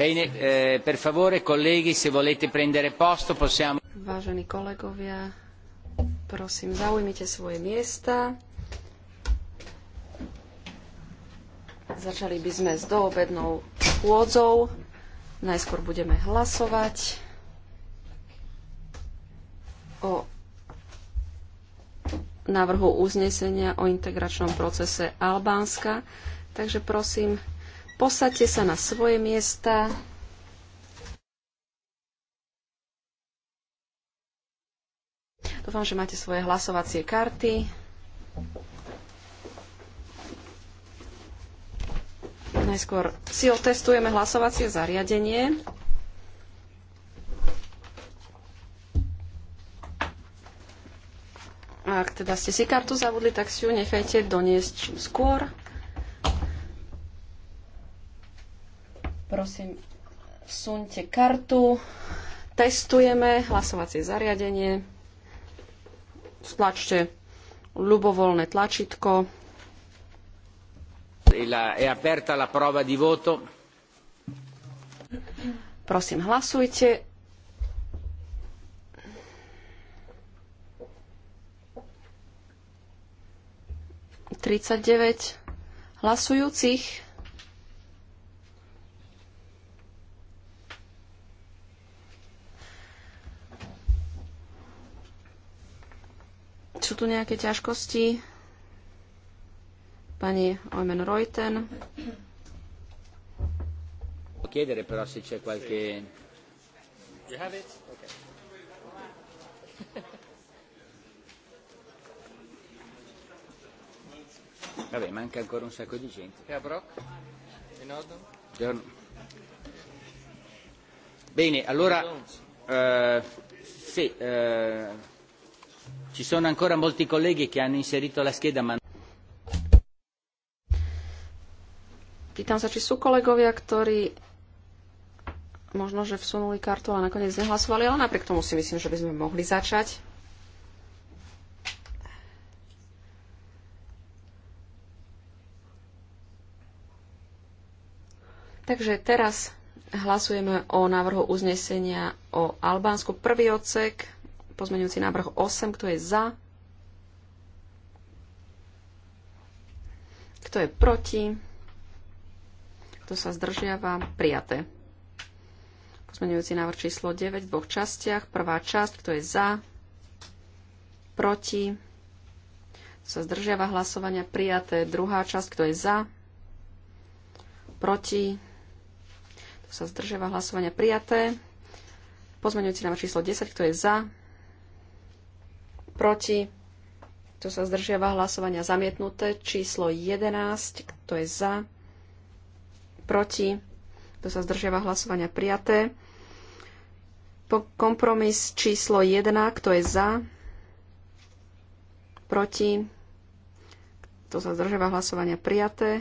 Eh, Vážení kolegovia, prosím, zaujmite svoje miesta. Začali by sme s doobednou chôdzou. Najskôr budeme hlasovať o návrhu uznesenia o integračnom procese Albánska. Takže prosím, Posaďte sa na svoje miesta. Dúfam, že máte svoje hlasovacie karty. Najskôr si otestujeme hlasovacie zariadenie. Ak teda ste si kartu zavudli, tak si ju nechajte doniesť čím skôr. Prosím, sunte kartu. Testujeme hlasovacie zariadenie. Stlačte ľubovoľné tlačítko. E aperta la prova di voto. Prosím, hlasujte. Tridsaťdeväť hlasujúcich. Sú tu nejaké ťažkosti? Pani Ojmen Reuten. Chiedere però se c'è qualche... You have it? Okay. Vabbè, manca ancora un sacco di gente. E a Brock? In Buongiorno. Bene, allora... Eh, sì, eh, Ci sono ancora molti colleghi che hanno inserito la scheda, ma... Pýtam sa, či sú kolegovia, ktorí možno, že vsunuli kartu a nakoniec nehlasovali, ale napriek tomu si myslím, že by sme mohli začať. Takže teraz hlasujeme o návrhu uznesenia o Albánsku. Prvý odsek Pozmeňujúci návrh 8, kto je za? Kto je proti? Kto sa zdržiava? Prijaté. Pozmeňujúci návrh číslo 9 v dvoch častiach. Prvá časť, kto je za? Proti? Kto sa zdržiava hlasovania? Prijaté. Druhá časť, kto je za? Proti? Kto sa zdržiava hlasovania? Prijaté. Pozmeňujúci návrh číslo 10, kto je za? proti, kto sa zdržiava hlasovania zamietnuté, číslo 11, kto je za, proti, kto sa zdržiava hlasovania prijaté, po kompromis číslo 1, kto je za, proti, kto sa zdržiava hlasovania prijaté,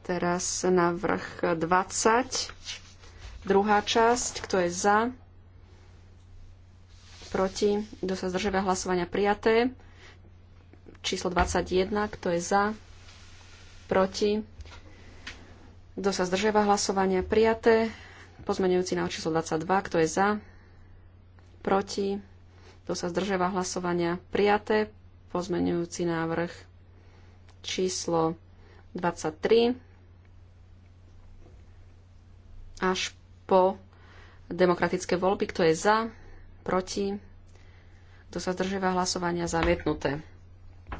teraz na vrch 20, druhá časť, kto je za, proti, kto sa zdržiava hlasovania prijaté. Číslo 21, kto je za, proti, kto sa zdržiava hlasovania prijaté. Pozmenujúci na číslo 22, kto je za, proti, kto sa zdržiava hlasovania prijaté. Pozmenujúci návrh číslo 23 až po demokratické voľby, kto je za, proti, kto sa zdržíva hlasovania, zamietnuté.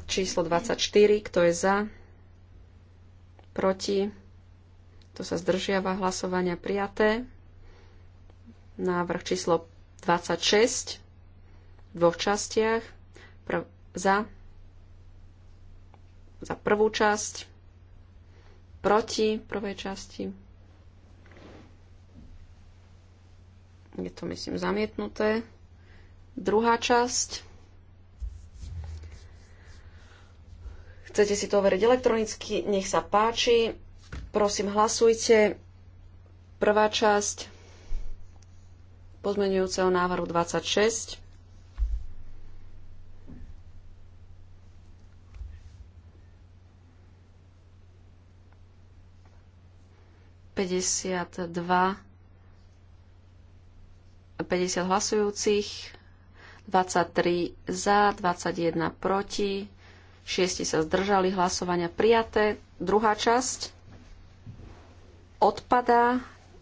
Číslo 24, kto je za, proti, kto sa zdržiava hlasovania, prijaté. Návrh číslo 26 v dvoch častiach. Prv, za, za prvú časť, proti prvej časti, Je to, myslím, zamietnuté. Druhá časť. Chcete si to overiť elektronicky? Nech sa páči. Prosím, hlasujte. Prvá časť pozmenujúceho návrhu 26. Päťdesiat dva 50 hlasujúcich, 23 za, 21 proti, 6 sa zdržali hlasovania prijaté. Druhá časť odpadá.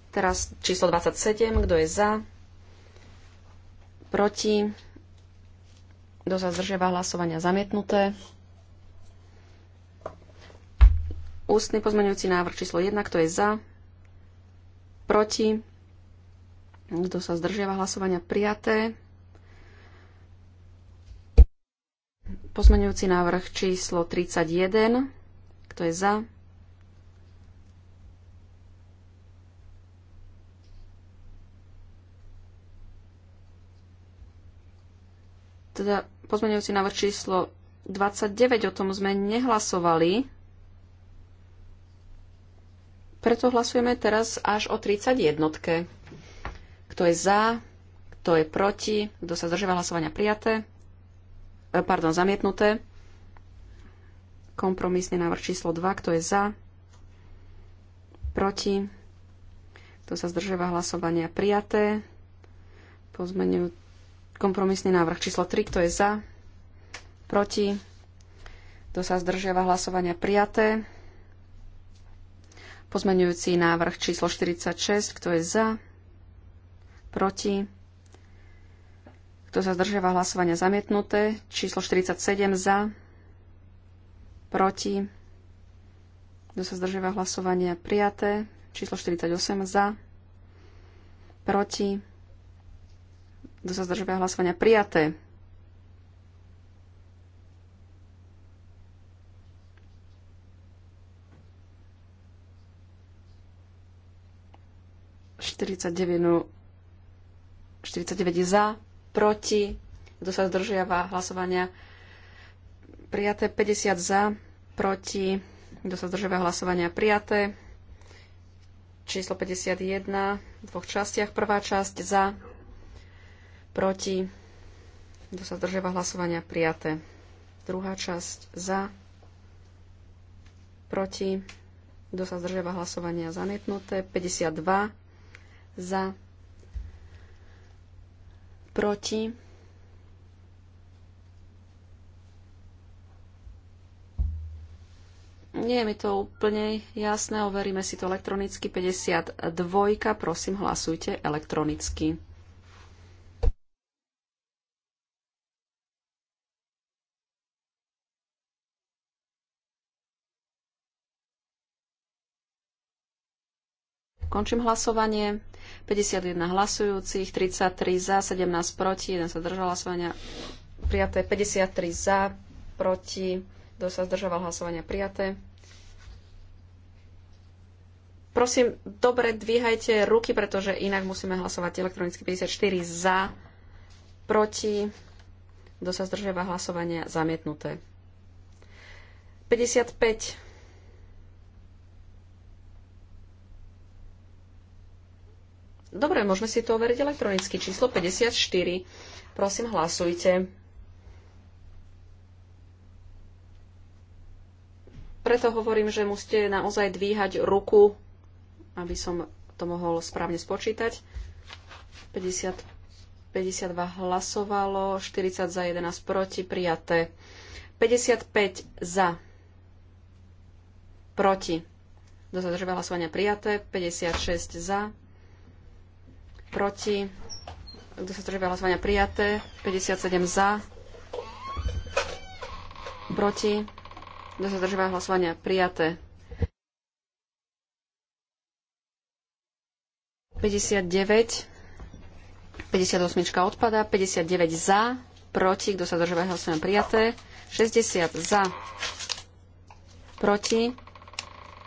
Teraz číslo 27, kto je za, proti, kto sa zdržiava hlasovania zamietnuté. Ústny pozmeňujúci návrh číslo 1, kto je za, proti, kto sa zdržiava hlasovania? Prijaté. Pozmeňujúci návrh číslo 31. Kto je za? Teda pozmeňujúci návrh číslo 29, o tom sme nehlasovali. Preto hlasujeme teraz až o 31. Kto je za? Kto je proti? Kto sa zdržia hlasovania prijaté? E, pardon, zamietnuté. Kompromisný návrh číslo 2. Kto je za? Proti? Kto sa zdržia hlasovania prijaté? Pozmenujú kompromisný návrh číslo 3. Kto je za? Proti? Kto sa zdržiava hlasovania prijaté? Pozmeňujúci návrh číslo 46. Kto je za? proti, kto sa zdržiava hlasovania zamietnuté, číslo 47 za, proti, kto sa zdržiava hlasovania prijaté, číslo 48 za, proti, kto sa zdržiava hlasovania prijaté. Štyridsaťdeväť no, 49 za, proti, kto sa zdržiava hlasovania. Prijaté 50 za, proti, kto sa zdržiava hlasovania. Prijaté číslo 51 v dvoch častiach. Prvá časť za, proti, kto sa zdržiava hlasovania. Prijaté. Druhá časť za, proti, kto sa zdržiava hlasovania. Zamietnuté. 52 za, proti, Nie je mi to úplne jasné, overíme si to elektronicky. 52, prosím, hlasujte elektronicky. Končím hlasovanie. 51 hlasujúcich, 33 za, 17 proti, 1 sa zdržal hlasovania prijaté, 53 za, proti, kto sa zdržoval hlasovania prijaté. Prosím, dobre dvíhajte ruky, pretože inak musíme hlasovať elektronicky 54 za, proti, kto sa zdržiava hlasovania, zamietnuté. 55 Dobre, môžeme si to overiť elektronicky. Číslo 54. Prosím, hlasujte. Preto hovorím, že musíte naozaj dvíhať ruku, aby som to mohol správne spočítať. 50, 52 hlasovalo, 40 za, 11 proti, prijaté. 55 za, proti. Do hlasovania prijaté, 56 za, proti, kto sa zdržal hlasovania prijaté, 57 za, proti, kto sa zdržal hlasovania prijaté. 59, 58 odpada, 59 za, proti, kto sa zdržal hlasovania prijaté, 60 za, proti,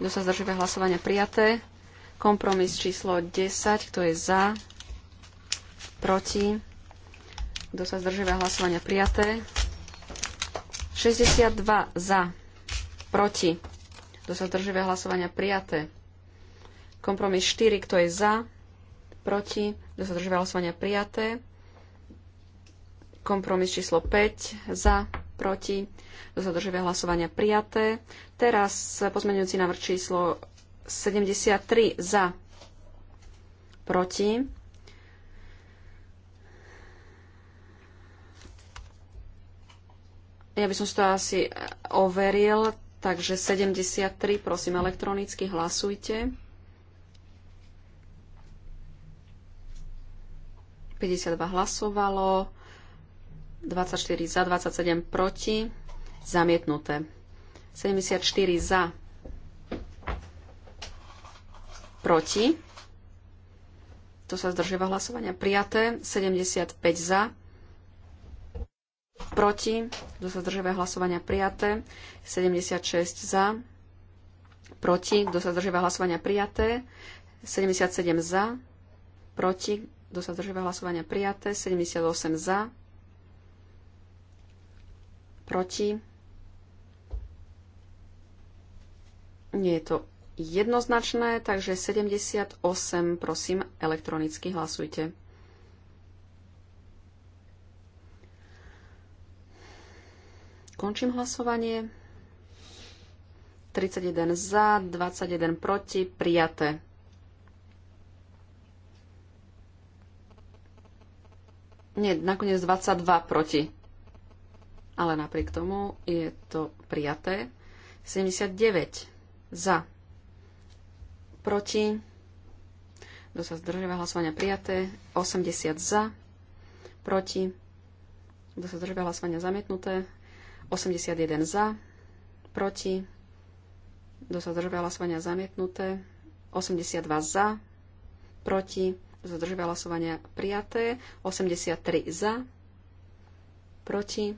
kto sa zdržal hlasovania prijaté, kompromis číslo 10, kto je za, proti, kto sa zdržíva hlasovania prijaté, 62 za, proti, kto sa zdržíva hlasovania prijaté, kompromis 4, kto je za, proti, kto sa zdržíva hlasovania prijaté, kompromis číslo 5 za, proti, kto sa zdržíva hlasovania prijaté. Teraz pozmeňujúci návrh číslo 73 za, proti, Ja by som si to asi overil, takže 73, prosím, elektronicky hlasujte. 52 hlasovalo, 24 za, 27 proti, zamietnuté. 74 za, proti, to sa zdržieva hlasovania, prijaté, 75 za, proti, kto sa zdržiava hlasovania prijaté, 76 za, proti, kto sa zdržiava hlasovania prijaté, 77 za, proti, kto sa zdržiava hlasovania prijaté, 78 za, proti. Nie je to jednoznačné, takže 78, prosím, elektronicky hlasujte. Končím hlasovanie. 31 za, 21 proti, prijaté. Nie, nakoniec 22 proti. Ale napriek tomu je to prijaté. 79 za, proti. Kto sa zdržiava hlasovania prijaté? 80 za, proti. Kto sa zdržiava hlasovania zamietnuté? 81 za, proti, kto sa zdržuje hlasovania zamietnuté, 82 za, proti, zdržuje hlasovania prijaté, 83 za, proti,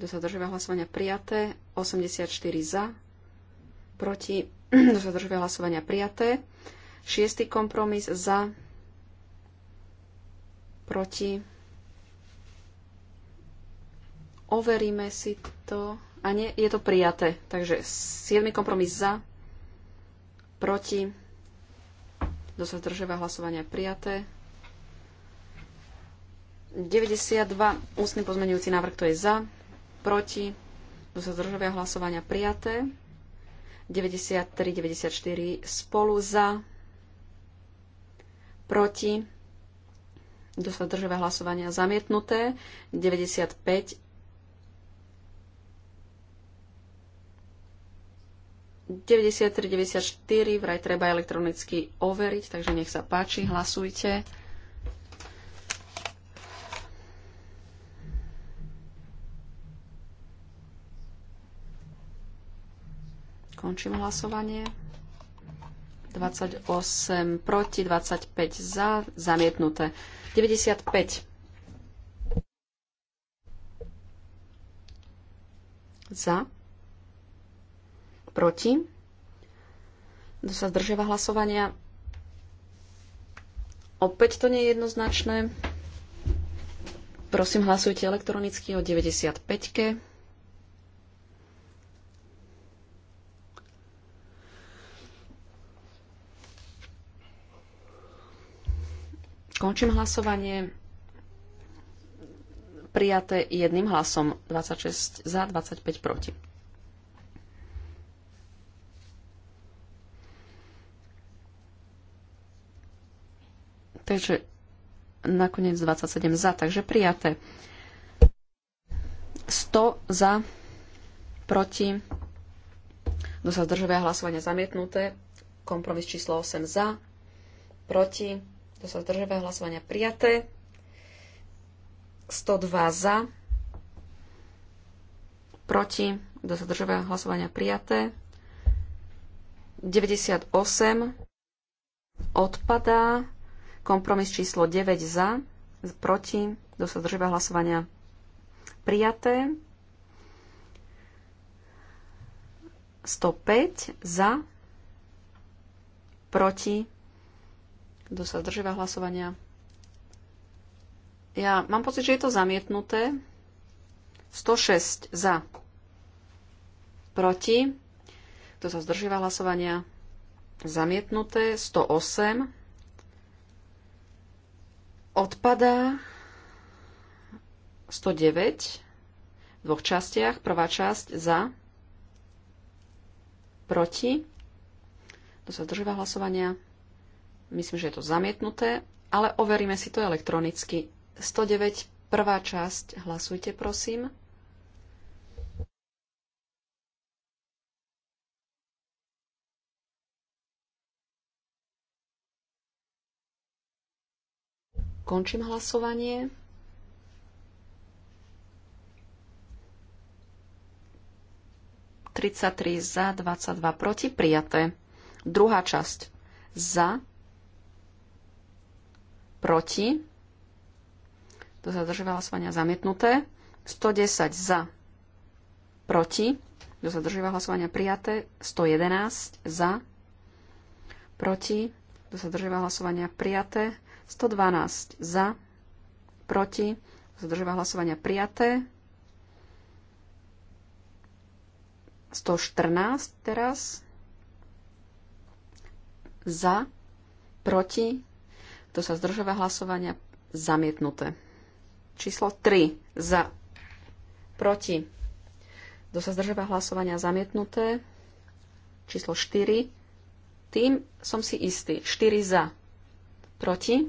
kto sa zdržuje hlasovania prijaté, 84 za, proti, kto sa zdržuje hlasovania prijaté, 6. kompromis za, proti, overíme si to. A nie, je to prijaté. Takže 7. kompromis za, proti, kto sa zdržiava hlasovania prijaté. 92, ústny pozmenujúci návrh, kto je za, proti, kto sa zdržiava hlasovania prijaté. 93, 94 spolu za, proti, kto sa zdržiava hlasovania zamietnuté. 95 93-94 vraj treba elektronicky overiť, takže nech sa páči, hlasujte. Končím hlasovanie. 28 proti, 25 za, zamietnuté. 95. Za. Proti? Kto sa zdržiava hlasovania? Opäť to nie je jednoznačné. Prosím, hlasujte elektronicky o 95. -ke. Končím hlasovanie. Prijaté jedným hlasom 26 za, 25 proti. Takže nakoniec 27 za, takže prijaté. 100 za, proti, kto sa zdržuje hlasovania zamietnuté, kompromis číslo 8 za, proti, kto sa zdržuje hlasovanie prijaté, 102 za, proti, kto sa zdržuje hlasovania prijaté, 98 odpadá, Kompromis číslo 9 za, proti, kto sa zdržíva hlasovania prijaté. 105 za, proti, kto sa zdržíva hlasovania. Ja mám pocit, že je to zamietnuté. 106 za, proti, kto sa zdržíva hlasovania. Zamietnuté 108 odpadá 109 v dvoch častiach. Prvá časť za, proti. To sa zdržíva hlasovania. Myslím, že je to zamietnuté, ale overíme si to elektronicky. 109, prvá časť. Hlasujte, prosím. Končím hlasovanie. za, 22 proti, prijaté. Druhá časť. Za, proti, to sa hlasovania zamietnuté, 110 za, proti, to sa držíva hlasovania prijaté, 111 za, proti, to sa držíva hlasovania prijaté, 112 za, proti, zdržová hlasovania prijaté. 114 teraz za, proti, to sa zdržová hlasovania zamietnuté. Číslo 3 za, proti, to sa zdržová hlasovania zamietnuté. Číslo 4, tým som si istý, 4 za, proti,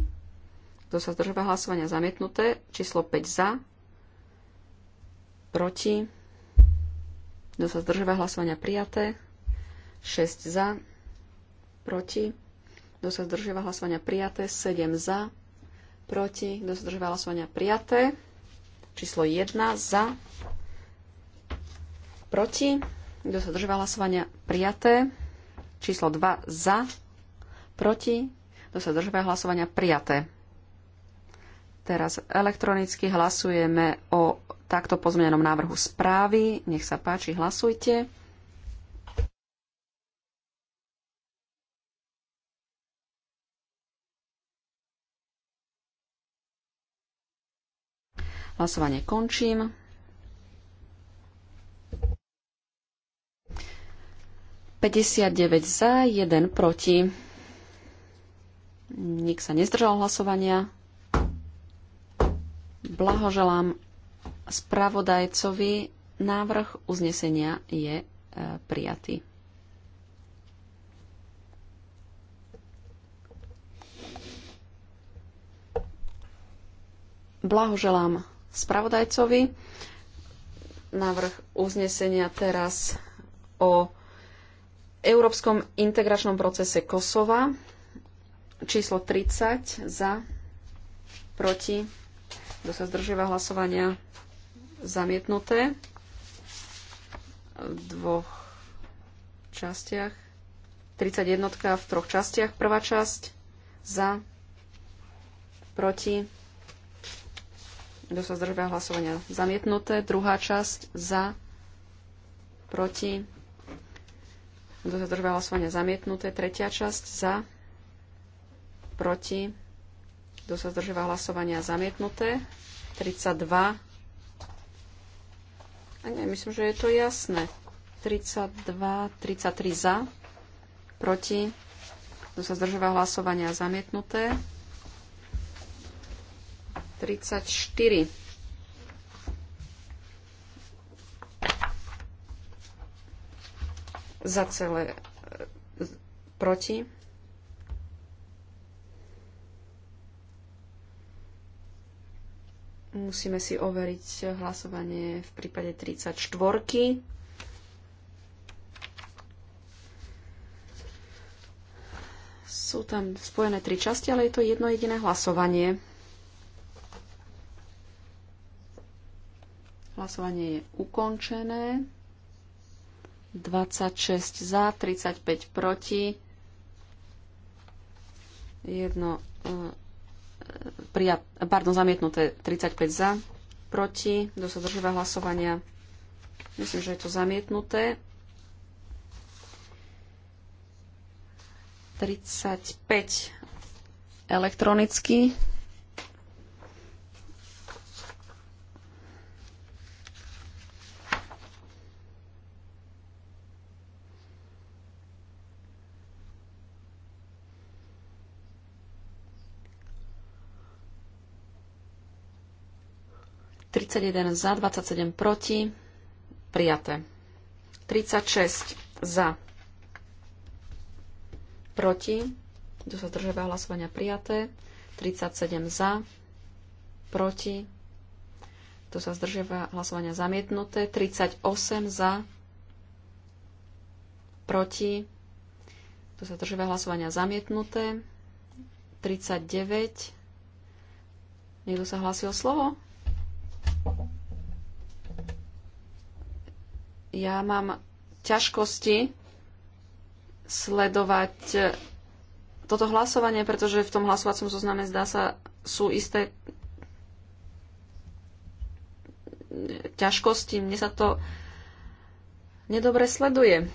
kto sa zdržíva hlasovania zamietnuté? Číslo 5 za. Proti. Kto sa zdržíva hlasovania prijaté? 6 za. Proti. Kto sa zdržíva hlasovania prijaté? 7 za. Proti. Kto sa zdržíva hlasovania prijaté? Číslo 1 za. Proti. Kto sa zdržíva hlasovania prijaté? Číslo 2 za. Proti. Kto sa zdržíva hlasovania prijaté? Teraz elektronicky hlasujeme o takto pozmenenom návrhu správy. Nech sa páči, hlasujte. Hlasovanie končím. Päťdesiatdeväť za, jeden proti. Nik sa nezdržal hlasovania. Blahoželám spravodajcovi. Návrh uznesenia je e, prijatý. Blahoželám spravodajcovi. Návrh uznesenia teraz o Európskom integračnom procese Kosova. Číslo 30 za, proti kto sa zdržiava hlasovania? Zamietnuté. V dvoch častiach. 31 v troch častiach. Prvá časť za, proti. Kto sa zdržiava hlasovania? Zamietnuté. Druhá časť za, proti. Kto sa zdržiava hlasovania? Zamietnuté. Tretia časť za, proti kto sa zdržíva hlasovania zamietnuté? 32. A nie, myslím, že je to jasné. 32, 33 za, proti. Kto sa zdržíva hlasovania zamietnuté? 34. Za celé e, proti Musíme si overiť hlasovanie v prípade 34. Sú tam spojené tri časti, ale je to jedno jediné hlasovanie. Hlasovanie je ukončené. 26 za, 35 proti. Jedno e, pardon, zamietnuté 35 za, proti, kto sa držíva hlasovania. Myslím, že je to zamietnuté. 35 elektronicky. 31 za, 27 proti. Prijaté. 36 za. Proti. Kto sa zdržiava hlasovania prijaté. 37 za. Proti. Kto sa zdržiava hlasovania zamietnuté. 38 za. Proti. Kto sa zdržiava hlasovania zamietnuté. 39. Niekto sa hlasil slovo? Ja mám ťažkosti sledovať e, toto hlasovanie, pretože v tom hlasovacom zozname zdá sa sú isté ťažkosti. Mne sa to nedobre sleduje.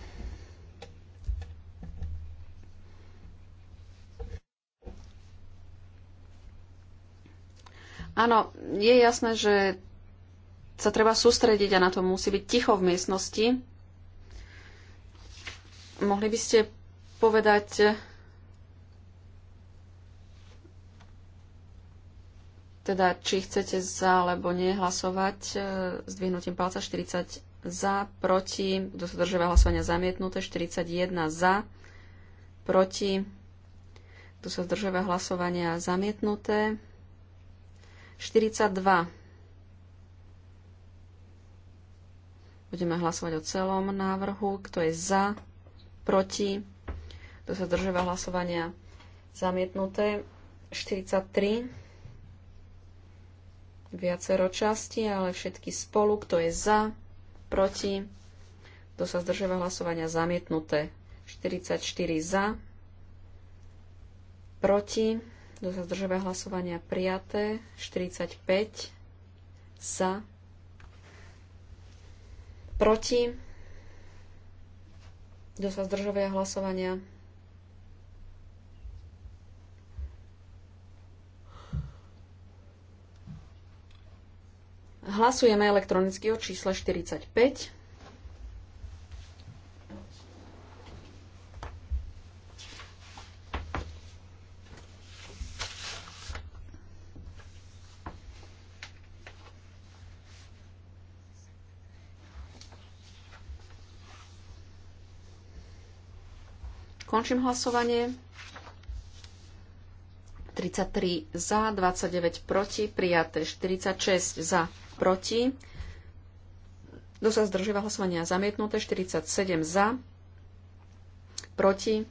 Áno, je jasné, že sa treba sústrediť a na to musí byť ticho v miestnosti. Mohli by ste povedať, teda či chcete za alebo nie hlasovať e, dvihnutím palca 40 za, proti, kto sa držíva hlasovania zamietnuté, 41 za, proti, kto sa zdržíva hlasovania zamietnuté, 42 Budeme hlasovať o celom návrhu. Kto je za? Proti? Kto sa zdržuje hlasovania? Zamietnuté. 43. Viacero časti, ale všetky spolu. Kto je za? Proti? Kto sa zdržuje hlasovania? Zamietnuté. 44 za. Proti? Kto sa zdržuje hlasovania? Prijaté. 45 za Proti? Kto sa zdržovia hlasovania? Hlasujeme elektronicky o čísle 45. Končím hlasovanie. 33 za, 29 proti, prijaté 46 za, proti. Kto sa zdržiava hlasovania zamietnuté, 47 za, proti.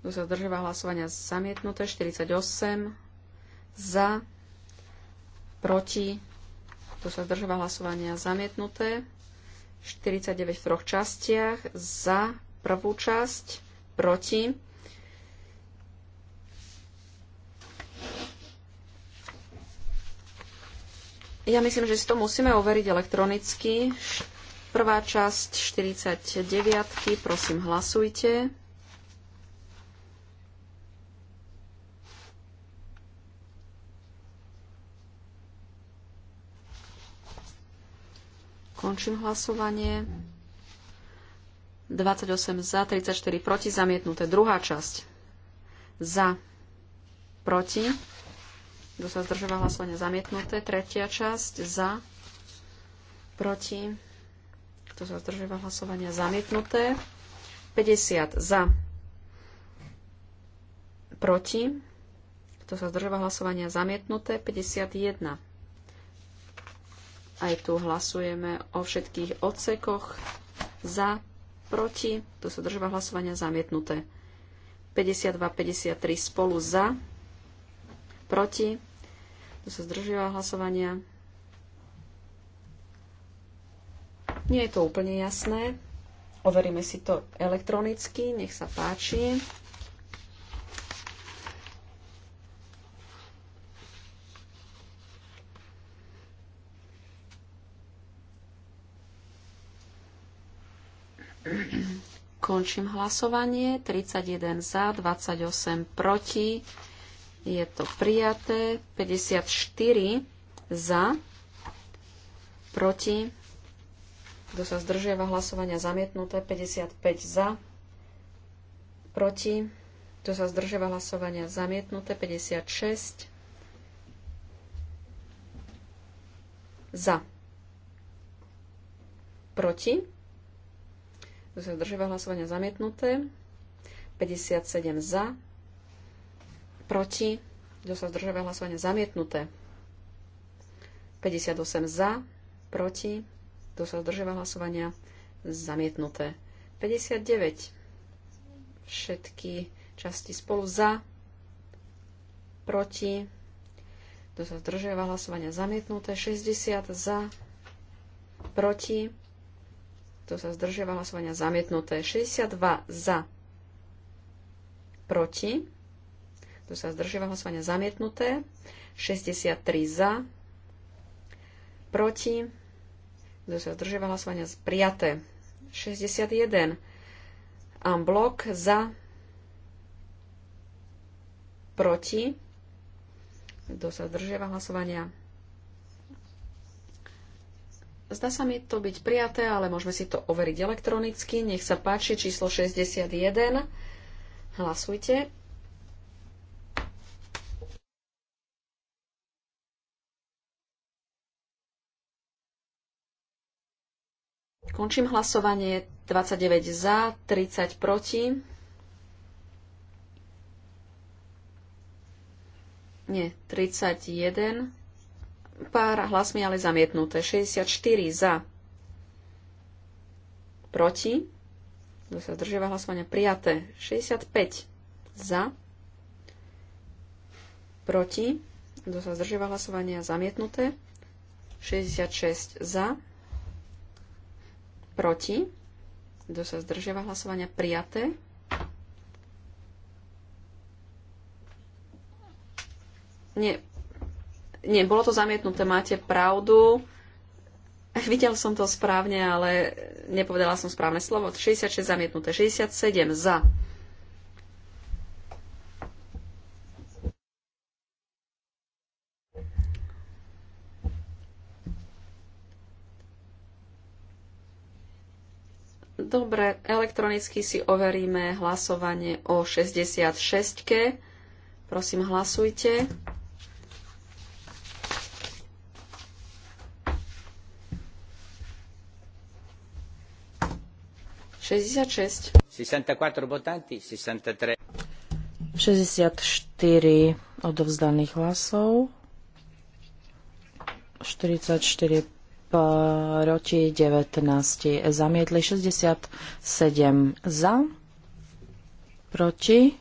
Kto sa zdržiava hlasovania zamietnuté, 48 za, proti. Kto sa zdržiava hlasovania zamietnuté, 49 v troch častiach, za prvú časť, proti. Ja myslím, že si to musíme overiť elektronicky. Prvá časť 49. Prosím, hlasujte. Končím hlasovanie. 28 za, 34 proti, zamietnuté. Druhá časť. Za, proti. Kto sa zdržoval hlasovania, zamietnuté. Tretia časť. Za, proti. Kto sa zdržoval hlasovania, zamietnuté. 50 za, proti. Kto sa zdržoval hlasovania, zamietnuté. 51. Aj tu hlasujeme o všetkých odsekoch za, proti, tu sa država hlasovania zamietnuté. 52, 53 spolu za, proti, tu sa zdržíva hlasovania. Nie je to úplne jasné. Overíme si to elektronicky, nech sa páči. Končím hlasovanie. 31 za, 28 proti. Je to prijaté. 54 za, proti. Kto sa zdržiava hlasovania zamietnuté? 55 za, proti. Kto sa zdržiava hlasovania zamietnuté? 56 za, proti. Kto sa zdržíva hlasovania zamietnuté. 57 za. Proti. Kto sa zdržíva hlasovania zamietnuté. 58 za. Proti. Kto sa zdržíva hlasovania zamietnuté. 59. Všetky časti spolu za. Proti. Kto sa zdržíva hlasovania zamietnuté. 60 za. Proti kto sa zdržiava hlasovania? Zamietnuté. 62 za. Proti. Kto sa zdržiava hlasovania? Zamietnuté. 63 za. Proti. Kto sa zdržiava hlasovania? Prijaté. 61. Amblok za. Proti. Kto sa zdržiava hlasovania? Zdá sa mi to byť prijaté, ale môžeme si to overiť elektronicky. Nech sa páči číslo 61. Hlasujte. Končím hlasovanie 29 za, 30 proti. Nie, 31 Pár hlasmi ale zamietnuté. 64 za. Proti. Kto sa zdržiava hlasovania? Prijaté. 65 za. Proti. Kto sa zdržiava hlasovania? Zamietnuté. 66 za. Proti. Kto sa zdržiava hlasovania? Prijaté. Nie, nie, bolo to zamietnuté, máte pravdu. Videl som to správne, ale nepovedala som správne slovo. 66 zamietnuté, 67 za. Dobre, elektronicky si overíme hlasovanie o 66. -ke. Prosím, hlasujte. 66. 64 votanti, 63. 64 odovzdaných hlasov. 44 proti 19 zamietli, 67 za, proti,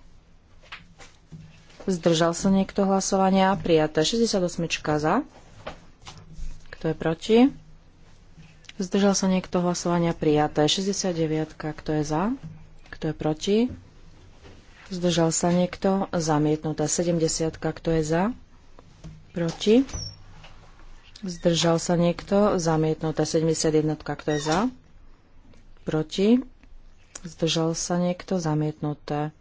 zdržal sa niekto hlasovania, prijaté 68 za, kto je proti, Zdržal sa niekto hlasovania prijaté. 69. Kto je za? Kto je proti? Zdržal sa niekto? zamietnutá. 70. Kto je za? Proti? Zdržal sa niekto? zamietnutá. 71. Kto je za? Proti? Zdržal sa niekto? Zamietnuté.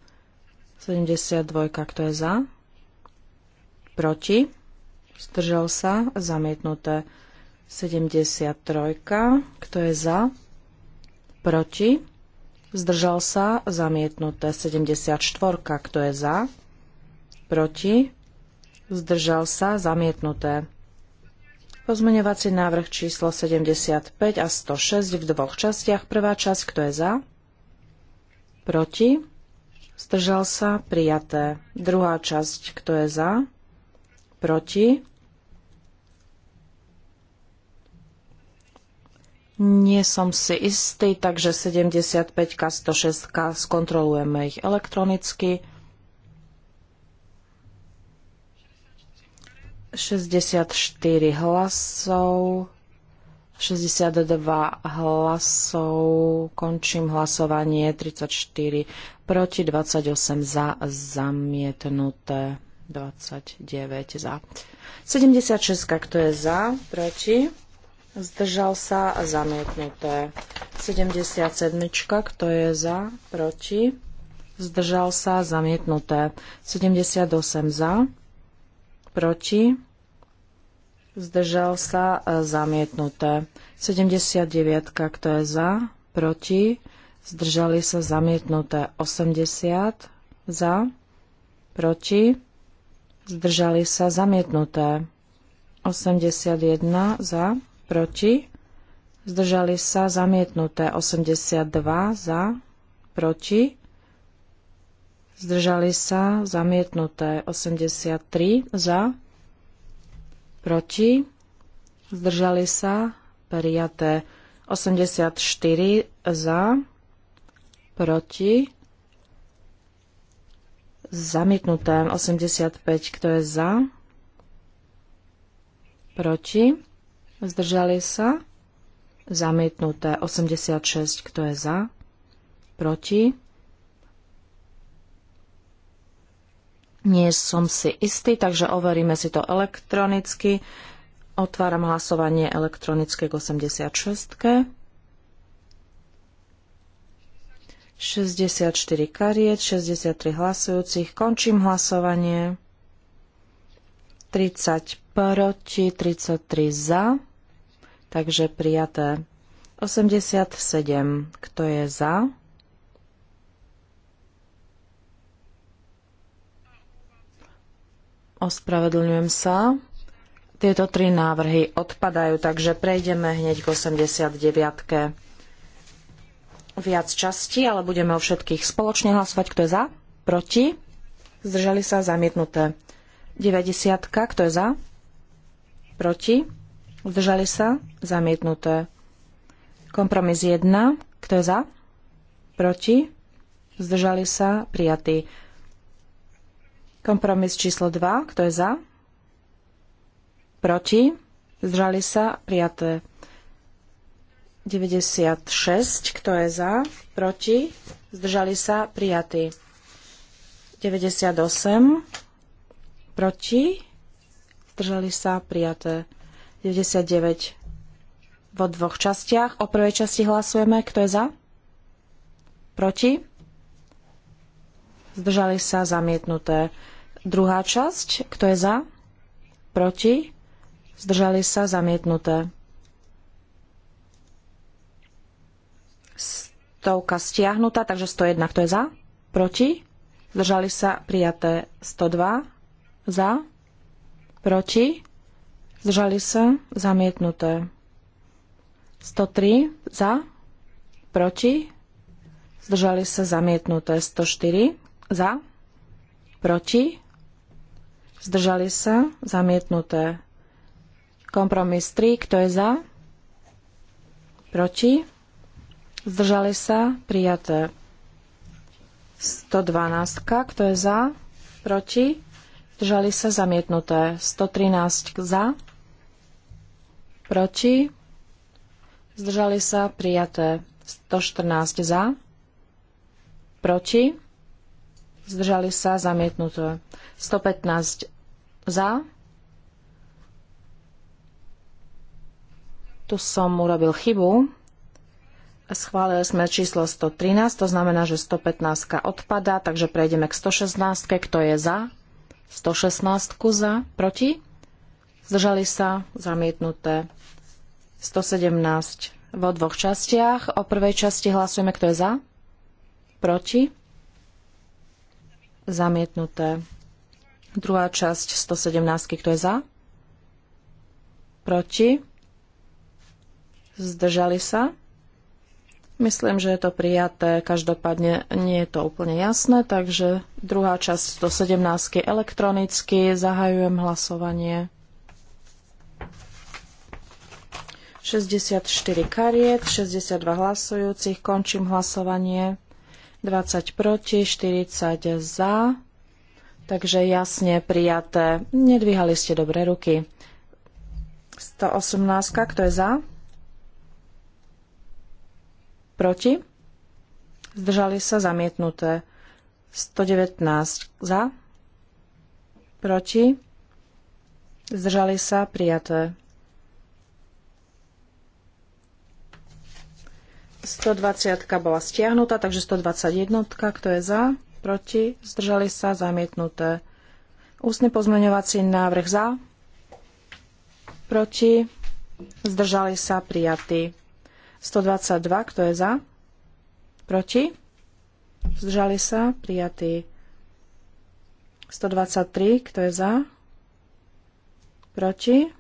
72. Kto je za? Proti? Zdržal sa? Zamietnuté. 73. Kto je za? Proti? Zdržal sa? Zamietnuté. 74. Kto je za? Proti? Zdržal sa? Zamietnuté. Pozmeňovací návrh číslo 75 a 106 v dvoch častiach. Prvá časť, kto je za? Proti? Zdržal sa? Prijaté. Druhá časť, kto je za? Proti? Nie som si istý, takže 75 a 106 skontrolujeme ich elektronicky. 64 hlasov, 62 hlasov, končím hlasovanie, 34 proti, 28 za, zamietnuté, 29 za. 76, kto je za, proti? zdržal sa, zamietnuté. 77, kto je za, proti, zdržal sa, zamietnuté. 78 za, proti, zdržal sa, zamietnuté. 79, kto je za, proti, zdržali sa, zamietnuté. 80 za, proti, zdržali sa, zamietnuté. 81 za, proti, zdržali sa zamietnuté 82 za, proti, zdržali sa zamietnuté 83 za, proti, zdržali sa prijaté 84 za, proti, zamietnuté 85, kto je za, proti, Zdržali sa? Zamietnuté 86. Kto je za? Proti? Nie som si istý, takže overíme si to elektronicky. Otváram hlasovanie elektronické k 86. 64 kariet, 63 hlasujúcich. Končím hlasovanie. 30 proti, 33 za takže prijaté. 87. Kto je za? Ospravedlňujem sa. Tieto tri návrhy odpadajú, takže prejdeme hneď k 89. Viac častí, ale budeme o všetkých spoločne hlasovať. Kto je za? Proti? Zdržali sa zamietnuté. 90. Kto je za? Proti? Zdržali sa? Zamietnuté. Kompromis 1. Kto je za? Proti? Zdržali sa? Prijatý. Kompromis číslo 2. Kto je za? Proti? Zdržali sa? Prijaté. 96. Kto je za? Proti? Zdržali sa? Prijatý. 98. Proti? Zdržali sa? Prijaté. 99 vo dvoch častiach. O prvej časti hlasujeme. Kto je za? Proti? Zdržali sa zamietnuté. Druhá časť. Kto je za? Proti? Zdržali sa zamietnuté. Stovka stiahnutá, takže 101. Kto je za? Proti? Zdržali sa prijaté 102. Za? Proti? Zdržali sa? Zamietnuté. 103 za, proti, zdržali sa zamietnuté 104 za, proti, zdržali sa zamietnuté. Kompromis 3, kto je za, proti, zdržali sa prijaté. 112, kto je za, proti, zdržali sa zamietnuté. 113 za, Proti? Zdržali sa prijaté. 114 za. Proti? Zdržali sa zamietnuté. 115 za. Tu som urobil chybu. Schválili sme číslo 113, to znamená, že 115 odpada, takže prejdeme k 116, kto je za? 116 za, proti? zdržali sa, zamietnuté. 117 vo dvoch častiach. O prvej časti hlasujeme, kto je za, proti, zamietnuté. Druhá časť 117, kto je za, proti, zdržali sa. Myslím, že je to prijaté, každopádne nie je to úplne jasné, takže druhá časť 117 elektronicky, zahajujem hlasovanie. 64 kariet, 62 hlasujúcich, končím hlasovanie. 20 proti, 40 za. Takže jasne prijaté. Nedvíhali ste dobré ruky. 118, kto je za? Proti? Zdržali sa zamietnuté. 119 za? Proti? Zdržali sa prijaté. 120 bola stiahnutá, takže 121, kto je za, proti, zdržali sa, zamietnuté. Ústny pozmeňovací návrh za, proti, zdržali sa, prijatý. 122, kto je za, proti, zdržali sa, prijatý. 123, kto je za, proti,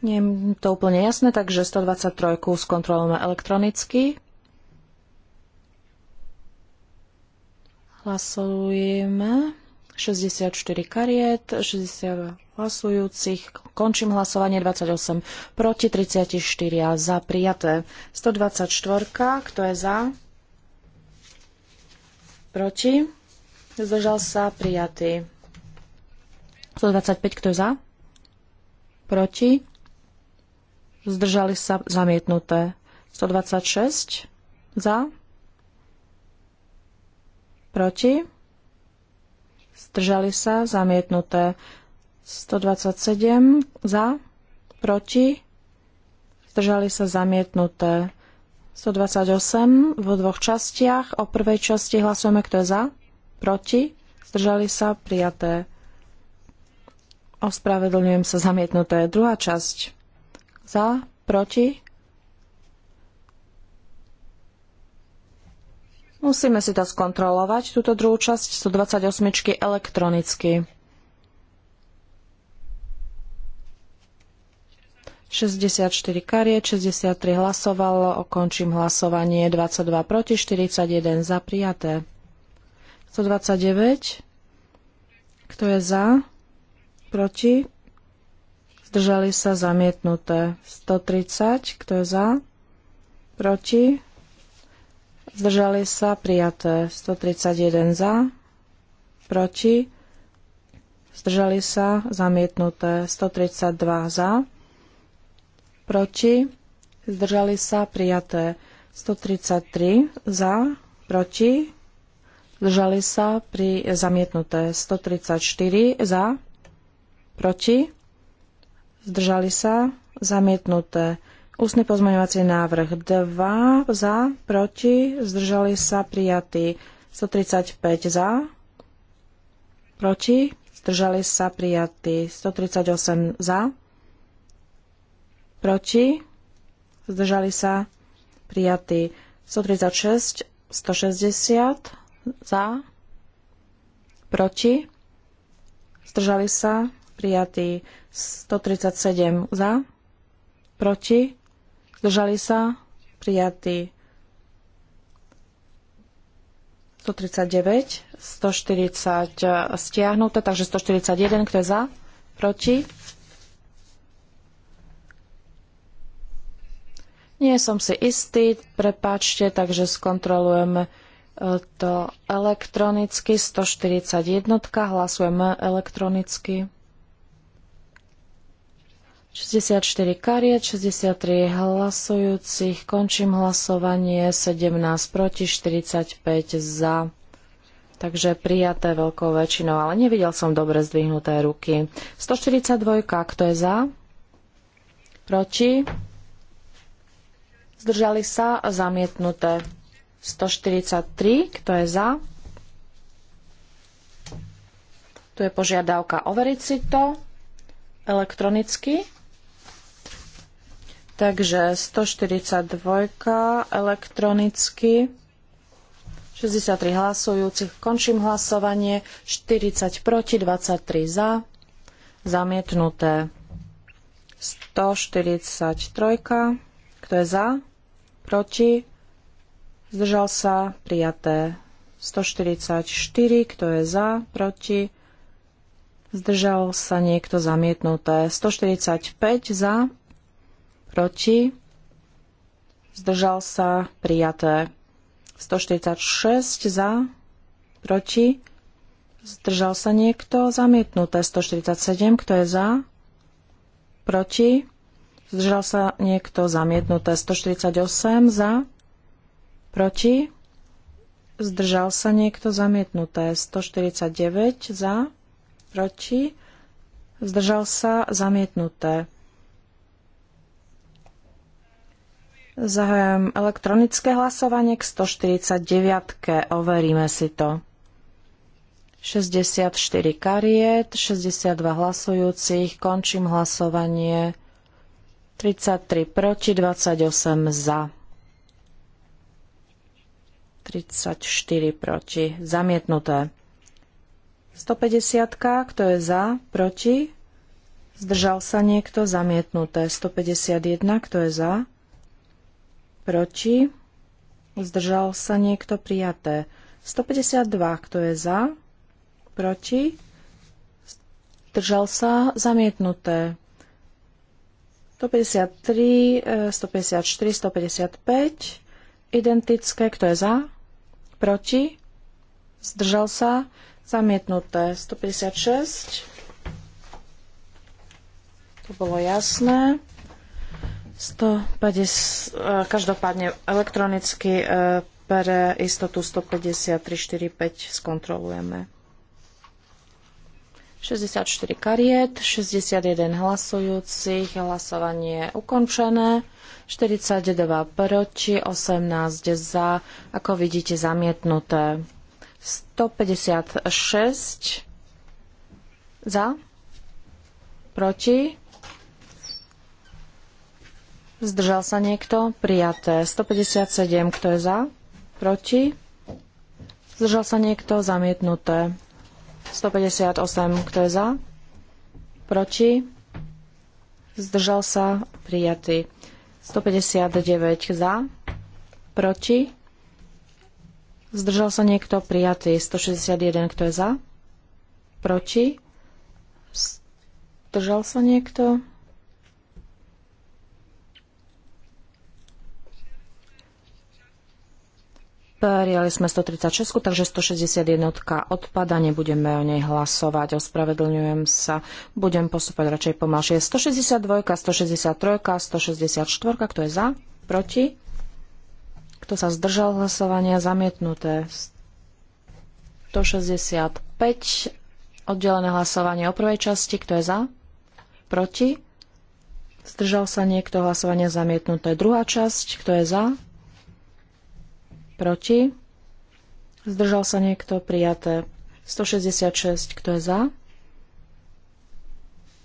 Nie je to úplne jasné, takže 123 skontrolujeme elektronicky. Hlasujeme. 64 kariet, 60 hlasujúcich. Končím hlasovanie 28 proti 34 a za prijaté. 124, kto je za? Proti? Zdržal sa prijatý. 125, kto je za? Proti? zdržali sa zamietnuté. 126 za, proti, zdržali sa zamietnuté. 127 za, proti, zdržali sa zamietnuté. 128 vo dvoch častiach. O prvej časti hlasujeme, kto je za, proti, zdržali sa prijaté. Ospravedlňujem sa zamietnuté. Druhá časť za, proti. Musíme si to skontrolovať, túto druhú časť 128 elektronicky. 64 kariet, 63 hlasovalo, okončím hlasovanie, 22 proti, 41 za prijaté. 129, kto je za, proti, zdržali sa zamietnuté. 130, kto je za, proti, zdržali sa prijaté. 131 za, proti, zdržali sa zamietnuté. 132 za, proti, zdržali sa prijaté. 133 za, proti, zdržali sa pri zamietnuté. 134 za, proti, zdržali sa, zamietnuté. Ústny pozmeňovací návrh 2 za, proti, zdržali sa, prijatý. 135 za, proti, zdržali sa, prijatý. 138 za, proti, zdržali sa, prijatý. 136, 160 za, proti, zdržali sa, prijatý 137 za, proti, zdržali sa, prijatý 139, 140 e, stiahnuté, takže 141, kto je za, proti. Nie som si istý, prepáčte, takže skontrolujem e, to elektronicky. 141, hlasujem elektronicky. 64 kariet, 63 hlasujúcich. Končím hlasovanie. 17 proti, 45 za. Takže prijaté veľkou väčšinou, ale nevidel som dobre zdvihnuté ruky. 142, kto je za? Proti? Zdržali sa zamietnuté. 143, kto je za? Tu je požiadavka overiť si to elektronicky. Takže 142 elektronicky. 63 hlasujúcich. Končím hlasovanie. 40 proti, 23 za. Zamietnuté. 143. Kto je za? Proti? Zdržal sa? Prijaté. 144. Kto je za? Proti? Zdržal sa niekto zamietnuté. 145 za, proti, zdržal sa, prijaté. 146 za, proti, zdržal sa niekto, zamietnuté. 147, kto je za, proti, zdržal sa niekto, zamietnuté. 148 za, proti, zdržal sa niekto, zamietnuté. 149 za, proti, zdržal sa, zamietnuté. Zahajujem elektronické hlasovanie k 149. Overíme si to. 64 kariet, 62 hlasujúcich, končím hlasovanie. 33 proti, 28 za. 34 proti, zamietnuté. 150, kto je za, proti? Zdržal sa niekto, zamietnuté. 151, kto je za? Proti? Zdržal sa niekto prijaté. 152, kto je za? Proti? Zdržal sa zamietnuté. 153, 154, 155 identické. Kto je za? Proti? Zdržal sa? Zamietnuté. 156. To bolo jasné. 150, e, každopádne elektronicky e, pre istotu 153 45 skontrolujeme. 64 kariet, 61 hlasujúcich, hlasovanie je ukončené, 42 proti, 18 za, ako vidíte zamietnuté. 156 za, proti, Zdržal sa niekto? Prijaté. 157. Kto je za? Proti? Zdržal sa niekto? Zamietnuté. 158. Kto je za? Proti? Zdržal sa? Prijatý. 159 za? Proti? Zdržal sa niekto? Prijatý. 161. Kto je za? Proti? Zdržal sa niekto? Prijali sme 136, takže 161 odpada, nebudeme o nej hlasovať, ospravedlňujem sa, budem postupovať radšej pomalšie. 162, 163, 164, kto je za, proti, kto sa zdržal hlasovania, zamietnuté 165, oddelené hlasovanie o prvej časti, kto je za, proti, zdržal sa niekto hlasovania, zamietnuté druhá časť, kto je za, Proti? Zdržal sa niekto? Prijaté. 166. Kto je za?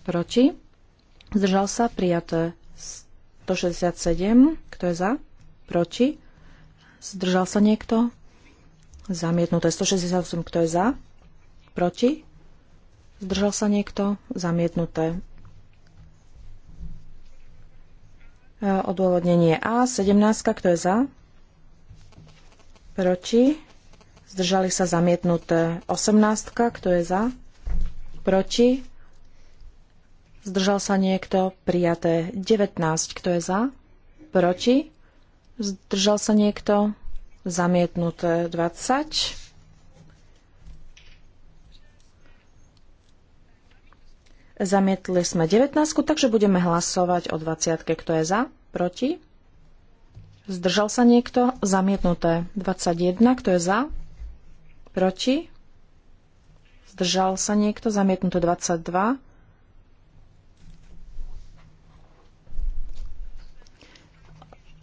Proti? Zdržal sa? Prijaté. 167. Kto je za? Proti? Zdržal sa niekto? Zamietnuté. 168. Kto je za? Proti? Zdržal sa niekto? Zamietnuté. E, odôvodnenie A. 17. Kto je za? proti, zdržali sa zamietnuté 18, kto je za, proti, zdržal sa niekto, prijaté 19, kto je za, proti, zdržal sa niekto, zamietnuté 20. Zamietli sme 19, takže budeme hlasovať o 20, kto je za, proti. Zdržal sa niekto? Zamietnuté. 21. Kto je za? Proti? Zdržal sa niekto? Zamietnuté 22.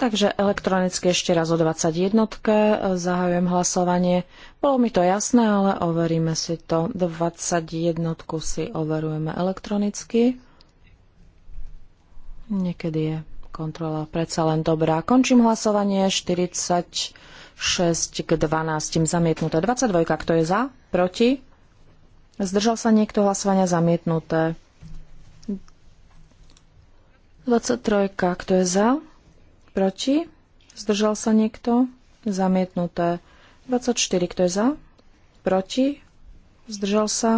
Takže elektronicky ešte raz o 21. Zahajujem hlasovanie. Bolo mi to jasné, ale overíme si to. 21. si overujeme elektronicky. Niekedy je kontrola predsa len dobrá. Končím hlasovanie 46 k 12. Zamietnuté 22. Kto je za? Proti? Zdržal sa niekto hlasovania zamietnuté? 23. Kto je za? Proti? Zdržal sa niekto? Zamietnuté. 24. Kto je za? Proti? Zdržal sa?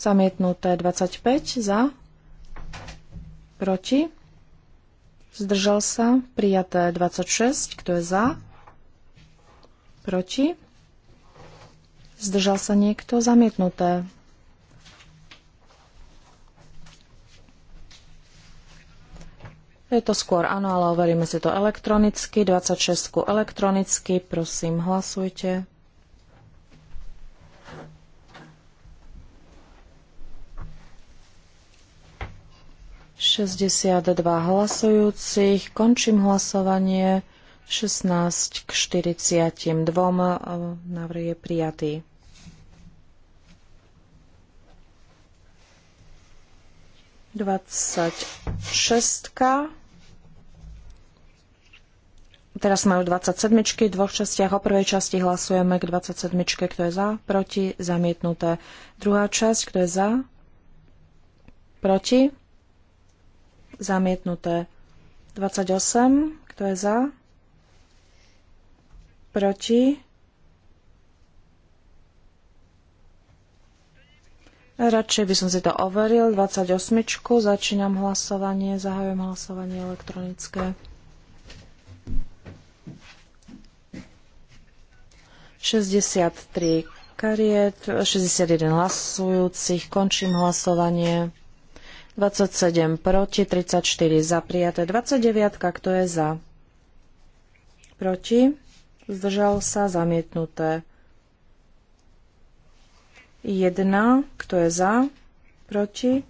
Zamietnuté. 25. Za? Proti? Zdržal sa. Prijaté 26. Kto je za? Proti? Zdržal sa niekto? Zamietnuté. Je to skôr áno, ale overíme si to elektronicky. 26 elektronicky. Prosím, hlasujte. 62 hlasujúcich. Končím hlasovanie. 16 k 42. Návrh je prijatý. Dvadsať šestka. Teraz majú 27 v dvoch častiach. O prvej časti hlasujeme k 27, kto je za, proti, zamietnuté. Druhá časť, kto je za, proti, Zamietnuté. 28. Kto je za? Proti? Radšej by som si to overil. 28. Začínam hlasovanie. Zahajujem hlasovanie elektronické. 63 kariet, 61 hlasujúcich. Končím hlasovanie. 27 proti, 34 za prijaté. 29, kto je za? Proti? Zdržal sa zamietnuté. 1, kto je za? Proti?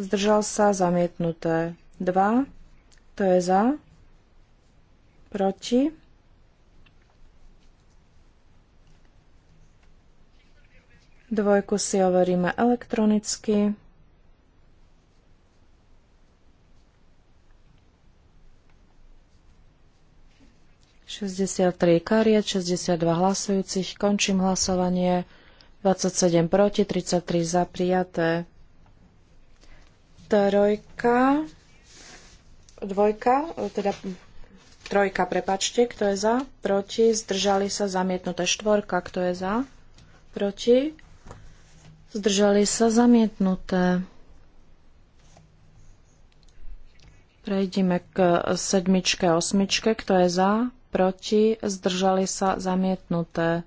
Zdržal sa zamietnuté. 2, kto je za? Proti? Dvojku si overíme elektronicky. 63 kariet, 62 hlasujúcich. Končím hlasovanie. 27 proti, 33 za prijaté. Trojka. Dvojka, teda trojka, prepačte, kto je za? Proti, zdržali sa, zamietnuté. Štvorka, kto je za? Proti, zdržali sa, zamietnuté. Prejdime k sedmičke, osmičke, kto je za? proti, zdržali sa zamietnuté.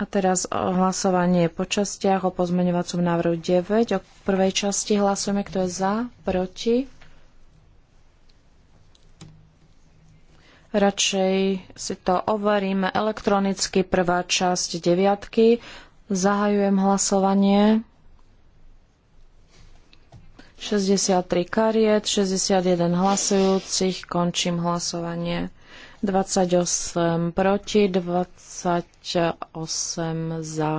A teraz eh, hlasovanie po častiach o pozmeňovacom návrhu 9. O prvej časti hlasujeme, kto je za, proti. Radšej si to overíme elektronicky. Prvá časť deviatky. Zahajujem hlasovanie. 63 kariet, 61 hlasujúcich. Končím hlasovanie. 28 proti, 28 za.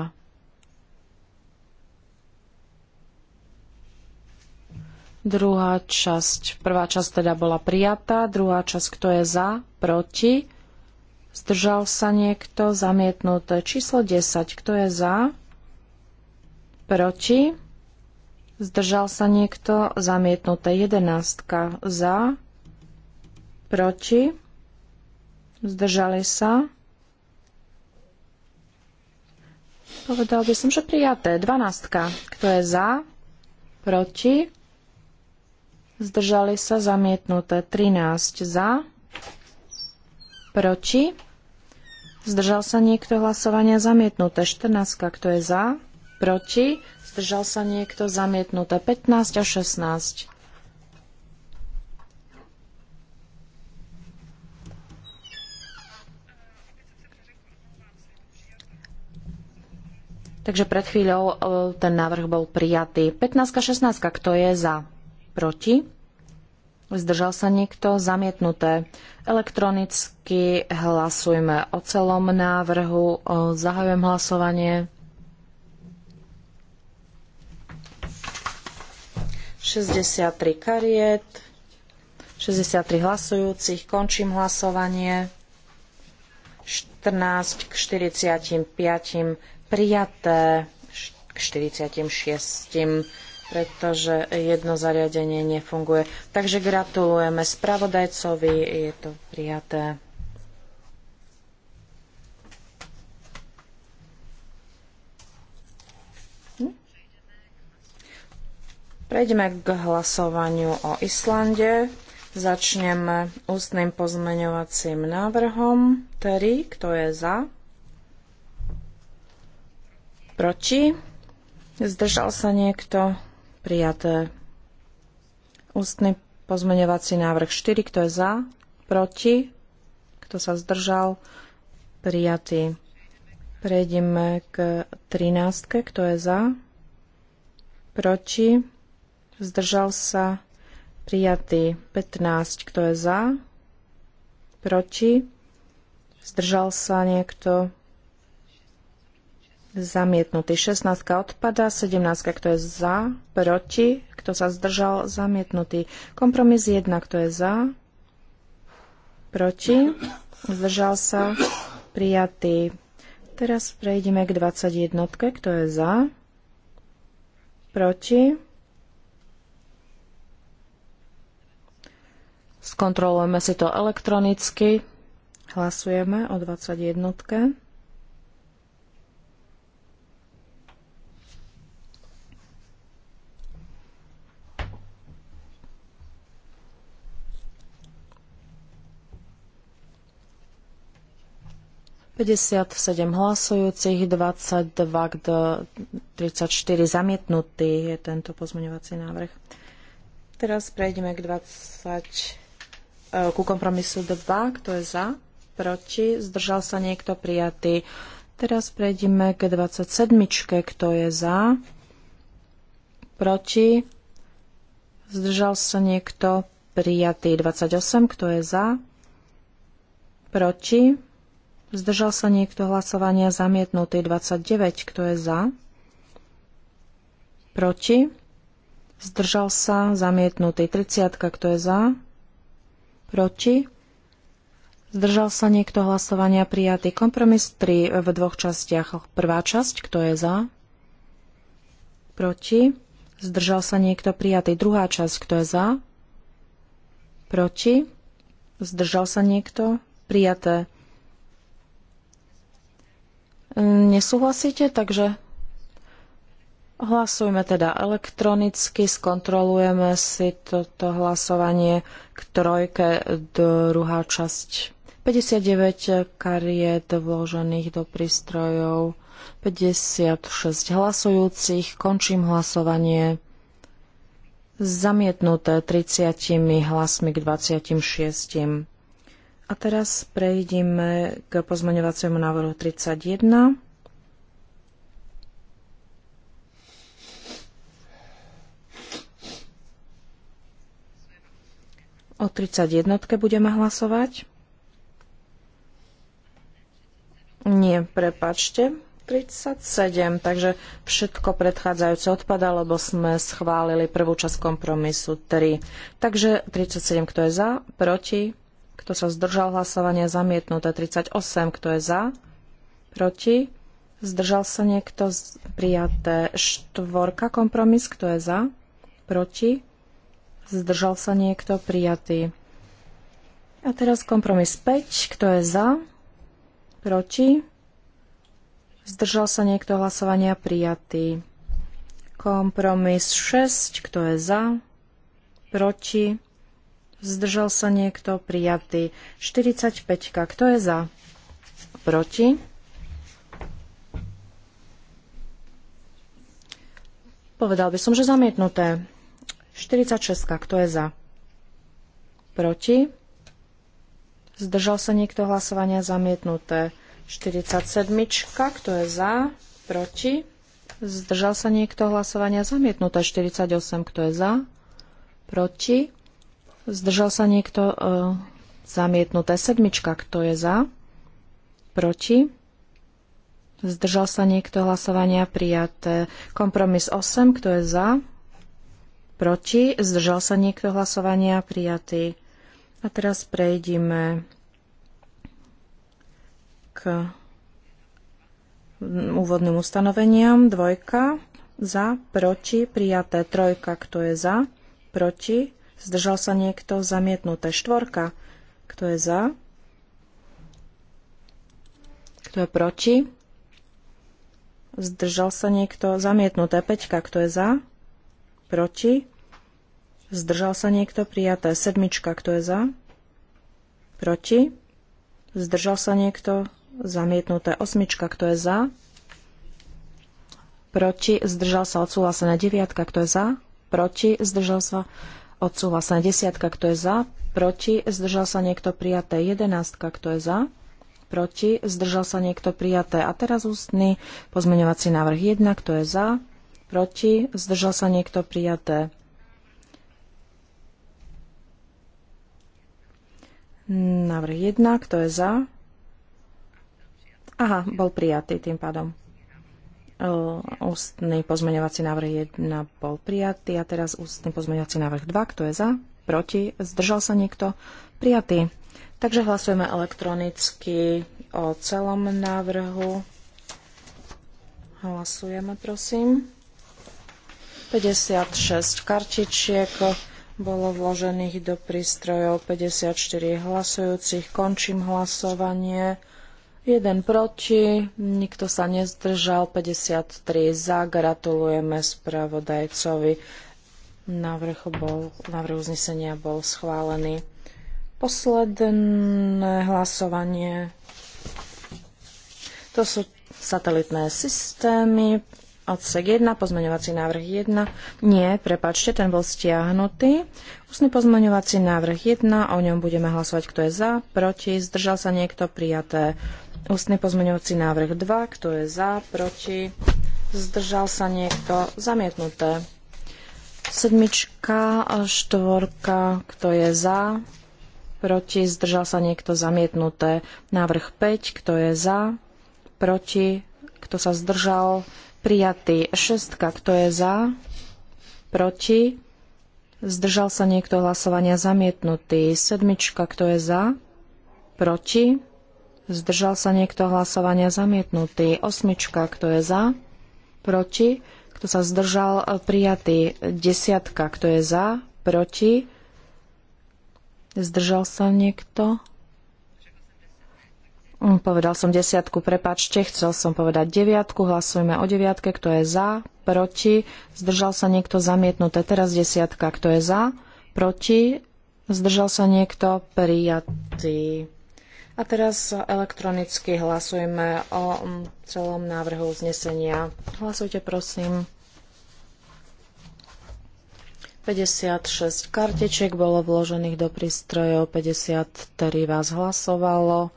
Druhá časť, prvá časť teda bola prijatá, druhá časť, kto je za, proti, zdržal sa niekto, zamietnuté číslo 10, kto je za, proti, zdržal sa niekto, zamietnuté 11 za, proti, Zdržali sa. Povedal by som, že prijaté. dvanáctka. Kto je za? Proti? Zdržali sa zamietnuté. 13 za. Proti? Zdržal sa niekto hlasovania zamietnuté. 14. Kto je za? Proti? Zdržal sa niekto zamietnuté. 15 a 16. Takže pred chvíľou e, ten návrh bol prijatý. 15, 16, kto je za? Proti? Zdržal sa niekto? Zamietnuté. Elektronicky hlasujme o celom návrhu. E, zahajujem hlasovanie. 63 kariet, 63 hlasujúcich, končím hlasovanie. 14 k 45 prijaté k 46 pretože jedno zariadenie nefunguje. Takže gratulujeme spravodajcovi, je to prijaté. Hm? Prejdeme k hlasovaniu o Islande. Začneme ústnym pozmeňovacím návrhom Terry, Kto je za? Proti? Zdržal sa niekto? Prijaté. Ústny pozmeňovací návrh 4. Kto je za? Proti? Kto sa zdržal? Prijatý. Prejdeme k 13. Kto je za? Proti? Zdržal sa? Prijatý. 15. Kto je za? Proti? Zdržal sa niekto? Zamietnutý. 16 odpada. 17, kto je za, proti, kto sa zdržal, zamietnutý. Kompromis 1, kto je za, proti, zdržal sa, prijatý. Teraz prejdeme k 21, kto je za, proti, Skontrolujeme si to elektronicky. Hlasujeme o 21. 57 hlasujúcich, 22 k 34 zamietnutý je tento pozmeňovací návrh. Teraz prejdeme k 20, e, ku kompromisu 2, kto je za, proti, zdržal sa niekto prijatý. Teraz prejdeme k 27, kto je za, proti, zdržal sa niekto prijatý. 28, kto je za, proti, Zdržal sa niekto hlasovania zamietnutý 29, kto je za? Proti? Zdržal sa zamietnutý 30, kto je za? Proti? Zdržal sa niekto hlasovania prijatý kompromis 3 v dvoch častiach. Prvá časť, kto je za? Proti? Zdržal sa niekto prijatý druhá časť, kto je za? Proti? Zdržal sa niekto? Prijaté Nesúhlasíte, takže hlasujme teda elektronicky, skontrolujeme si toto hlasovanie k trojke, druhá časť. 59 kariet vložených do prístrojov, 56 hlasujúcich, končím hlasovanie. Zamietnuté 30 hlasmi k 26. A teraz prejdeme k pozmeňovaciemu návrhu 31. O 31 budeme hlasovať. Nie, prepačte. 37, takže všetko predchádzajúce odpada, lebo sme schválili prvú časť kompromisu 3. Takže 37, kto je za, proti, kto sa zdržal hlasovania? Zamietnuté. 38. Kto je za? Proti? Zdržal sa niekto? Prijaté. Štvorka kompromis. Kto je za? Proti? Zdržal sa niekto? Prijatý. A teraz kompromis 5. Kto je za? Proti? Zdržal sa niekto hlasovania? Prijatý. Kompromis 6. Kto je za? Proti? Zdržal sa niekto? Prijatý. 45. Kto je za? Proti? Povedal by som, že zamietnuté. 46. Kto je za? Proti? Zdržal sa niekto hlasovania? Zamietnuté. 47. Kto je za? Proti? Zdržal sa niekto hlasovania? Zamietnuté. 48. Kto je za? Proti? Zdržal sa niekto? E, zamietnuté. Sedmička. Kto je za? Proti? Zdržal sa niekto hlasovania? Prijaté. Kompromis 8. Kto je za? Proti? Zdržal sa niekto hlasovania? Prijatý. A teraz prejdime k úvodným ustanoveniam. Dvojka. Za. Proti. Prijaté. Trojka. Kto je za? Proti. Zdržal sa niekto? Zamietnuté. Štvorka. Kto je za? Kto je proti? Zdržal sa niekto? Zamietnuté. Peťka. Kto je za? Proti? Zdržal sa niekto? Prijaté. Sedmička. Kto je za? Proti? Zdržal sa niekto? Zamietnuté. Osmička. Kto je za? Proti? Zdržal sa odsúhlasené. Deviatka. Kto je za? Proti? Zdržal sa odsúhlasené. Desiatka, kto je za, proti, zdržal sa niekto prijaté. Jedenáctka, kto je za, proti, zdržal sa niekto prijaté. A teraz ústny pozmeňovací návrh 1, kto je za, proti, zdržal sa niekto prijaté. Návrh 1, kto je za? Aha, bol prijatý tým pádom. Eh, ústny pozmeňovací návrh 1 bol prijatý a teraz ústny pozmeňovací návrh 2. Kto je za? Proti? Zdržal sa niekto? Prijatý. Takže hlasujeme elektronicky o celom návrhu. Hlasujeme, prosím. 56 kartičiek bolo vložených do prístrojov, 54 hlasujúcich. Končím hlasovanie. 1 proti, nikto sa nezdržal, 53 za. Gratulujeme spravodajcovi. Návrh, bol, návrh uznesenia bol schválený. Posledné hlasovanie. To sú satelitné systémy. Odsek 1, pozmeňovací návrh 1. Nie, prepačte, ten bol stiahnutý. Ústny pozmeňovací návrh 1, o ňom budeme hlasovať, kto je za, proti, zdržal sa niekto, prijaté. Ústny pozmeňovací návrh 2. Kto je za? Proti? Zdržal sa niekto? Zamietnuté. Sedmička, štvorka. Kto je za? Proti? Zdržal sa niekto? Zamietnuté. Návrh 5. Kto je za? Proti? Kto sa zdržal? Prijatý. Šestka. Kto je za? Proti? Zdržal sa niekto hlasovania? Zamietnutý. Sedmička. Kto je za? Proti? Zdržal sa niekto hlasovania zamietnutý. Osmička, kto je za? Proti? Kto sa zdržal prijatý? Desiatka, kto je za? Proti? Zdržal sa niekto? Hm, povedal som desiatku, prepačte, chcel som povedať deviatku, hlasujeme o deviatke, kto je za, proti, zdržal sa niekto zamietnuté, teraz desiatka, kto je za, proti, zdržal sa niekto prijatý. A teraz elektronicky hlasujeme o celom návrhu uznesenia. Hlasujte prosím. 56 kartečiek bolo vložených do prístrojov, 53 vás hlasovalo,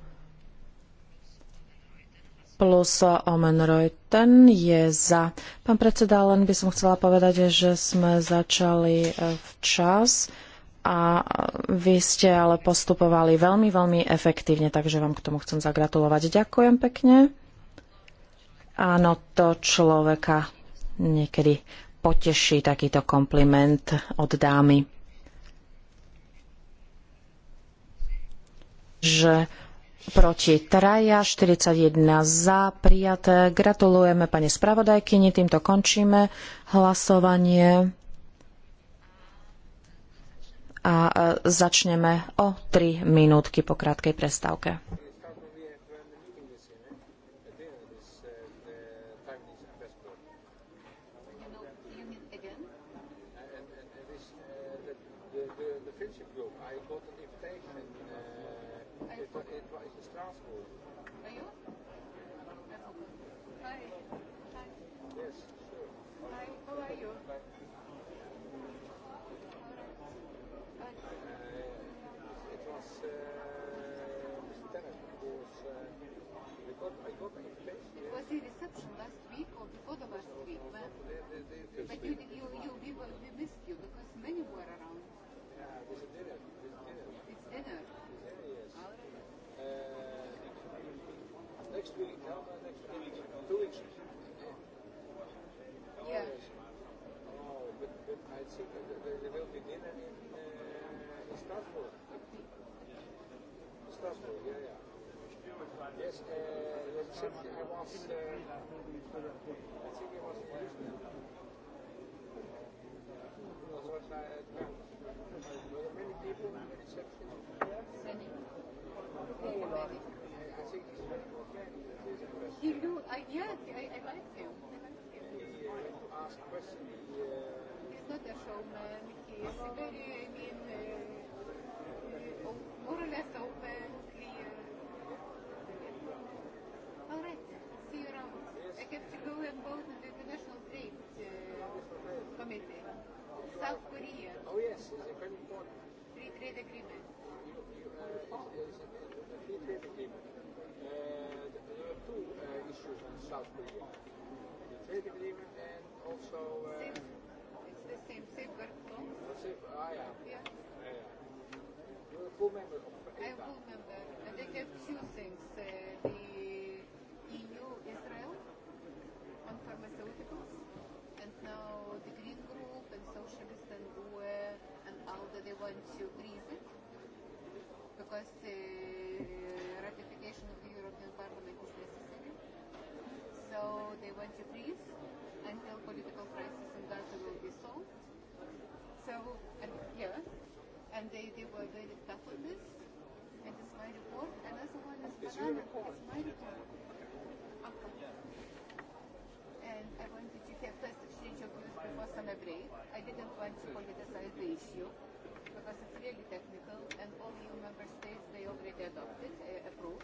plus Omen Reuten je za. Pán predseda, len by som chcela povedať, že sme začali eh, včas a vy ste ale postupovali veľmi, veľmi efektívne, takže vám k tomu chcem zagratulovať. Ďakujem pekne. Áno, to človeka niekedy poteší takýto kompliment od dámy. Že proti traja, 41 za, prijaté. Gratulujeme pani spravodajkyni, týmto končíme hlasovanie a e, začneme o 3 minútky po krátkej prestávke. And I wanted to have first exchange of views before summer break. I didn't want to politicize the issue because it's really technical and all EU member states, they already adopted, uh, approved,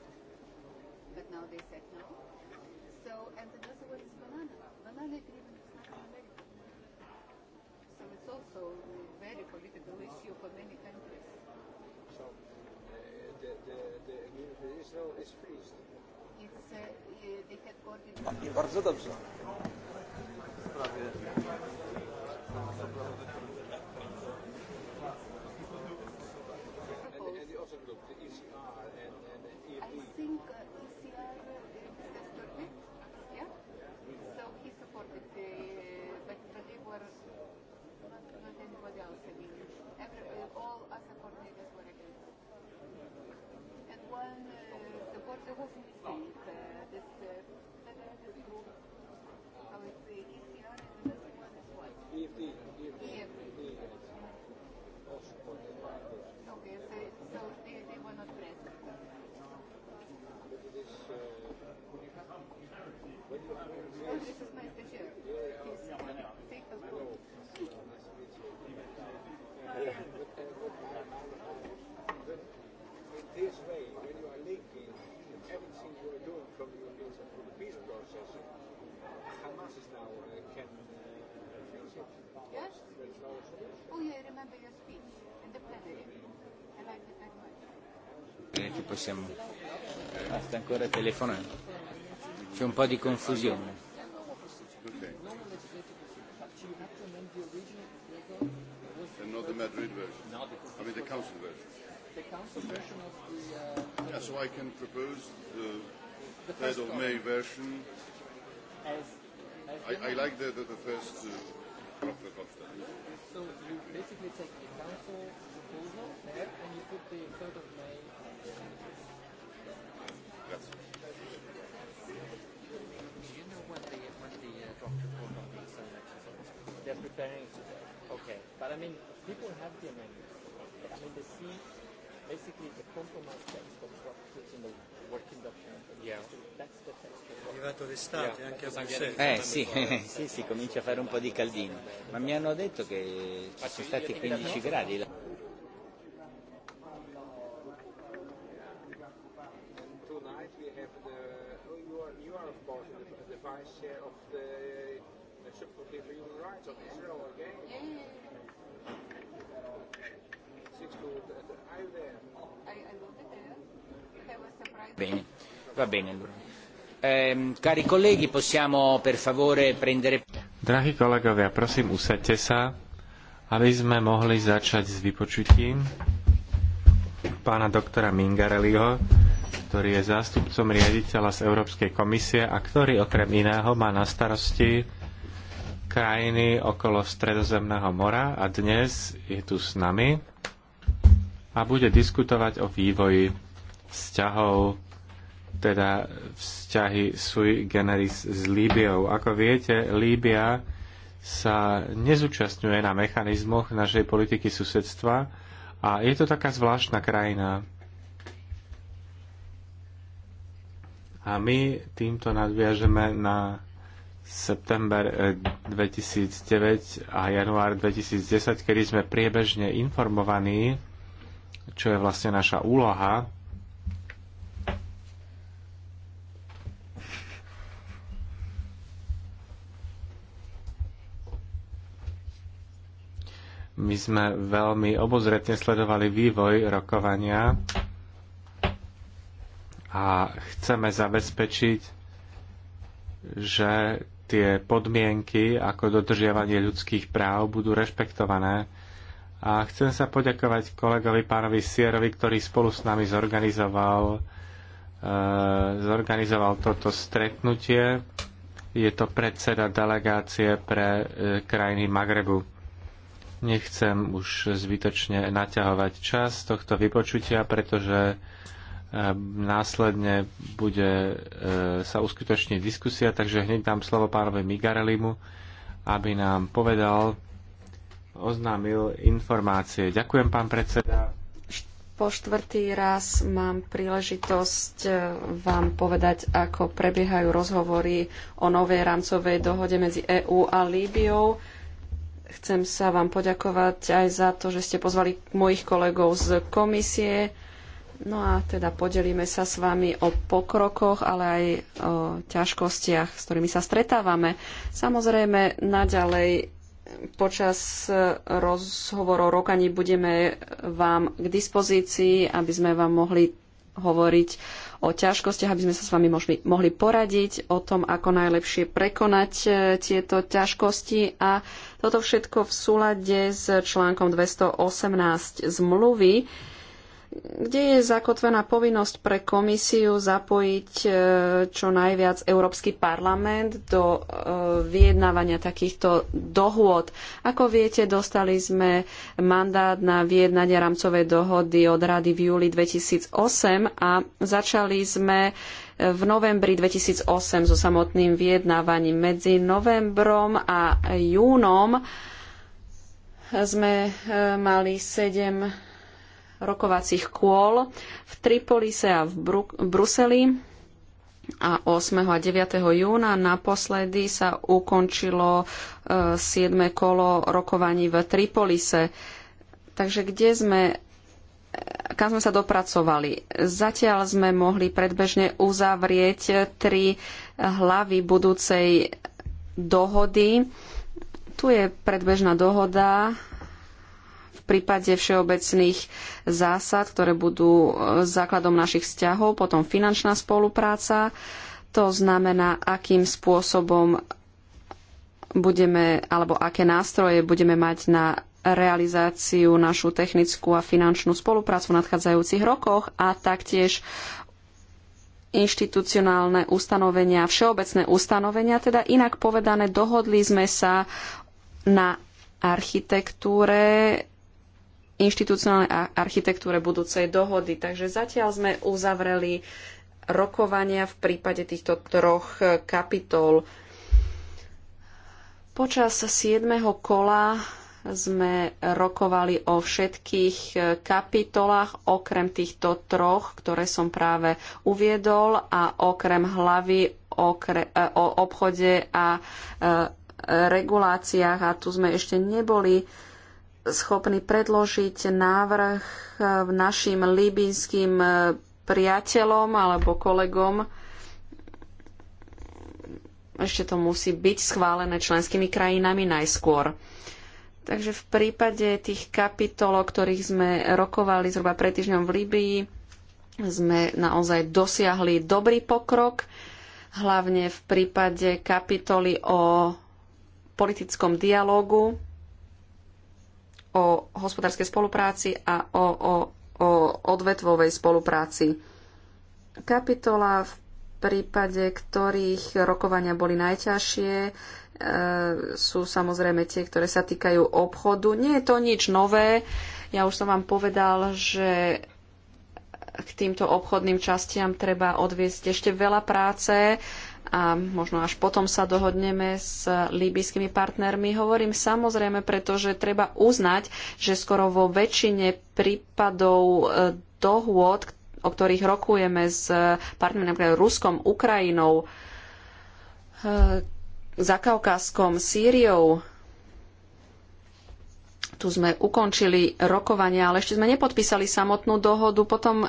but now they said no. So, and also what is banana? Banana agreement is not in America. So it's also very political issue for many countries. So bardzo dobrze. Prawie. che possiamo... Ah, sta ancora telefonando. C'è un po' di confusione. And not the Madrid version. I mean the council version. The council version of the. Uh, yeah, so I can propose the, the third of May version. As, as I, I like the the, the first. Uh, so you basically take the council proposal there, and you put the 3rd of May. Do you know when the, when the uh, draft report on They're preparing it today. Okay. But I mean, people have the amendments. I mean, they see basically the compromise text of what in the working document. Yeah. That's the text. arrivato d'estate yeah. anche a Bruxelles. Eh sì, sì, sì, comincia a fare un po' di caldino. Ma mi hanno detto che ci sono stati 15 gradi. Là. Bene, va bene allora. Ehm, cari colleghi, possiamo per favore prendere... Drahí kolegovia, prosím, usadte sa, aby sme mohli začať s vypočutím pána doktora Mingareliho, ktorý je zástupcom riaditeľa z Európskej komisie a ktorý okrem iného má na starosti krajiny okolo Stredozemného mora a dnes je tu s nami a bude diskutovať o vývoji vzťahov teda vzťahy sui generis s Líbiou. Ako viete, Líbia sa nezúčastňuje na mechanizmoch našej politiky susedstva a je to taká zvláštna krajina. A my týmto nadviažeme na september 2009 eh, a január 2010, kedy sme priebežne informovaní, čo je vlastne naša úloha My sme veľmi obozretne sledovali vývoj rokovania a chceme zabezpečiť, že tie podmienky ako dodržiavanie ľudských práv budú rešpektované. A chcem sa poďakovať kolegovi pánovi Sierovi, ktorý spolu s nami zorganizoval, e, zorganizoval toto stretnutie. Je to predseda delegácie pre e, krajiny Magrebu. Nechcem už zbytočne naťahovať čas tohto vypočutia, pretože e, následne bude e, sa uskutočniť diskusia, takže hneď dám slovo pánovi Migarelimu, aby nám povedal, oznámil informácie. Ďakujem, pán predseda. Po štvrtý raz mám príležitosť e, vám povedať, ako prebiehajú rozhovory o novej rámcovej dohode medzi EÚ a Líbiou. Chcem sa vám poďakovať aj za to, že ste pozvali mojich kolegov z komisie. No a teda podelíme sa s vami o pokrokoch, ale aj o ťažkostiach, s ktorými sa stretávame. Samozrejme, naďalej počas rozhovorov rokaní budeme vám k dispozícii, aby sme vám mohli hovoriť o ťažkostiach, aby sme sa s vami mohli, mohli poradiť o tom, ako najlepšie prekonať e, tieto ťažkosti a toto všetko v súlade s článkom 218 zmluvy kde je zakotvená povinnosť pre komisiu zapojiť e, čo najviac Európsky parlament do e, vyjednávania takýchto dohôd. Ako viete, dostali sme mandát na vyjednanie rámcovej dohody od Rady v júli 2008 a začali sme e, v novembri 2008 so samotným vyjednávaním medzi novembrom a júnom sme mali sedem rokovacích kôl v Tripolise a v Bruseli. A 8. a 9. júna naposledy sa ukončilo 7. E, kolo rokovaní v Tripolise. Takže kde sme e, kam sme sa dopracovali. Zatiaľ sme mohli predbežne uzavrieť tri hlavy budúcej dohody. Tu je predbežná dohoda prípade všeobecných zásad, ktoré budú e, základom našich vzťahov, potom finančná spolupráca, to znamená, akým spôsobom budeme, alebo aké nástroje budeme mať na realizáciu našu technickú a finančnú spoluprácu v nadchádzajúcich rokoch a taktiež inštitucionálne ustanovenia, všeobecné ustanovenia, teda inak povedané, dohodli sme sa na architektúre inštitucionálnej architektúre budúcej dohody. Takže zatiaľ sme uzavreli rokovania v prípade týchto troch kapitol. Počas 7. kola sme rokovali o všetkých kapitolách, okrem týchto troch, ktoré som práve uviedol, a okrem hlavy okre, e, o obchode a e, reguláciách. A tu sme ešte neboli schopní predložiť návrh e, našim libijským e, priateľom alebo kolegom. Ešte to musí byť schválené členskými krajinami najskôr. Takže v prípade tých kapitol, o ktorých sme rokovali zhruba pred týždňom v Líbii, sme naozaj dosiahli dobrý pokrok, hlavne v prípade kapitoly o politickom dialógu o hospodárskej spolupráci a o, o, o odvetvovej spolupráci. Kapitola v prípade, ktorých rokovania boli najťažšie, e, sú samozrejme tie, ktoré sa týkajú obchodu. Nie je to nič nové. Ja už som vám povedal, že k týmto obchodným častiam treba odviesť ešte veľa práce. E, a možno až potom sa dohodneme s líbyskými partnermi. Hovorím samozrejme, pretože treba uznať, že skoro vo väčšine prípadov e, dohôd, o ktorých rokujeme s partnermi, napríklad Ruskom, Ukrajinou, e, za Kaukázskom, Sýriou, tu sme ukončili rokovania, ale ešte sme nepodpísali samotnú dohodu. Potom e,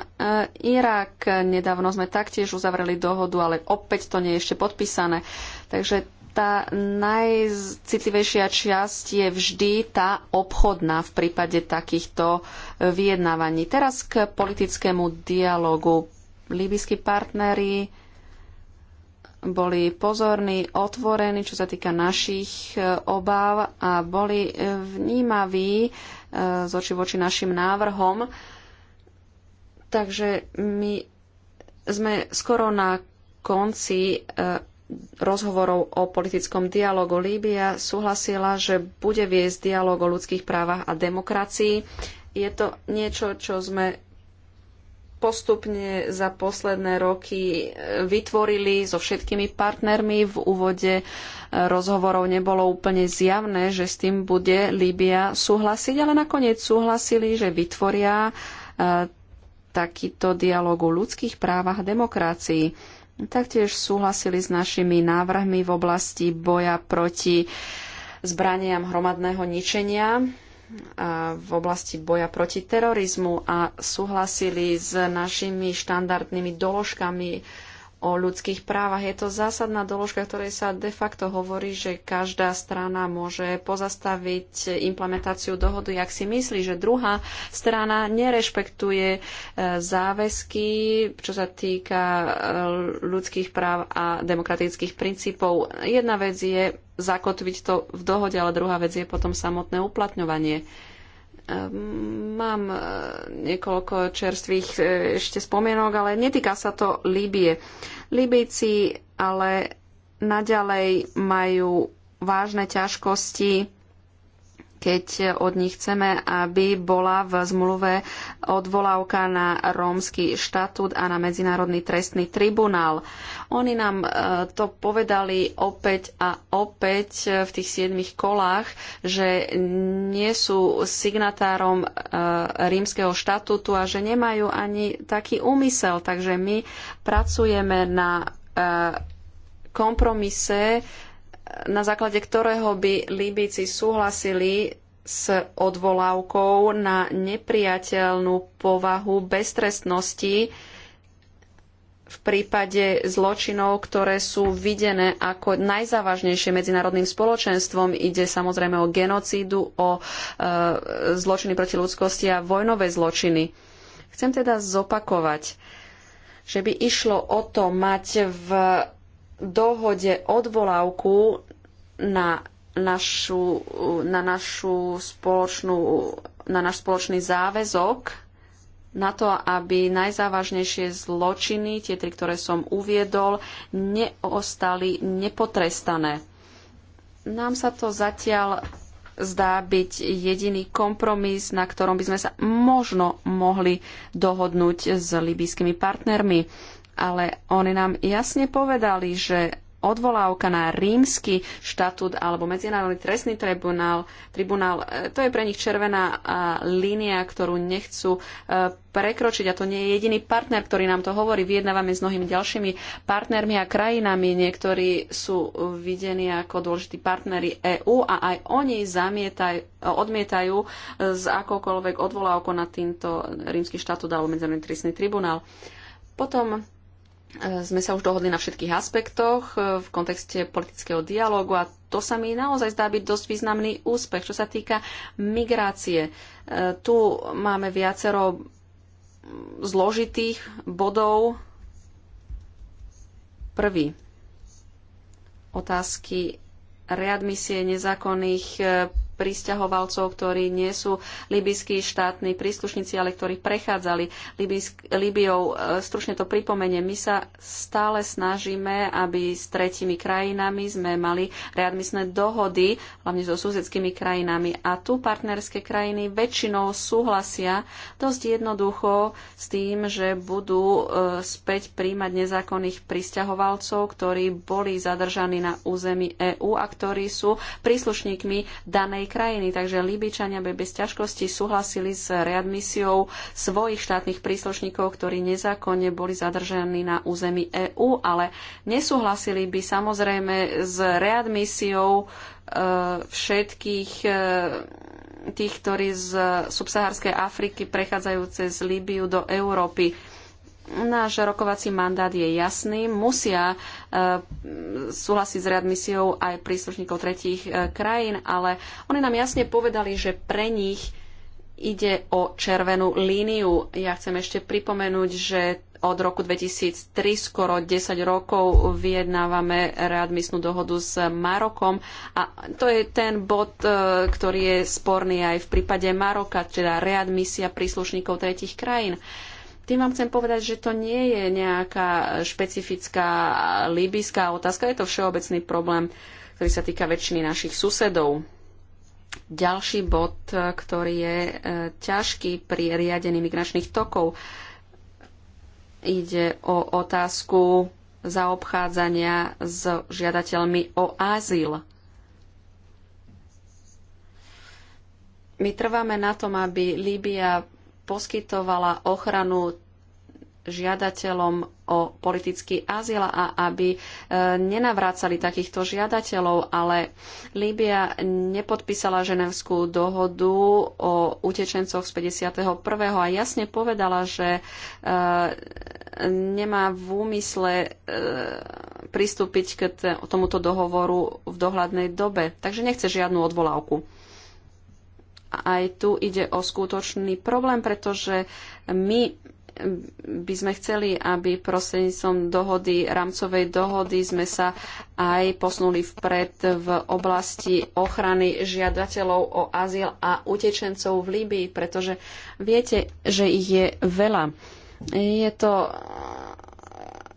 Irak, nedávno sme taktiež uzavreli dohodu, ale opäť to nie je ešte podpísané. Takže tá najcitlivejšia časť je vždy tá obchodná v prípade takýchto vyjednávaní. Teraz k politickému dialogu. Líbyskí partnery boli pozorní, otvorení, čo sa týka našich e, obáv a boli e, vnímaví e, z oči voči našim návrhom. Takže my sme skoro na konci rozhovorov o politickom dialogu. Líbia súhlasila, že bude viesť dialog o ľudských právach a demokracii. Je to niečo, čo sme postupne za posledné roky e, vytvorili so všetkými partnermi. V úvode e, rozhovorov nebolo úplne zjavné, že s tým bude Líbia súhlasiť, ale nakoniec súhlasili, že vytvoria e, takýto dialog o ľudských právach a demokracii. Taktiež súhlasili s našimi návrhmi v oblasti boja proti zbraniam hromadného ničenia v oblasti boja proti terorizmu a súhlasili s našimi štandardnými doložkami o ľudských právach. Je to zásadná doložka, ktorej sa de facto hovorí, že každá strana môže pozastaviť implementáciu dohody, ak si myslí, že druhá strana nerešpektuje e, záväzky, čo sa týka e, ľudských práv a demokratických princípov. Jedna vec je zakotviť to v dohode, ale druhá vec je potom samotné uplatňovanie. Mám e, niekoľko čerstvých e, ešte spomienok, ale netýka sa to Líbie. Líbici ale naďalej majú vážne ťažkosti keď od nich chceme, aby bola v zmluve odvolávka na rómsky štatút a na Medzinárodný trestný tribunál. Oni nám e, to povedali opäť a opäť v tých siedmých kolách, že nie sú signatárom e, rímskeho štatútu a že nemajú ani taký úmysel. Takže my pracujeme na e, kompromise, na základe ktorého by Líbíci súhlasili s odvolávkou na nepriateľnú povahu beztrestnosti v prípade zločinov, ktoré sú videné ako najzávažnejšie medzinárodným spoločenstvom. Ide samozrejme o genocídu, o e, zločiny proti ľudskosti a vojnové zločiny. Chcem teda zopakovať, že by išlo o to mať v dohode odvolávku na našu, na našu spoločnú, na náš spoločný záväzok na to, aby najzávažnejšie zločiny, tie tri, ktoré som uviedol, neostali nepotrestané. Nám sa to zatiaľ zdá byť jediný kompromis, na ktorom by sme sa možno mohli dohodnúť s libýskymi partnermi. Ale oni nám jasne povedali, že odvolávka na rímsky štatút alebo medzinárodný trestný tribunál, tribunál, e, to je pre nich červená e, línia, ktorú nechcú e, prekročiť a to nie je jediný partner, ktorý nám to hovorí. Vyjednávame s mnohými ďalšími partnermi a krajinami. Niektorí sú videní ako dôležití partnery EÚ a aj oni zamietaj, odmietajú z akokoľvek odvolávkou na týmto rímsky štatút alebo medzinárodný trestný tribunál. Potom E, sme sa už dohodli na všetkých aspektoch e, v kontexte politického dialógu a to sa mi naozaj zdá byť dosť významný úspech, čo sa týka migrácie. E, tu máme viacero zložitých bodov. Prvý. Otázky readmisie nezákonných prisťahovalcov, ktorí nie sú libyskí štátni príslušníci, ale ktorí prechádzali Libysk- Libiou. E, stručne to pripomeniem, my sa stále snažíme, aby s tretimi krajinami sme mali readmisné dohody, hlavne so susedskými krajinami. A tu partnerské krajiny väčšinou súhlasia dosť jednoducho s tým, že budú e, späť príjmať nezákonných pristahovalcov, ktorí boli zadržaní na území EÚ a ktorí sú príslušníkmi danej krajiny. Takže Libyčania by bez ťažkosti súhlasili s readmisiou svojich štátnych príslušníkov, ktorí nezákonne boli zadržaní na území EÚ, ale nesúhlasili by samozrejme s readmisiou e, všetkých e, tých, ktorí z subsaharskej Afriky prechádzajú cez Líbiu do Európy. Náš rokovací mandát je jasný. Musia e, súhlasiť s readmisiou aj príslušníkov tretích e, krajín, ale oni nám jasne povedali, že pre nich ide o červenú líniu. Ja chcem ešte pripomenúť, že od roku 2003, skoro 10 rokov, vyjednávame readmisnú dohodu s Marokom a to je ten bod, e, ktorý je sporný aj v prípade Maroka, teda readmisia príslušníkov tretich krajín. Tým vám chcem povedať, že to nie je nejaká špecifická líbyská otázka, je to všeobecný problém, ktorý sa týka väčšiny našich susedov. Ďalší bod, ktorý je e, ťažký pri riadení migračných tokov, ide o otázku zaobchádzania s žiadateľmi o azyl. My trváme na tom, aby Líbia poskytovala ochranu žiadateľom o politický azyl a aby e, nenavrácali takýchto žiadateľov, ale Líbia nepodpísala ženevskú dohodu o utečencoch z 51. a jasne povedala, že e, nemá v úmysle e, pristúpiť k tomuto dohovoru v dohľadnej dobe. Takže nechce žiadnu odvolávku. Aj tu ide o skutočný problém, pretože my by sme chceli, aby prostredníctvom dohody, rámcovej dohody sme sa aj posunuli vpred v oblasti ochrany žiadateľov o azyl a utečencov v Líbii, pretože viete, že ich je veľa. Je to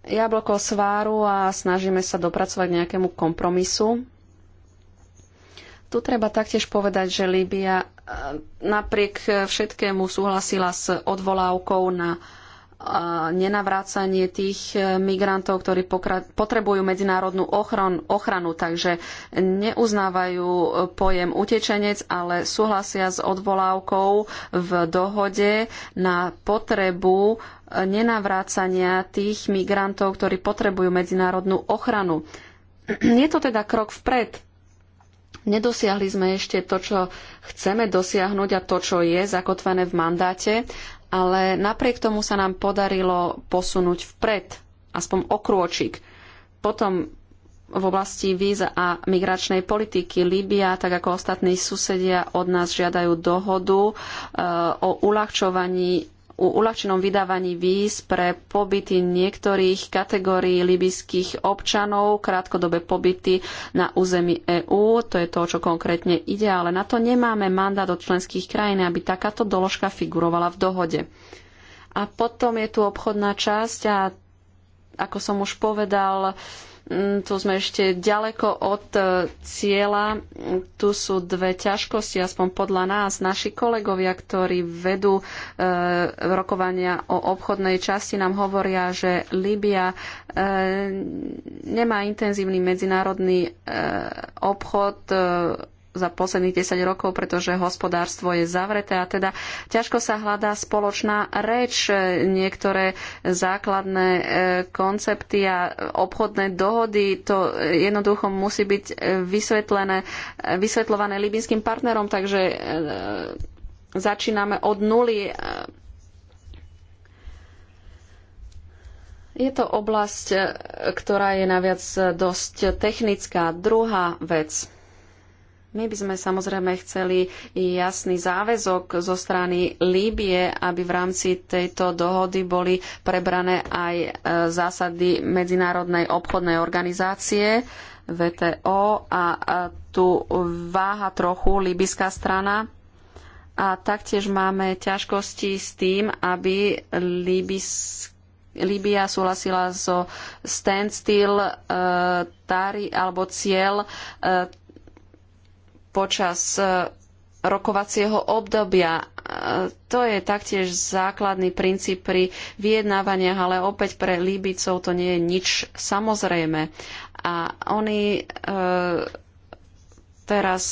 jablko sváru a snažíme sa dopracovať k nejakému kompromisu. Tu treba taktiež povedať, že Líbia napriek všetkému súhlasila s odvolávkou na nenavrácanie tých e, migrantov, ktorí potrebujú medzinárodnú ochranu, takže neuznávajú e, pojem utečenec, ale súhlasia s odvolávkou v dohode na potrebu e, nenavrácania tých migrantov, ktorí potrebujú medzinárodnú ochranu. Je to teda krok vpred Nedosiahli sme ešte to, čo chceme dosiahnuť a to, čo je zakotvené v mandáte, ale napriek tomu sa nám podarilo posunúť vpred, aspoň okrôčik. Potom v oblasti víz a migračnej politiky Líbia, tak ako ostatní susedia od nás žiadajú dohodu e, o uľahčovaní u uľahčenom vydávaní víz pre pobyty niektorých kategórií libyských občanov, krátkodobé pobyty na území EÚ. To je to, čo konkrétne ide, ale na to nemáme mandát od členských krajín, aby takáto doložka figurovala v dohode. A potom je tu obchodná časť a ako som už povedal, Mm, tu sme ešte ďaleko od e, cieľa. Tu sú dve ťažkosti, aspoň podľa nás. Naši kolegovia, ktorí vedú e, rokovania o obchodnej časti, nám hovoria, že Líbia e, nemá intenzívny medzinárodný e, obchod e, za posledných 10 rokov, pretože hospodárstvo je zavreté a teda ťažko sa hľadá spoločná reč. Niektoré základné e, koncepty a obchodné dohody, to jednoducho musí byť e, vysvetlené, e, vysvetľované libinským partnerom, takže začíname od nuly. Je to oblasť, ktorá je naviac dosť technická. Druhá vec – my by sme samozrejme chceli jasný záväzok zo strany Líbie, aby v rámci tejto dohody boli prebrané aj e, zásady Medzinárodnej obchodnej organizácie VTO a e, tu váha trochu líbyská strana. A taktiež máme ťažkosti s tým, aby Líbia súhlasila so standstill e, tari, alebo cieľ e, počas e, rokovacieho obdobia. E, to je taktiež základný princíp pri vyjednávaniach, ale opäť pre Líbicov to nie je nič samozrejme. A oni e, teraz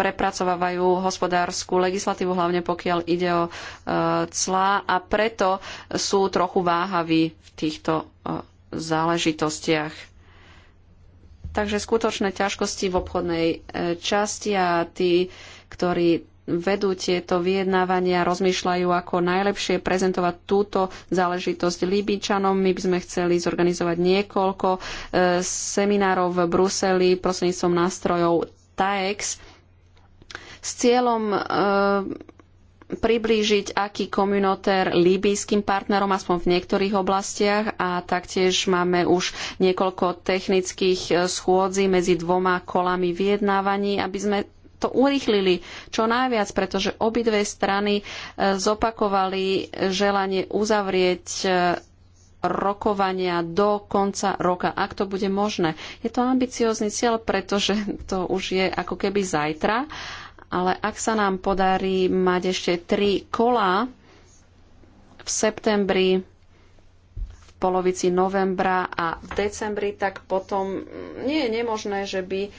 prepracovávajú hospodárskú legislatívu, hlavne pokiaľ ide o clá a preto sú trochu váhaví v týchto záležitostiach. Takže skutočné ťažkosti v obchodnej e, časti a tí, ktorí vedú tieto vyjednávania, rozmýšľajú, ako najlepšie prezentovať túto záležitosť Líbičanom. My by sme chceli zorganizovať niekoľko e, seminárov v Bruseli prostredníctvom nástrojov TAEX s cieľom e, priblížiť aký komunotér líbyjským partnerom, aspoň v niektorých oblastiach a taktiež máme už niekoľko technických e, schôdzí medzi dvoma kolami vyjednávaní, aby sme to urýchlili čo najviac, pretože obidve strany e, zopakovali želanie uzavrieť e, rokovania do konca roka, ak to bude možné. Je to ambiciózny cieľ, pretože to už je ako keby zajtra ale ak sa nám podarí mať ešte tri kola v septembri, v polovici novembra a v decembri, tak potom nie je nemožné, že by e,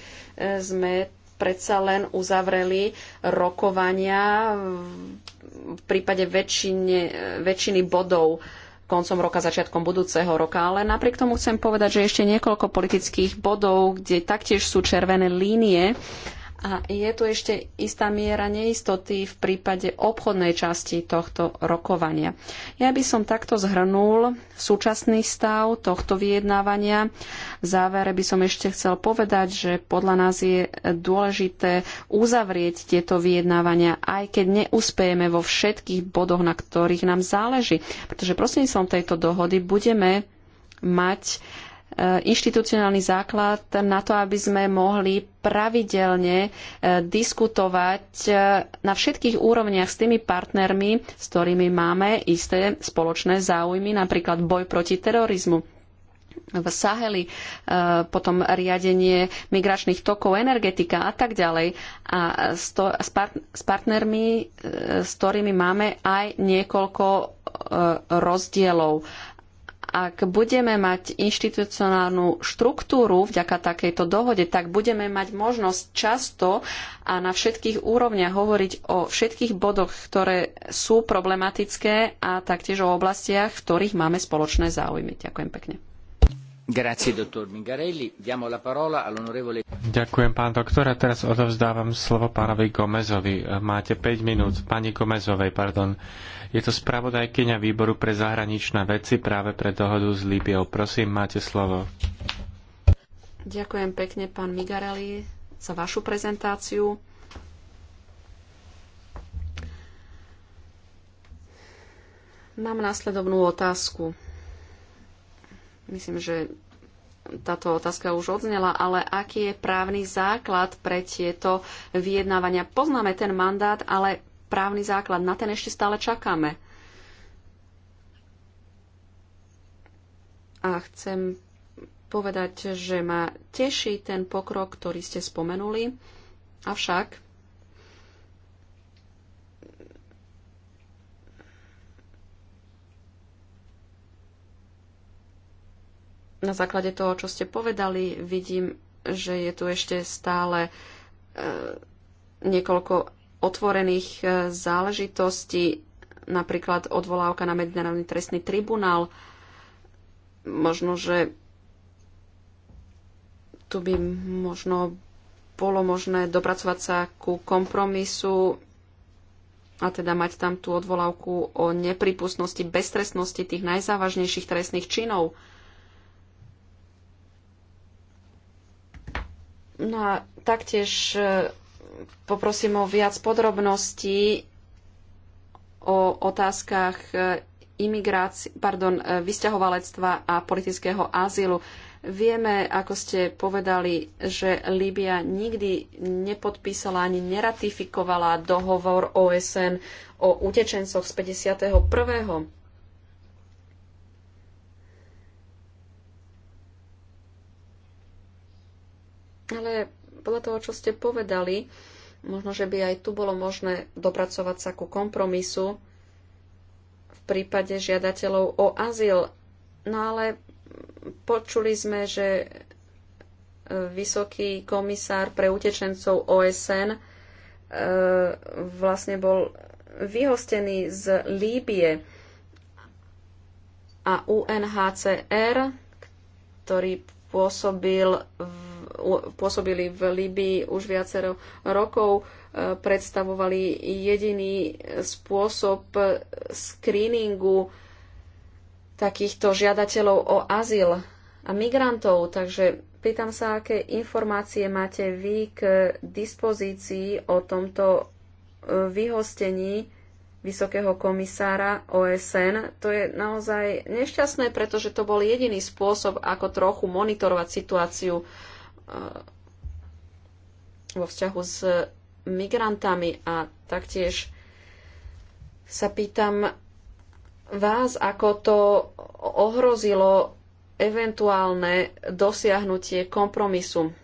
sme predsa len uzavreli rokovania v prípade väčšine, väčšiny bodov koncom roka, začiatkom budúceho roka. Ale napriek tomu chcem povedať, že ešte niekoľko politických bodov, kde taktiež sú červené línie a je tu ešte istá miera neistoty v prípade obchodnej časti tohto rokovania. Ja by som takto zhrnul súčasný stav tohto vyjednávania. V závere by som ešte chcel povedať, že podľa nás je dôležité uzavrieť tieto vyjednávania, aj keď neúspejeme vo všetkých bodoch, na ktorých nám záleží. Pretože prosím som tejto dohody budeme mať uh, inštitucionálny základ na to, aby sme mohli pravidelne e, diskutovať e, na všetkých úrovniach s tými partnermi, s ktorými máme isté spoločné záujmy, napríklad boj proti terorizmu v Saheli, e, potom riadenie migračných tokov, energetika a tak ďalej. A s, s partnermi, s ktorými máme aj niekoľko rozdielov ak budeme mať inštitucionálnu štruktúru vďaka takejto dohode, tak budeme mať možnosť často a na všetkých úrovniach hovoriť o všetkých bodoch, ktoré sú problematické a taktiež o oblastiach, v ktorých máme spoločné záujmy. Ďakujem pekne. Grazie, Ďakujem, pán doktor. A teraz odovzdávam slovo pánovi Gomezovi. Máte 5 minút. Pani Gomezovej, pardon. Je to spravodajkyňa výboru pre zahraničné veci práve pre dohodu s Líbiou. Prosím, máte slovo. Ďakujem pekne, pán Migarelli, za vašu prezentáciu. Mám následovnú otázku. Myslím, že táto otázka už odznela, ale aký je právny základ pre tieto vyjednávania? Poznáme ten mandát, ale právny základ. Na ten ešte stále čakáme. A chcem povedať, že ma teší ten pokrok, ktorý ste spomenuli. Avšak na základe toho, čo ste povedali, vidím, že je tu ešte stále e, niekoľko otvorených e, záležitostí, napríklad odvolávka na Medzinárodný trestný tribunál. Možno, že tu by možno bolo možné dopracovať sa ku kompromisu a teda mať tam tú odvolávku o nepripustnosti, beztrestnosti tých najzávažnejších trestných činov. No a taktiež e, poprosím o viac podrobností o otázkach eh, imigrácie, pardon, eh, vysťahovalectva a politického azylu. Vieme, ako ste povedali, že Líbia nikdy nepodpísala ani neratifikovala dohovor OSN o utečencoch z 51. Ale podľa toho, čo ste povedali, Možno, že by aj tu bolo možné dopracovať sa ku kompromisu v prípade žiadateľov o azyl. No ale počuli sme, že e, vysoký komisár pre utečencov OSN e, vlastne bol vyhostený z Líbie a UNHCR, ktorý pôsobil v pôsobili v Líbii už viacero rokov, e, predstavovali jediný spôsob screeningu takýchto žiadateľov o azyl a migrantov. Takže pýtam sa, aké informácie máte vy k dispozícii o tomto e, vyhostení vysokého komisára OSN. To je naozaj nešťastné, pretože to bol jediný spôsob, ako trochu monitorovať situáciu Eh, vo vzťahu s migrantami a taktiež sa pýtam vás, ako to ohrozilo eventuálne dosiahnutie kompromisu.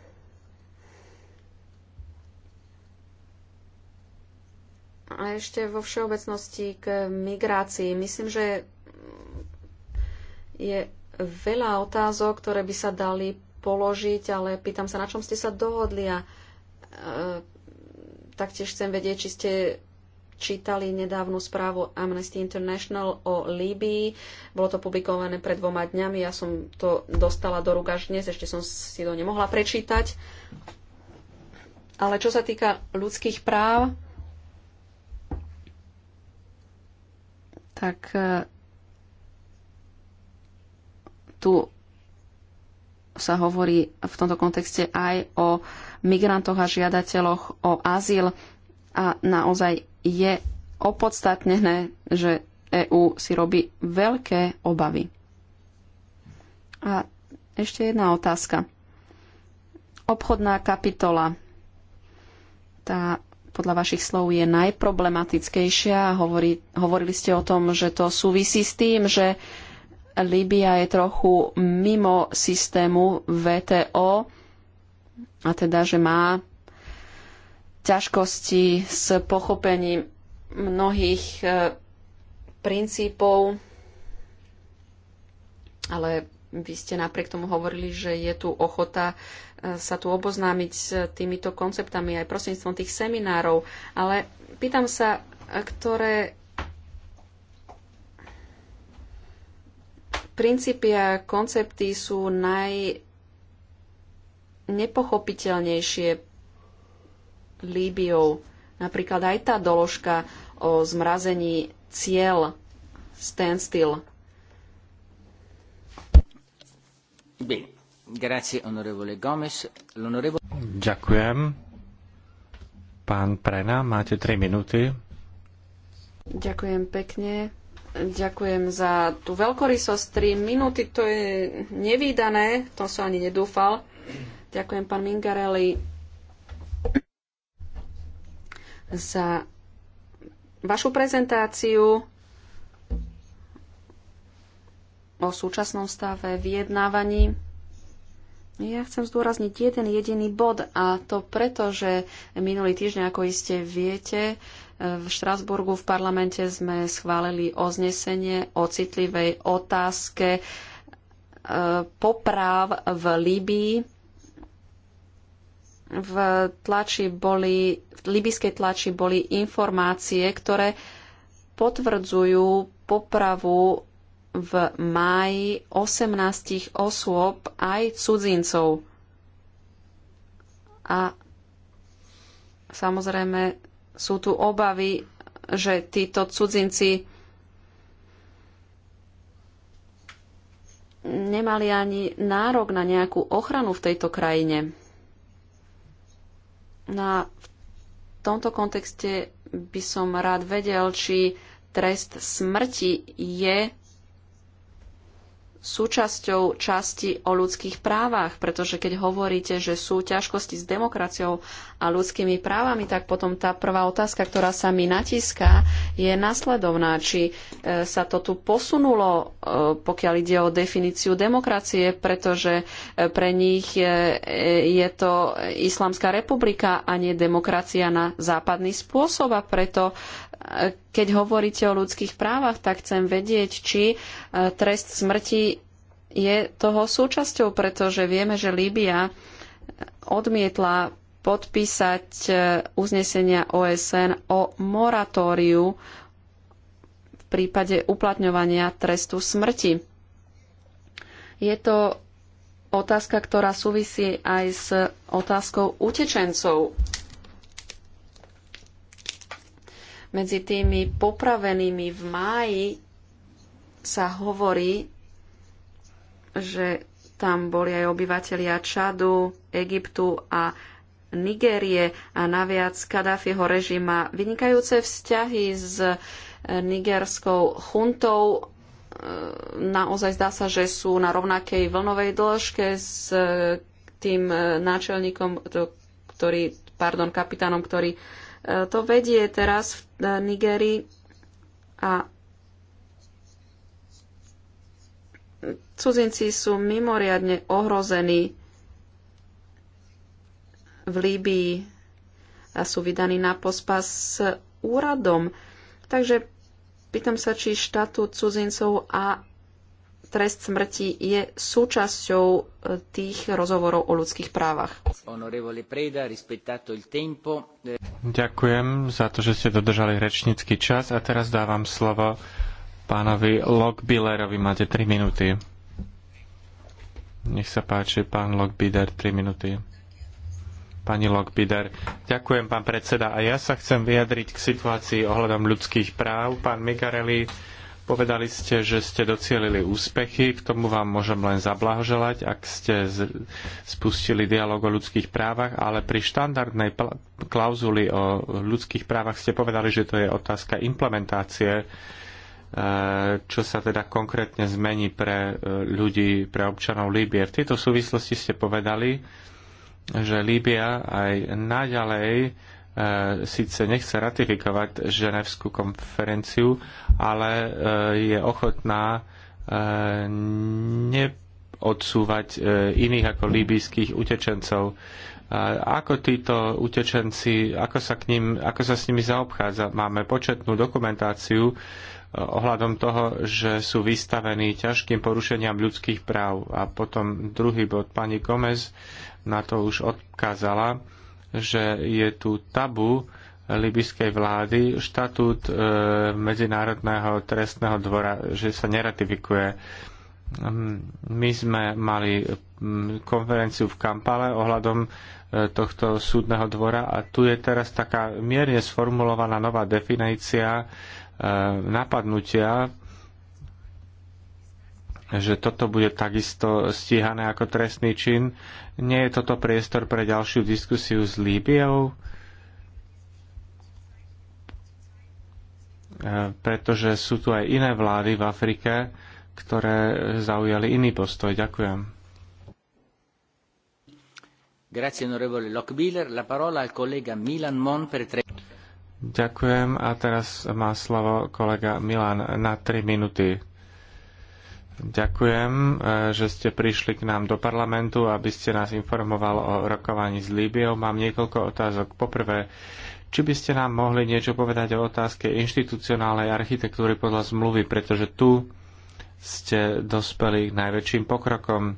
A ešte vo všeobecnosti k migrácii. Myslím, že je veľa otázok, ktoré by sa dali položiť, ale pýtam sa, na čom ste sa dohodli a e, taktiež chcem vedieť, či ste čítali nedávnu správu Amnesty International o Líbii. Bolo to publikované pred dvoma dňami. Ja som to dostala do rúk až dnes, ešte som si to nemohla prečítať. Ale čo sa týka ľudských práv, tak e, tu sa hovorí v tomto kontexte aj o migrantoch a žiadateľoch o azyl a naozaj je opodstatnené, že EÚ si robí veľké obavy. A ešte jedna otázka. Obchodná kapitola. Tá podľa vašich slov je najproblematickejšia. hovorili ste o tom, že to súvisí s tým, že Líbia je trochu mimo systému VTO, a teda, že má ťažkosti s pochopením mnohých e, princípov, ale vy ste napriek tomu hovorili, že je tu ochota e, sa tu oboznámiť s týmito konceptami aj prostredníctvom tých seminárov, ale pýtam sa, e, ktoré princípy a koncepty sú naj nepochopiteľnejšie Líbiou. Napríklad aj tá doložka o zmrazení cieľ standstill. Ďakujem. Pán Prena, máte 3 minúty. Ďakujem pekne. Ďakujem za tú veľkorysosť. 3 minúty, to je nevýdané, to som ani nedúfal. Ďakujem pán Mingarelli za vašu prezentáciu o súčasnom stave vyjednávaní. Ja chcem zdôrazniť jeden jediný bod a to preto, že minulý týždeň, ako iste viete, v Štrasburgu v parlamente sme schválili oznesenie o citlivej otázke e, popráv v Líbii. V, tlači boli, v libyskej tlači boli informácie, ktoré potvrdzujú popravu v máji 18 osôb aj cudzincov. A samozrejme sú tu obavy, že títo cudzinci nemali ani nárok na nejakú ochranu v tejto krajine. Na, v tomto kontexte by som rád vedel, či trest smrti je súčasťou časti o ľudských právach, pretože keď hovoríte, že sú ťažkosti s demokraciou a ľudskými právami, tak potom tá prvá otázka, ktorá sa mi natiská, je nasledovná. Či e, sa to tu posunulo, e, pokiaľ ide o definíciu demokracie, pretože e, pre nich je, je to Islamská republika a nie demokracia na západný spôsob a preto keď hovoríte o ľudských právach, tak chcem vedieť, či trest smrti je toho súčasťou, pretože vieme, že Líbia odmietla podpísať e, uznesenia OSN o moratóriu v prípade uplatňovania trestu smrti. Je to otázka, ktorá súvisí aj s otázkou utečencov. Medzi tými popravenými v máji sa hovorí, že tam boli aj obyvatelia Čadu, Egyptu a Nigérie a naviac Kadáfiho režima. Vynikajúce vzťahy s e, nigerskou chuntou e, naozaj zdá sa, že sú na rovnakej vlnovej dĺžke s e, tým náčelníkom, ktorý, pardon, kapitánom, ktorý to vedie teraz v Nigerii a cudzinci sú mimoriadne ohrození v Líbii a sú vydaní na pospas s úradom. Takže pýtam sa, či štatút cudzincov a trest smrti je súčasťou e, tých rozhovorov o ľudských právach. Ďakujem za to, že ste dodržali rečnícky čas a teraz dávam slovo pánovi Lockbillerovi. Máte 3 minúty. Nech sa páči, pán Lockbiller, 3 minúty pani Lockbider. Ďakujem, pán predseda. A ja sa chcem vyjadriť k situácii ohľadom ľudských práv. Pán Migarelli, povedali ste, že ste docielili úspechy. K tomu vám môžem len zablahoželať, ak ste spustili dialog o ľudských právach, ale pri štandardnej klauzuli o ľudských právach ste povedali, že to je otázka implementácie e, čo sa teda konkrétne zmení pre e, ľudí, pre občanov Líbie. V tejto súvislosti ste povedali, že Líbia aj naďalej e, síce nechce ratifikovať ženevskú konferenciu, ale e, je ochotná e, neodsúvať iných ako líbyjských utečencov. Ako títo utečenci, ako sa, k ním, ako sa s nimi zaobchádza? Máme početnú dokumentáciu ohľadom toho, že sú vystavení ťažkým porušeniam ľudských práv. A potom druhý bod, pani Gomez na to už odkázala, že je tu tabu libyskej vlády štatút e, Medzinárodného trestného dvora, že sa neratifikuje. Mm, my sme mali mm, konferenciu v Kampale ohľadom e, tohto súdneho dvora a tu je teraz taká mierne sformulovaná nová definícia e, napadnutia že toto bude takisto stíhané ako trestný čin. Nie je toto priestor pre ďalšiu diskusiu s Líbiou, e, pretože sú tu aj iné vlády v Afrike, ktoré zaujali iný postoj. Ďakujem. Ďakujem a teraz má slovo kolega Milan na 3 minúty. Ďakujem, e, že ste prišli k nám do parlamentu, aby ste nás informoval o rokovaní s Líbiou. Mám niekoľko otázok. Poprvé, či by ste nám mohli niečo povedať o otázke inštitucionálnej architektúry podľa zmluvy, pretože tu ste dospeli k najväčším pokrokom.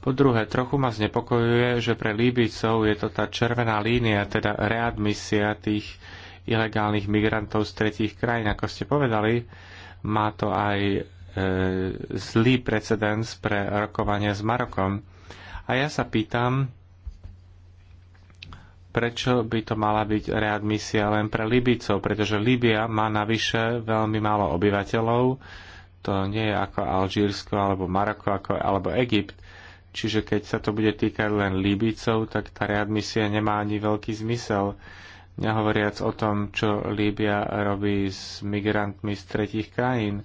Po druhé, trochu ma znepokojuje, že pre Líbicov je to tá červená línia, teda readmisia tých ilegálnych migrantov z tretích krajín. Ako ste povedali, má to aj E, zlý precedens pre rokovanie s Marokom. A ja sa pýtam, prečo by to mala byť readmisia len pre Libicov, pretože Líbia má navyše veľmi málo obyvateľov, to nie je ako Alžírsko alebo Maroko ako, alebo Egypt. Čiže keď sa to bude týkať len Líbicov, tak tá readmisia nemá ani veľký zmysel. Nehovoriac o tom, čo Líbia robí s migrantmi z tretich krajín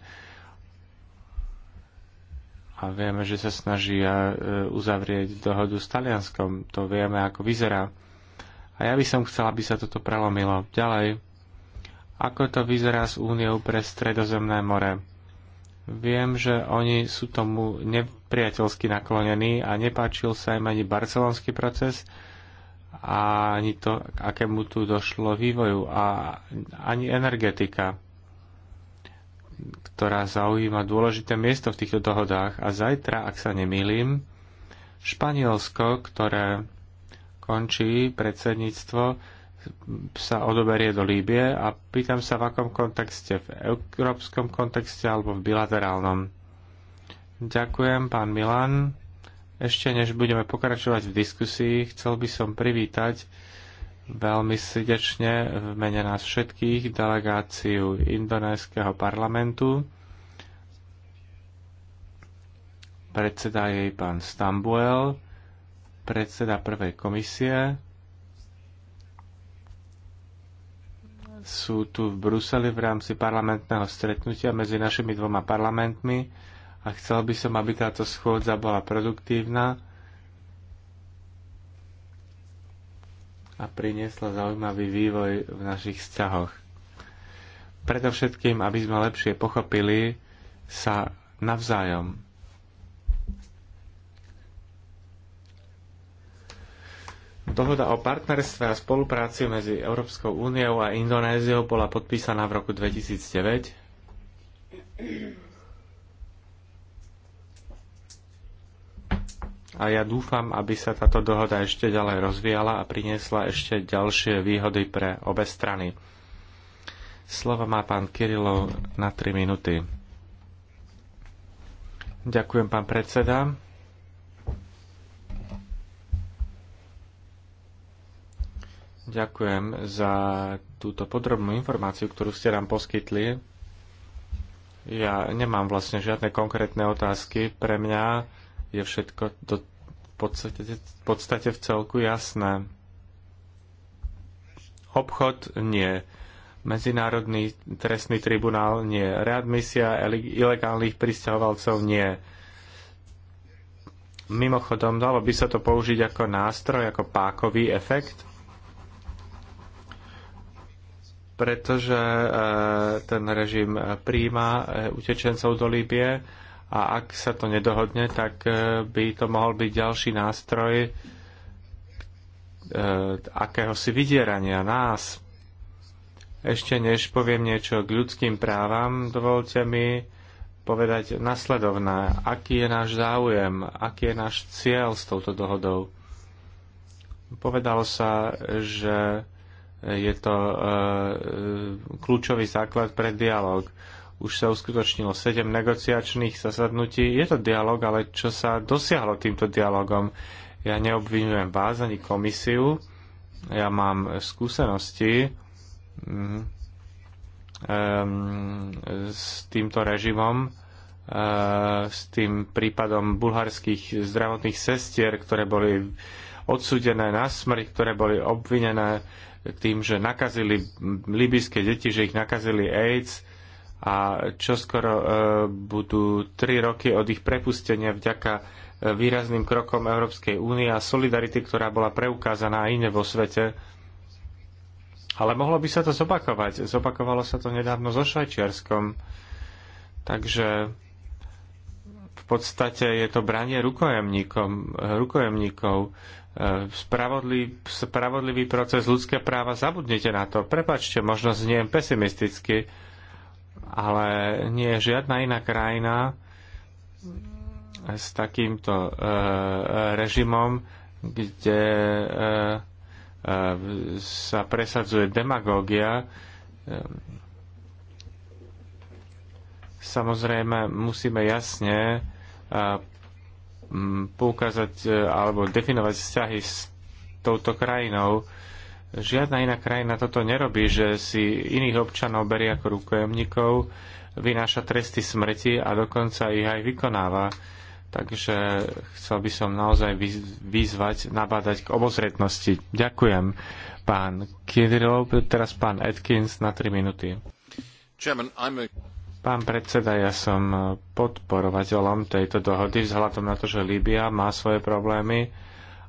a vieme, že sa snažia e, uzavrieť dohodu s Talianskom. To vieme, ako vyzerá. A ja by som chcela, aby sa toto prelomilo. Ďalej, ako to vyzerá s Úniou pre Stredozemné more? Viem, že oni sú tomu nepriateľsky naklonení a nepáčil sa im ani barcelonský proces a ani to, akému tu došlo vývoju a ani energetika ktorá zaujíma dôležité miesto v týchto dohodách. A zajtra, ak sa nemýlim, Španielsko, ktoré končí predsedníctvo, sa odoberie do Líbie a pýtam sa v akom kontexte, v európskom kontexte alebo v bilaterálnom. Ďakujem, pán Milan. Ešte než budeme pokračovať v diskusii, chcel by som privítať veľmi srdečne v mene nás všetkých delegáciu indonéskeho parlamentu. Predseda jej pán Stambuel, predseda prvej komisie. Sú tu v Bruseli v rámci parlamentného stretnutia medzi našimi dvoma parlamentmi a chcel by som, aby táto schôdza bola produktívna a priniesla zaujímavý vývoj v našich vzťahoch. Predovšetkým, aby sme lepšie pochopili sa navzájom. Dohoda o partnerstve a spolupráci medzi Európskou úniou a Indonéziou bola podpísaná v roku 2009 a ja dúfam, aby sa táto dohoda ešte ďalej rozvíjala a priniesla ešte ďalšie výhody pre obe strany. Slovo má pán Kirilov na 3 minúty. Ďakujem, pán predseda. Ďakujem za túto podrobnú informáciu, ktorú ste nám poskytli. Ja nemám vlastne žiadne konkrétne otázky. Pre mňa je všetko do, v, podstate, v podstate v celku jasné. Obchod nie. Medzinárodný trestný tribunál nie. Readmisia ilegálnych pristahovalcov nie. Mimochodom, dalo by sa to použiť ako nástroj, ako pákový efekt, pretože eh, ten režim eh, príjma eh, utečencov do Líbie, a ak sa to nedohodne, tak e, by to mohol byť ďalší nástroj e, akéhosi vydierania nás. Ešte než poviem niečo k ľudským právam, dovolte mi povedať nasledovné. Aký je náš záujem, aký je náš cieľ s touto dohodou? Povedalo sa, že je to e, kľúčový základ pre dialog. Už sa uskutočnilo 7 negociačných zasadnutí. Je to dialog, ale čo sa dosiahlo týmto dialogom? Ja neobvinujem vás ani komisiu. Ja mám skúsenosti mm, s týmto režimom, eh, s tým prípadom bulharských zdravotných sestier, ktoré boli odsudené na smrť, ktoré boli obvinené tým, že nakazili libyské deti, že ich nakazili AIDS a čoskoro skoro e, budú tri roky od ich prepustenia vďaka e, výrazným krokom Európskej únie a solidarity, ktorá bola preukázaná aj iné vo svete. Ale mohlo by sa to zopakovať. Zopakovalo sa to nedávno so Švajčiarskom. Takže v podstate je to branie rukojemníkom, rukojemníkov. E, spravodlivý, spravodlivý proces ľudské práva, zabudnite na to. Prepačte, možno zniem pesimisticky, ale nie je žiadna iná krajina s takýmto e, e režimom, kde e, e, sa presadzuje demagógia. Samozrejme, musíme jasne e, poukázať alebo definovať vzťahy s touto krajinou. E, Žiadna iná krajina toto nerobí, že si iných občanov berie ako rukojemníkov, vynáša tresty smrti a dokonca ich aj vykonáva. Takže chcel by som naozaj vyzvať, nabádať k obozretnosti. Ďakujem, pán Kirilov, teraz pán Atkins na 3 minúty. Pán predseda, ja som podporovateľom tejto dohody vzhľadom na to, že Líbia má svoje problémy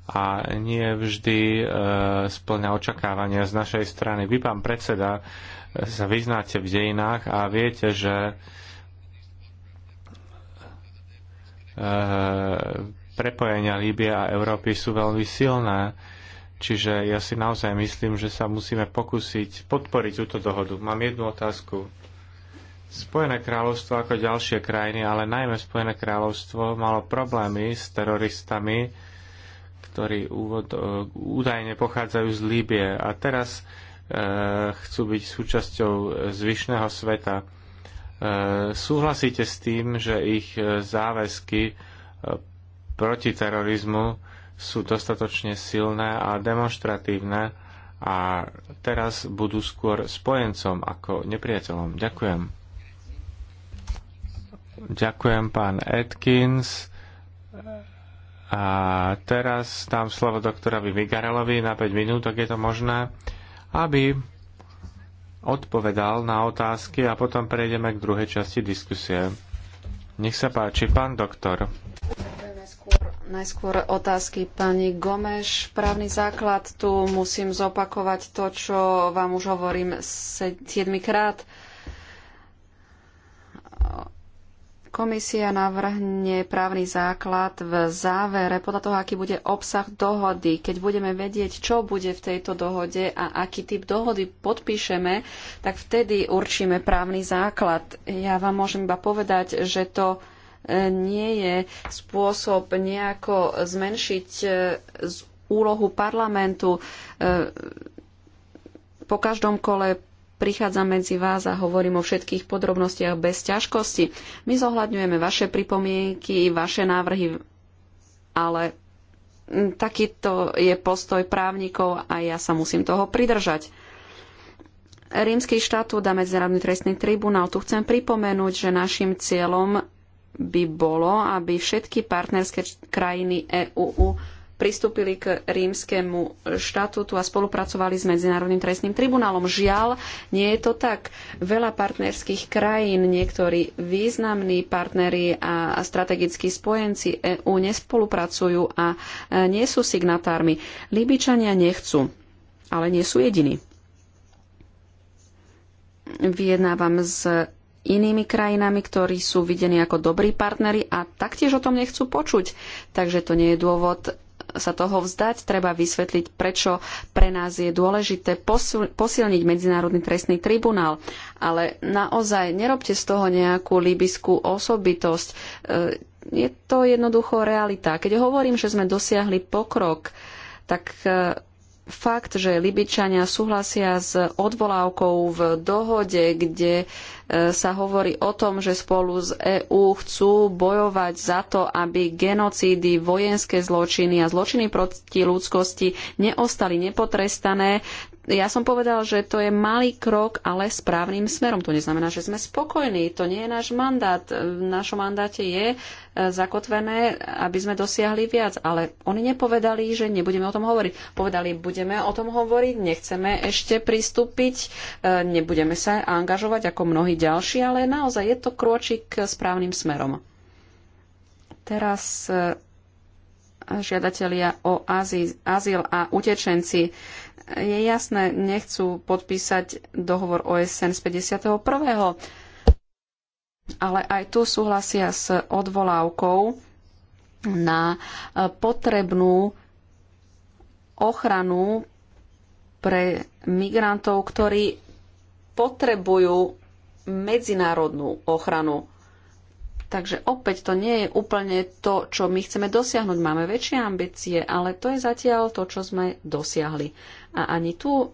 a nie vždy e, splňa očakávania z našej strany. Vy, pán predseda, e, sa vyznáte v dejinách a viete, že e, prepojenia Líbie a Európy sú veľmi silné. Čiže ja si naozaj myslím, že sa musíme pokúsiť podporiť túto dohodu. Mám jednu otázku. Spojené kráľovstvo ako ďalšie krajiny, ale najmä Spojené kráľovstvo malo problémy s teroristami, ktorí úvod, e, údajne pochádzajú z Líbie a teraz e, chcú byť súčasťou zvyšného sveta. E, súhlasíte s tým, že ich záväzky proti terorizmu sú dostatočne silné a demonstratívne a teraz budú skôr spojencom ako nepriateľom. Ďakujem. Ďakujem pán Atkins. A teraz dám slovo doktorovi Vigarelovi na 5 minút, ak je to možné, aby odpovedal na otázky a potom prejdeme k druhej časti diskusie. Nech sa páči, pán doktor. Najskôr, najskôr otázky pani Gomeš. Právny základ, tu musím zopakovať to, čo vám už hovorím 7 krát Komisia navrhne právny základ v závere podľa toho, aký bude obsah dohody. Keď budeme vedieť, čo bude v tejto dohode a aký typ dohody podpíšeme, tak vtedy určíme právny základ. Ja vám môžem iba povedať, že to e, nie je spôsob nejako zmenšiť e, úlohu parlamentu. E, po každom kole prichádzam medzi vás a hovorím o všetkých podrobnostiach bez ťažkosti. My zohľadňujeme vaše pripomienky, vaše návrhy, ale takýto je postoj právnikov a ja sa musím toho pridržať. Rímsky štatút a Medzinárodný trestný tribunál. Tu chcem pripomenúť, že našim cieľom by bolo, aby všetky partnerské krajiny EÚ pristúpili k rímskemu štatútu a spolupracovali s Medzinárodným trestným tribunálom. Žiaľ, nie je to tak. Veľa partnerských krajín, niektorí významní partneri a strategickí spojenci EÚ nespolupracujú a nie sú signatármi. Libyčania nechcú, ale nie sú jediní. Vyjednávam s inými krajinami, ktorí sú videní ako dobrí partnery a taktiež o tom nechcú počuť. Takže to nie je dôvod sa toho vzdať, treba vysvetliť, prečo pre nás je dôležité posilniť Medzinárodný trestný tribunál. Ale naozaj nerobte z toho nejakú líbyskú osobitosť. E, je to jednoducho realita. Keď hovorím, že sme dosiahli pokrok, tak e, fakt, že Libičania súhlasia s odvolávkou v dohode, kde e, sa hovorí o tom, že spolu s EÚ chcú bojovať za to, aby genocídy, vojenské zločiny a zločiny proti ľudskosti neostali nepotrestané, ja som povedal, že to je malý krok, ale správnym smerom. To neznamená, že sme spokojní. To nie je náš mandát. V našom mandáte je e, zakotvené, aby sme dosiahli viac. Ale oni nepovedali, že nebudeme o tom hovoriť. Povedali, budeme o tom hovoriť, nechceme ešte pristúpiť, e, nebudeme sa angažovať ako mnohí ďalší, ale naozaj je to krôčik správnym smerom. Teraz e, žiadatelia o azyl a utečenci je jasné, nechcú podpísať dohovor OSN z 51. Ale aj tu súhlasia s odvolávkou na e, potrebnú ochranu pre migrantov, ktorí potrebujú medzinárodnú ochranu. Takže opäť to nie je úplne to, čo my chceme dosiahnuť. Máme väčšie ambície, ale to je zatiaľ to, čo sme dosiahli. A ani tu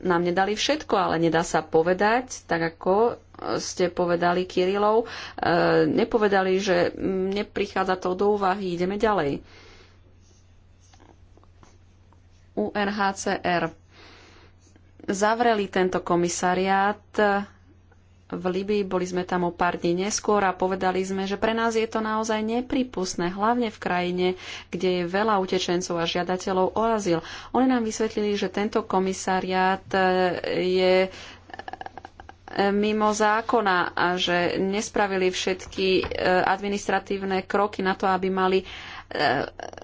nám nedali všetko, ale nedá sa povedať, tak ako e, ste povedali Kirilov, e, nepovedali, že neprichádza to do úvahy, ideme ďalej. UNHCR zavreli tento komisariát v Libii, boli sme tam o pár dní neskôr a povedali sme, že pre nás je to naozaj nepripustné, hlavne v krajine, kde je veľa utečencov a žiadateľov o azyl. Oni nám vysvetlili, že tento komisariát e, je e, mimo zákona a že nespravili všetky e, administratívne kroky na to, aby mali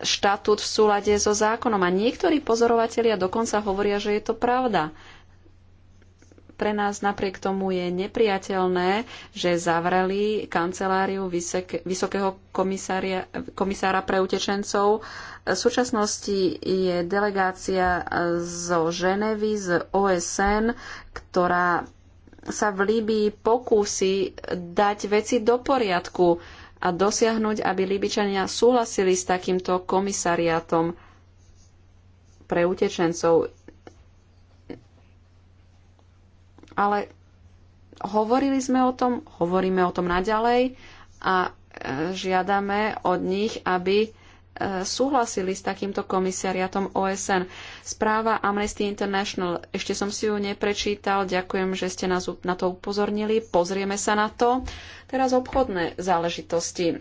štatút v súlade so zákonom. A niektorí pozorovatelia dokonca hovoria, že je to pravda pre nás napriek tomu je nepriateľné, že zavreli kanceláriu Vysokého komisára pre utečencov. V súčasnosti je delegácia zo Ženevy, z OSN, ktorá sa v Líbii pokúsi dať veci do poriadku a dosiahnuť, aby Líbičania súhlasili s takýmto komisariátom pre utečencov. ale hovorili sme o tom, hovoríme o tom naďalej a e, žiadame od nich, aby e, súhlasili s takýmto komisariatom OSN. Správa Amnesty International, ešte som si ju neprečítal, ďakujem, že ste nás na to upozornili, pozrieme sa na to. Teraz obchodné záležitosti.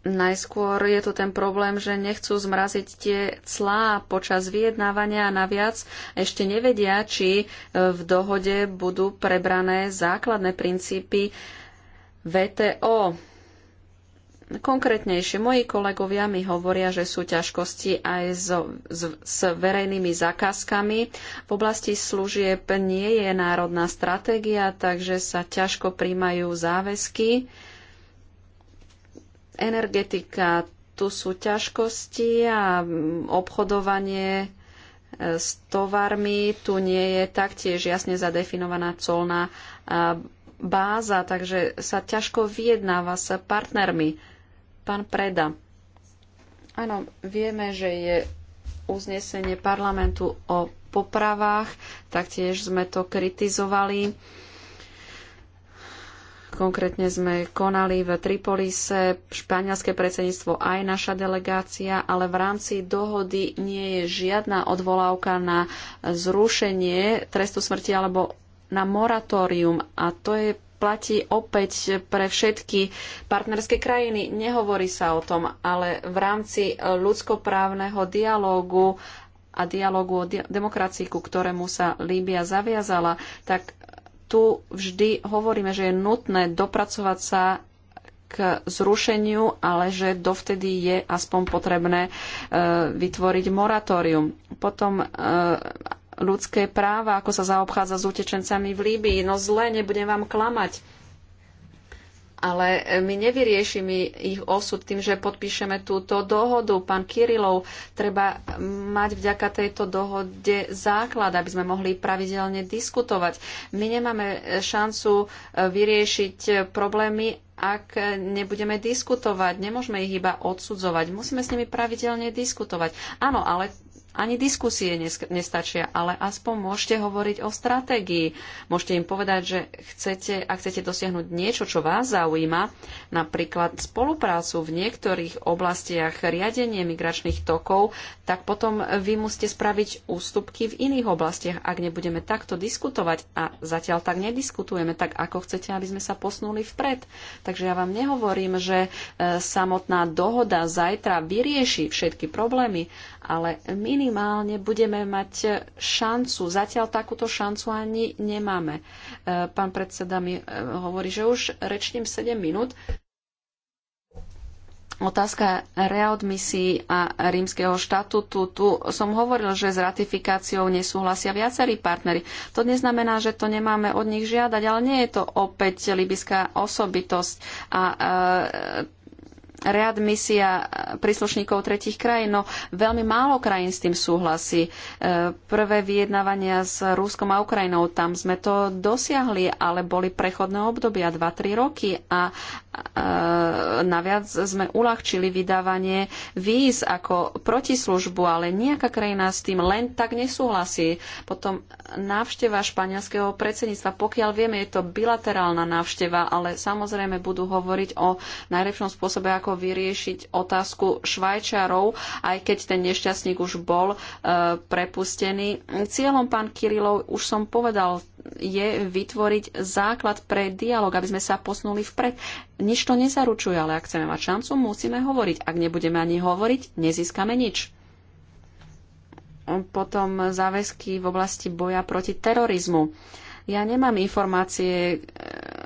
Najskôr je tu ten problém, že nechcú zmraziť tie clá počas vyjednávania a naviac ešte nevedia, či e, v dohode budú prebrané základné princípy VTO. Konkrétnejšie, moji kolegovia mi hovoria, že sú ťažkosti aj s, s, s verejnými zákazkami. V oblasti služieb nie je národná stratégia, takže sa ťažko príjmajú záväzky Energetika, tu sú ťažkosti a obchodovanie e, s tovarmi, tu nie je taktiež jasne zadefinovaná colná e, báza, takže sa ťažko vyjednáva s partnermi. Pán Preda. Áno, vieme, že je uznesenie parlamentu o popravách, taktiež sme to kritizovali Konkrétne sme konali v Tripolise, španielské predsedníctvo aj naša delegácia, ale v rámci dohody nie je žiadna odvolávka na zrušenie trestu smrti alebo na moratórium. A to je platí opäť pre všetky partnerské krajiny. Nehovorí sa o tom, ale v rámci ľudskoprávneho dialógu a dialógu o demokracii, ku ktorému sa Líbia zaviazala, tak tu vždy hovoríme, že je nutné dopracovať sa k zrušeniu, ale že dovtedy je aspoň potrebné e, vytvoriť moratórium. Potom e, ľudské práva, ako sa zaobchádza s utečencami v Líbii. No zle, nebudem vám klamať ale my nevyriešime ich osud tým, že podpíšeme túto dohodu. Pán Kirilov, treba mať vďaka tejto dohode základ, aby sme mohli pravidelne diskutovať. My nemáme šancu eh, vyriešiť problémy, ak nebudeme diskutovať. Nemôžeme ich iba odsudzovať. Musíme s nimi pravidelne diskutovať. Áno, ale ani diskusie nestačia, ale aspoň môžete hovoriť o stratégii. Môžete im povedať, že chcete, ak chcete dosiahnuť niečo, čo vás zaujíma, napríklad spoluprácu v niektorých oblastiach riadenie migračných tokov, tak potom vy musíte spraviť ústupky v iných oblastiach. Ak nebudeme takto diskutovať a zatiaľ tak nediskutujeme, tak ako chcete, aby sme sa posnuli vpred. Takže ja vám nehovorím, že e, samotná dohoda zajtra vyrieši všetky problémy, ale minimálne budeme mať šancu. Zatiaľ takúto šancu ani nemáme. E, pán predseda mi e, hovorí, že už rečním 7 minút. Otázka readmisií a rímskeho štatútu. Tu som hovoril, že s ratifikáciou nesúhlasia viacerí partnery. To neznamená, že to nemáme od nich žiadať, ale nie je to opäť libyská osobitosť. A e, misia príslušníkov tretich krajín, no veľmi málo krajín s tým súhlasí. E, prvé vyjednávania s Rúskom a Ukrajinou, tam sme to dosiahli, ale boli prechodné obdobia 2-3 roky a e, naviac sme uľahčili vydávanie víz ako protislužbu, ale nejaká krajina s tým len tak nesúhlasí. Potom návšteva španielského predsedníctva, pokiaľ vieme, je to bilaterálna návšteva, ale samozrejme budú hovoriť o najlepšom spôsobe, ako ako vyriešiť otázku Švajčarov, aj keď ten nešťastník už bol e, prepustený. Cieľom, pán Kirilov, už som povedal, je vytvoriť základ pre dialog, aby sme sa posunuli vpred. Nič to nezaručuje, ale ak chceme mať šancu, musíme hovoriť. Ak nebudeme ani hovoriť, nezískame nič. Potom záväzky v oblasti boja proti terorizmu. Ja nemám informácie,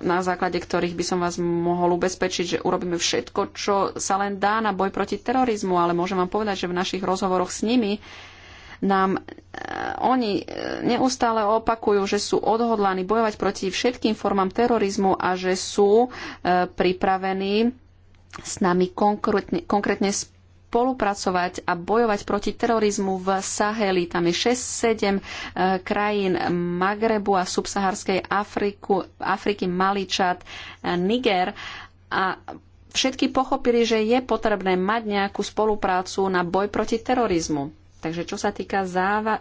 na základe ktorých by som vás mohol ubezpečiť, že urobíme všetko, čo sa len dá na boj proti terorizmu, ale môžem vám povedať, že v našich rozhovoroch s nimi nám eh, oni e, neustále opakujú, že sú odhodlaní bojovať proti všetkým formám terorizmu a že sú eh, pripravení s nami konkrétne, konkrétne spolupracovať spolupracovať a bojovať proti terorizmu v Saheli. Tam je 6-7 eh, krajín Magrebu a subsaharskej Afriku, Afriky, Maličat, eh, Niger. A všetky pochopili, že je potrebné mať nejakú spoluprácu na boj proti terorizmu. Takže čo sa týka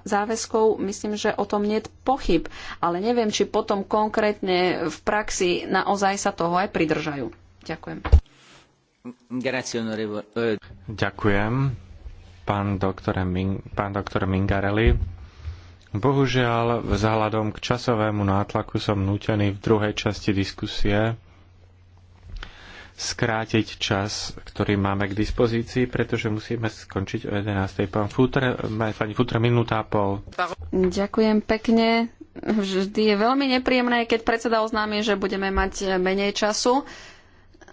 záväzkov, myslím, že o tom nie je pochyb, ale neviem, či potom konkrétne v praxi naozaj sa toho aj pridržajú. Ďakujem. Ďakujem, pán doktor, pán doktor Mingarelli. Bohužiaľ, vzhľadom k časovému nátlaku som nútený v druhej časti diskusie skrátiť čas, ktorý máme k dispozícii, pretože musíme skončiť o 11. Pán Futre, pani Futre, minúta a pol. Ďakujem pekne. Vždy je veľmi nepríjemné, keď predseda oznámi, že budeme mať menej času.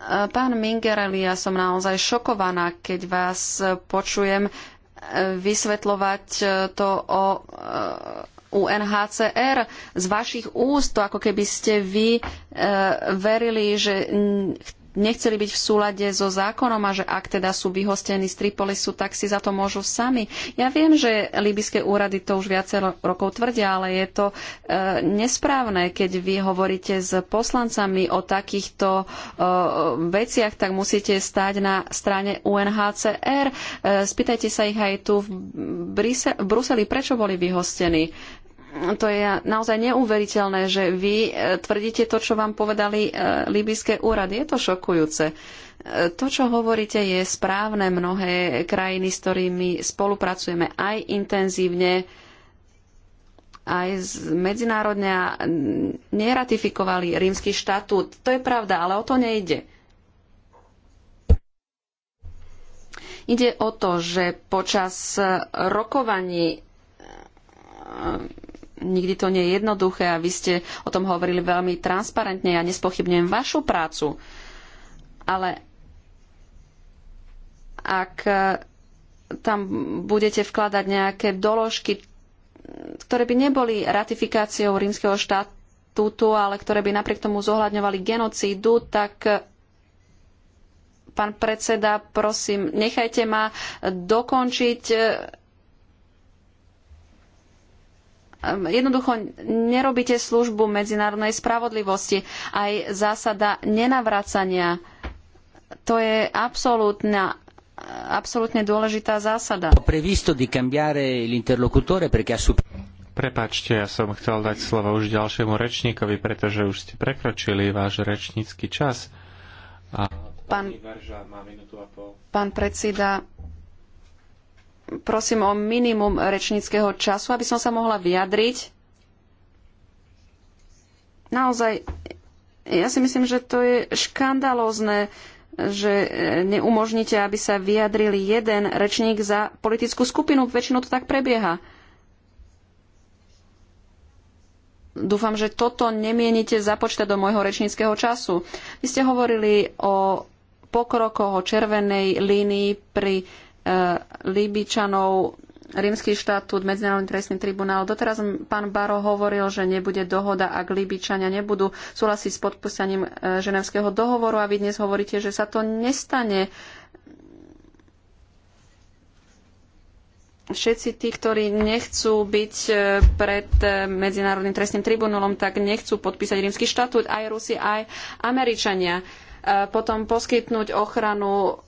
Pán Mingereli, ja som naozaj šokovaná, keď vás počujem e, vysvetľovať e, to o e, UNHCR z vašich úst, to ako keby ste vy verili, že nechceli byť v súlade so zákonom a že ak teda sú vyhostení z Tripolisu, tak si za to môžu sami. Ja viem, že líbyské úrady to už viacero rokov tvrdia, ale je to e, nesprávne, keď vy hovoríte s poslancami o takýchto e, veciach, tak musíte stať na strane UNHCR. E, spýtajte sa ich aj tu v, Brise, v Bruseli, prečo boli vyhostení to je naozaj neuveriteľné, že vy e, tvrdíte to, čo vám povedali e, líbyjské úrady. Je to šokujúce. E, to, čo hovoríte, je správne. Mnohé krajiny, s ktorými spolupracujeme aj intenzívne, aj medzinárodne neratifikovali rímsky štatút. To je pravda, ale o to nejde. Ide o to, že počas rokovaní nikdy to nie je jednoduché a vy ste o tom hovorili veľmi transparentne. Ja nespochybňujem vašu prácu, ale ak e, tam budete vkladať nejaké doložky, ktoré by neboli ratifikáciou rímskeho štatútu, ale ktoré by napriek tomu zohľadňovali genocídu, tak e, pán predseda, prosím, nechajte ma dokončiť e, Ehm, jednoducho nerobíte službu medzinárodnej spravodlivosti. Aj zásada nenavracania, to je absolútna absolútne dôležitá zásada. Prepačte, ja som chcel dať slovo už ďalšiemu rečníkovi, pretože už ste prekročili váš rečnícky čas. A pán, pán predseda, prosím o minimum rečníckého času, aby som sa mohla vyjadriť. Naozaj, ja si myslím, že to je škandalózne, že neumožnite, aby sa vyjadril jeden rečník za politickú skupinu. Väčšinou to tak prebieha. Dúfam, že toto nemienite započtať do môjho rečníckého času. Vy ste hovorili o pokrokoch, o červenej línii pri Eh, Líbičanov Rímsky štatút, Medzinárodný trestný tribunál. Doteraz pán Baro hovoril, že nebude dohoda, ak Líbičania nebudú súhlasiť s podpísaním eh, ženevského dohovoru a vy dnes hovoríte, že sa to nestane. Všetci tí, ktorí nechcú byť eh, pred Medzinárodným trestným tribunálom, tak nechcú podpísať rímsky štatút, aj Rusi, aj Američania. Potom poskytnúť ochranu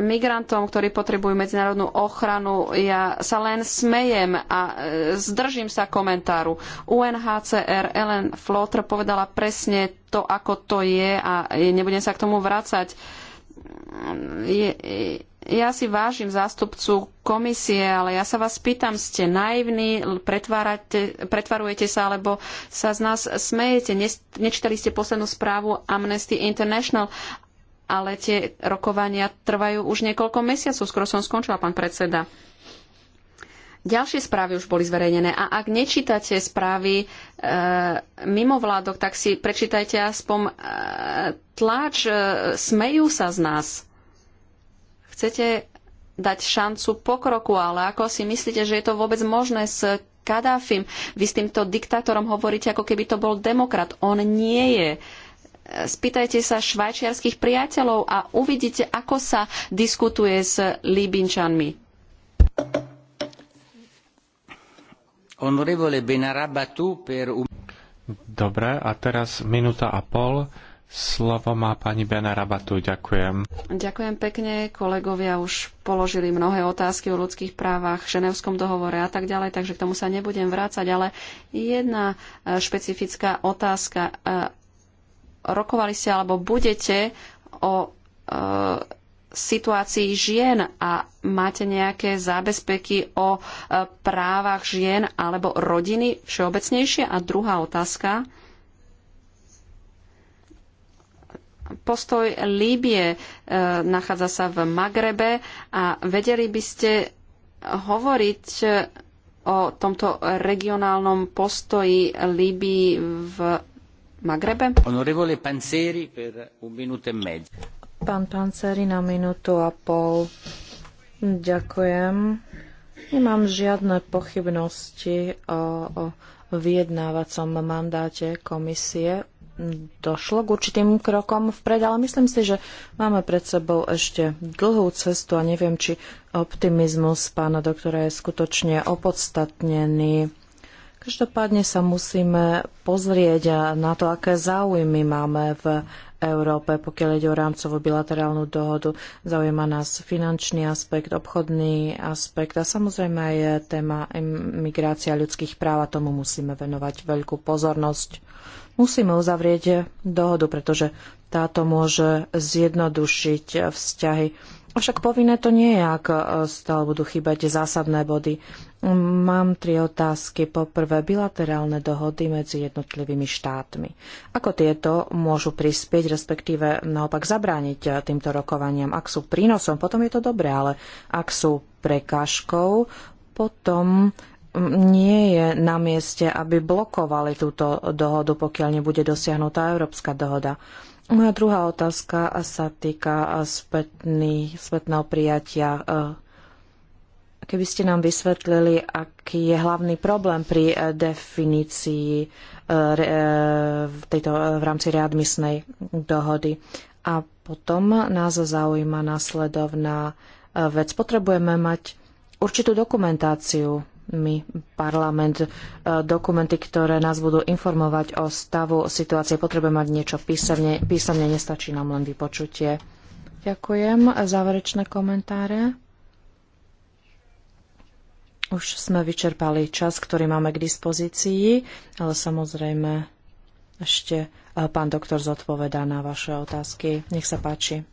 migrantom, ktorí potrebujú medzinárodnú ochranu. Ja sa len smejem a e, zdržím sa komentáru. UNHCR Ellen Flotter povedala presne to, ako to je a nebudem sa k tomu vrácať. Je, e, ja si vážim zástupcu komisie, ale ja sa vás pýtam, ste naivní, pretvarujete sa, alebo sa z nás smejete. Nečítali ste poslednú správu Amnesty International ale tie rokovania trvajú už niekoľko mesiacov. Skoro som skončila, pán predseda. Ďalšie správy už boli zverejnené a ak nečítate správy e, vládok, tak si prečítajte aspoň e, tlač, e, smejú sa z nás. Chcete dať šancu pokroku, ale ako si myslíte, že je to vôbec možné s Kadáfim? Vy s týmto diktátorom hovoríte, ako keby to bol demokrat. On nie je. E, spýtajte sa švajčiarskych priateľov a uvidíte, ako sa diskutuje s Líbinčanmi. Dobre, a teraz minúta a pol. Slovo má pani Rabatu. Ďakujem. Ďakujem pekne. Kolegovia už položili mnohé otázky o ľudských právach, ženevskom dohovore a tak ďalej, takže k tomu sa nebudem vrácať, ale jedna e, špecifická otázka e, rokovali ste alebo budete o e, situácii žien a máte nejaké zábezpeky o e, právach žien alebo rodiny všeobecnejšie? A druhá otázka. Postoj Líbie e, nachádza sa v Magrebe a vedeli by ste hovoriť e, o tomto regionálnom postoji Líbii v E Pán Panceri na minútu a pol. Ďakujem. Nemám žiadne pochybnosti o, o vyjednávacom mandáte komisie. Došlo k určitým krokom vpred, ale myslím si, že máme pred sebou ešte dlhú cestu a neviem, či optimizmus pána doktora je skutočne opodstatnený Každopádne sa musíme pozrieť na to, aké záujmy máme v Európe, pokiaľ ide o rámcovú bilaterálnu dohodu. Zaujíma nás finančný aspekt, obchodný aspekt a samozrejme aj téma migrácia ľudských práv a tomu musíme venovať veľkú pozornosť. Musíme uzavrieť dohodu, pretože táto môže zjednodušiť vzťahy Avšak povinné to nie je, ak e, stále budú chýbať zásadné body. Mám tri otázky. Poprvé, bilaterálne dohody medzi jednotlivými štátmi. Ako tieto môžu prispieť, respektíve naopak zabrániť e, týmto rokovaniam? Ak sú prínosom, potom je to dobré, ale ak sú prekážkou, potom nie je na mieste, aby blokovali túto dohodu, pokiaľ nebude dosiahnutá európska dohoda. Moja druhá otázka sa týka spätného prijatia. Keby ste nám vysvetlili, aký je hlavný problém pri e, definícii e, e, v, tejto, v rámci readmisnej dohody. A potom nás zaujíma následovná vec. Potrebujeme mať určitú dokumentáciu my, parlament, e, dokumenty, ktoré nás budú informovať o stavu situácie. Potrebujeme mať niečo písomne, písomne nestačí nám len vypočutie. Ďakujem. Záverečné komentáre? Už sme vyčerpali čas, ktorý máme k dispozícii, ale samozrejme ešte e, pán doktor zodpovedá na vaše otázky. Nech sa páči.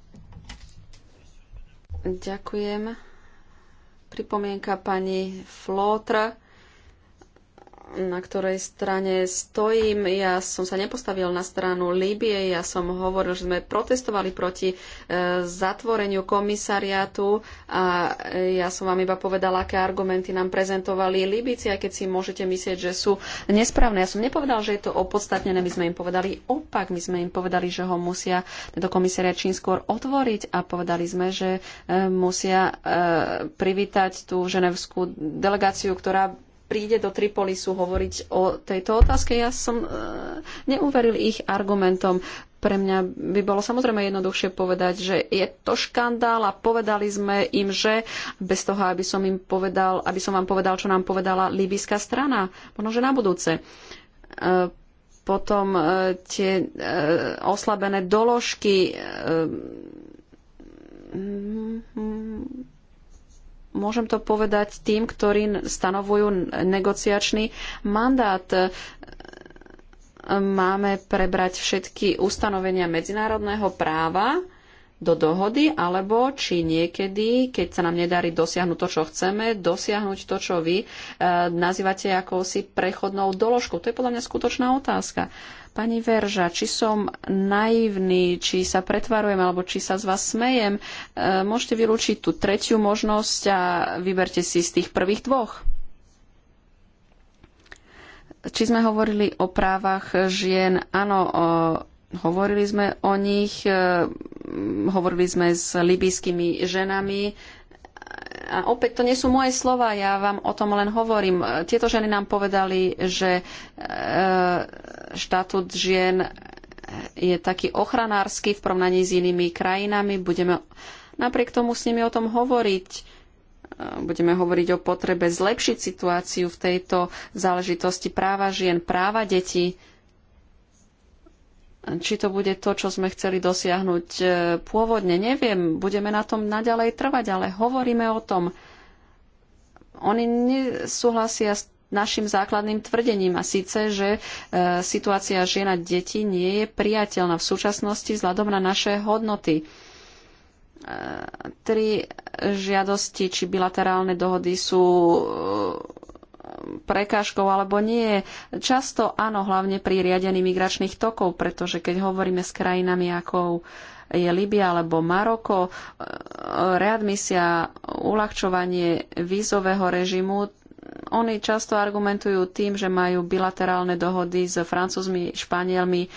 Ďakujem Pripomienka pani Flotr na ktorej strane stojím. Ja som sa nepostavil na stranu Líbie, ja som hovoril, že sme protestovali proti e, zatvoreniu komisariátu a e, ja som vám iba povedala, aké argumenty nám prezentovali Líbici, aj keď si môžete myslieť, že sú nesprávne. Ja som nepovedal, že je to opodstatnené, my sme im povedali opak, my sme im povedali, že ho musia tento komisariát čím skôr otvoriť a povedali sme, že e, musia e, privítať tú ženevskú delegáciu, ktorá príde do Tripolisu hovoriť o tejto otázke. Ja som e, neuveril ich argumentom. Pre mňa by bolo samozrejme jednoduchšie povedať, že je to škandál a povedali sme im, že bez toho, aby som, im povedal, aby som vám povedal, čo nám povedala líbyská strana. Možno, že na budúce e, potom e, tie oslabené doložky Môžem to povedať tým, ktorí stanovujú negociačný mandát. Máme prebrať všetky ustanovenia medzinárodného práva do dohody, alebo či niekedy, keď sa nám nedarí dosiahnuť to, čo chceme, dosiahnuť to, čo vy e, nazývate akousi prechodnou doložkou. To je podľa mňa skutočná otázka. E, Pani Verža, či som naivný, či sa pretvarujem, alebo či sa z vás smejem, e, môžete vylúčiť tú tretiu možnosť a vyberte si z tých prvých dvoch. Či sme hovorili o právach žien? Áno, hovorili sme o nich, e, hovorili sme s libijskými ženami, a opäť to nie sú moje slova, ja vám o tom len hovorím. Tieto ženy nám povedali, že e, štatút žien je taký ochranársky v porovnaní s inými krajinami. Budeme napriek tomu s nimi o tom hovoriť. E, budeme hovoriť o potrebe zlepšiť situáciu v tejto záležitosti práva žien, práva detí či to bude to, čo sme chceli dosiahnuť e, pôvodne, neviem. Budeme na tom naďalej trvať, ale hovoríme o tom. Oni nesúhlasia s našim základným tvrdením a síce, že e, situácia žien a detí nie je priateľná v súčasnosti vzhľadom na naše hodnoty. E, tri žiadosti či bilaterálne dohody sú e, prekážkou alebo nie. Často áno, hlavne pri riadení migračných tokov, pretože keď hovoríme s krajinami ako je Libia alebo Maroko, e, readmisia, uľahčovanie vízového režimu, oni často argumentujú tým, že majú bilaterálne dohody s Francúzmi, Španielmi, e,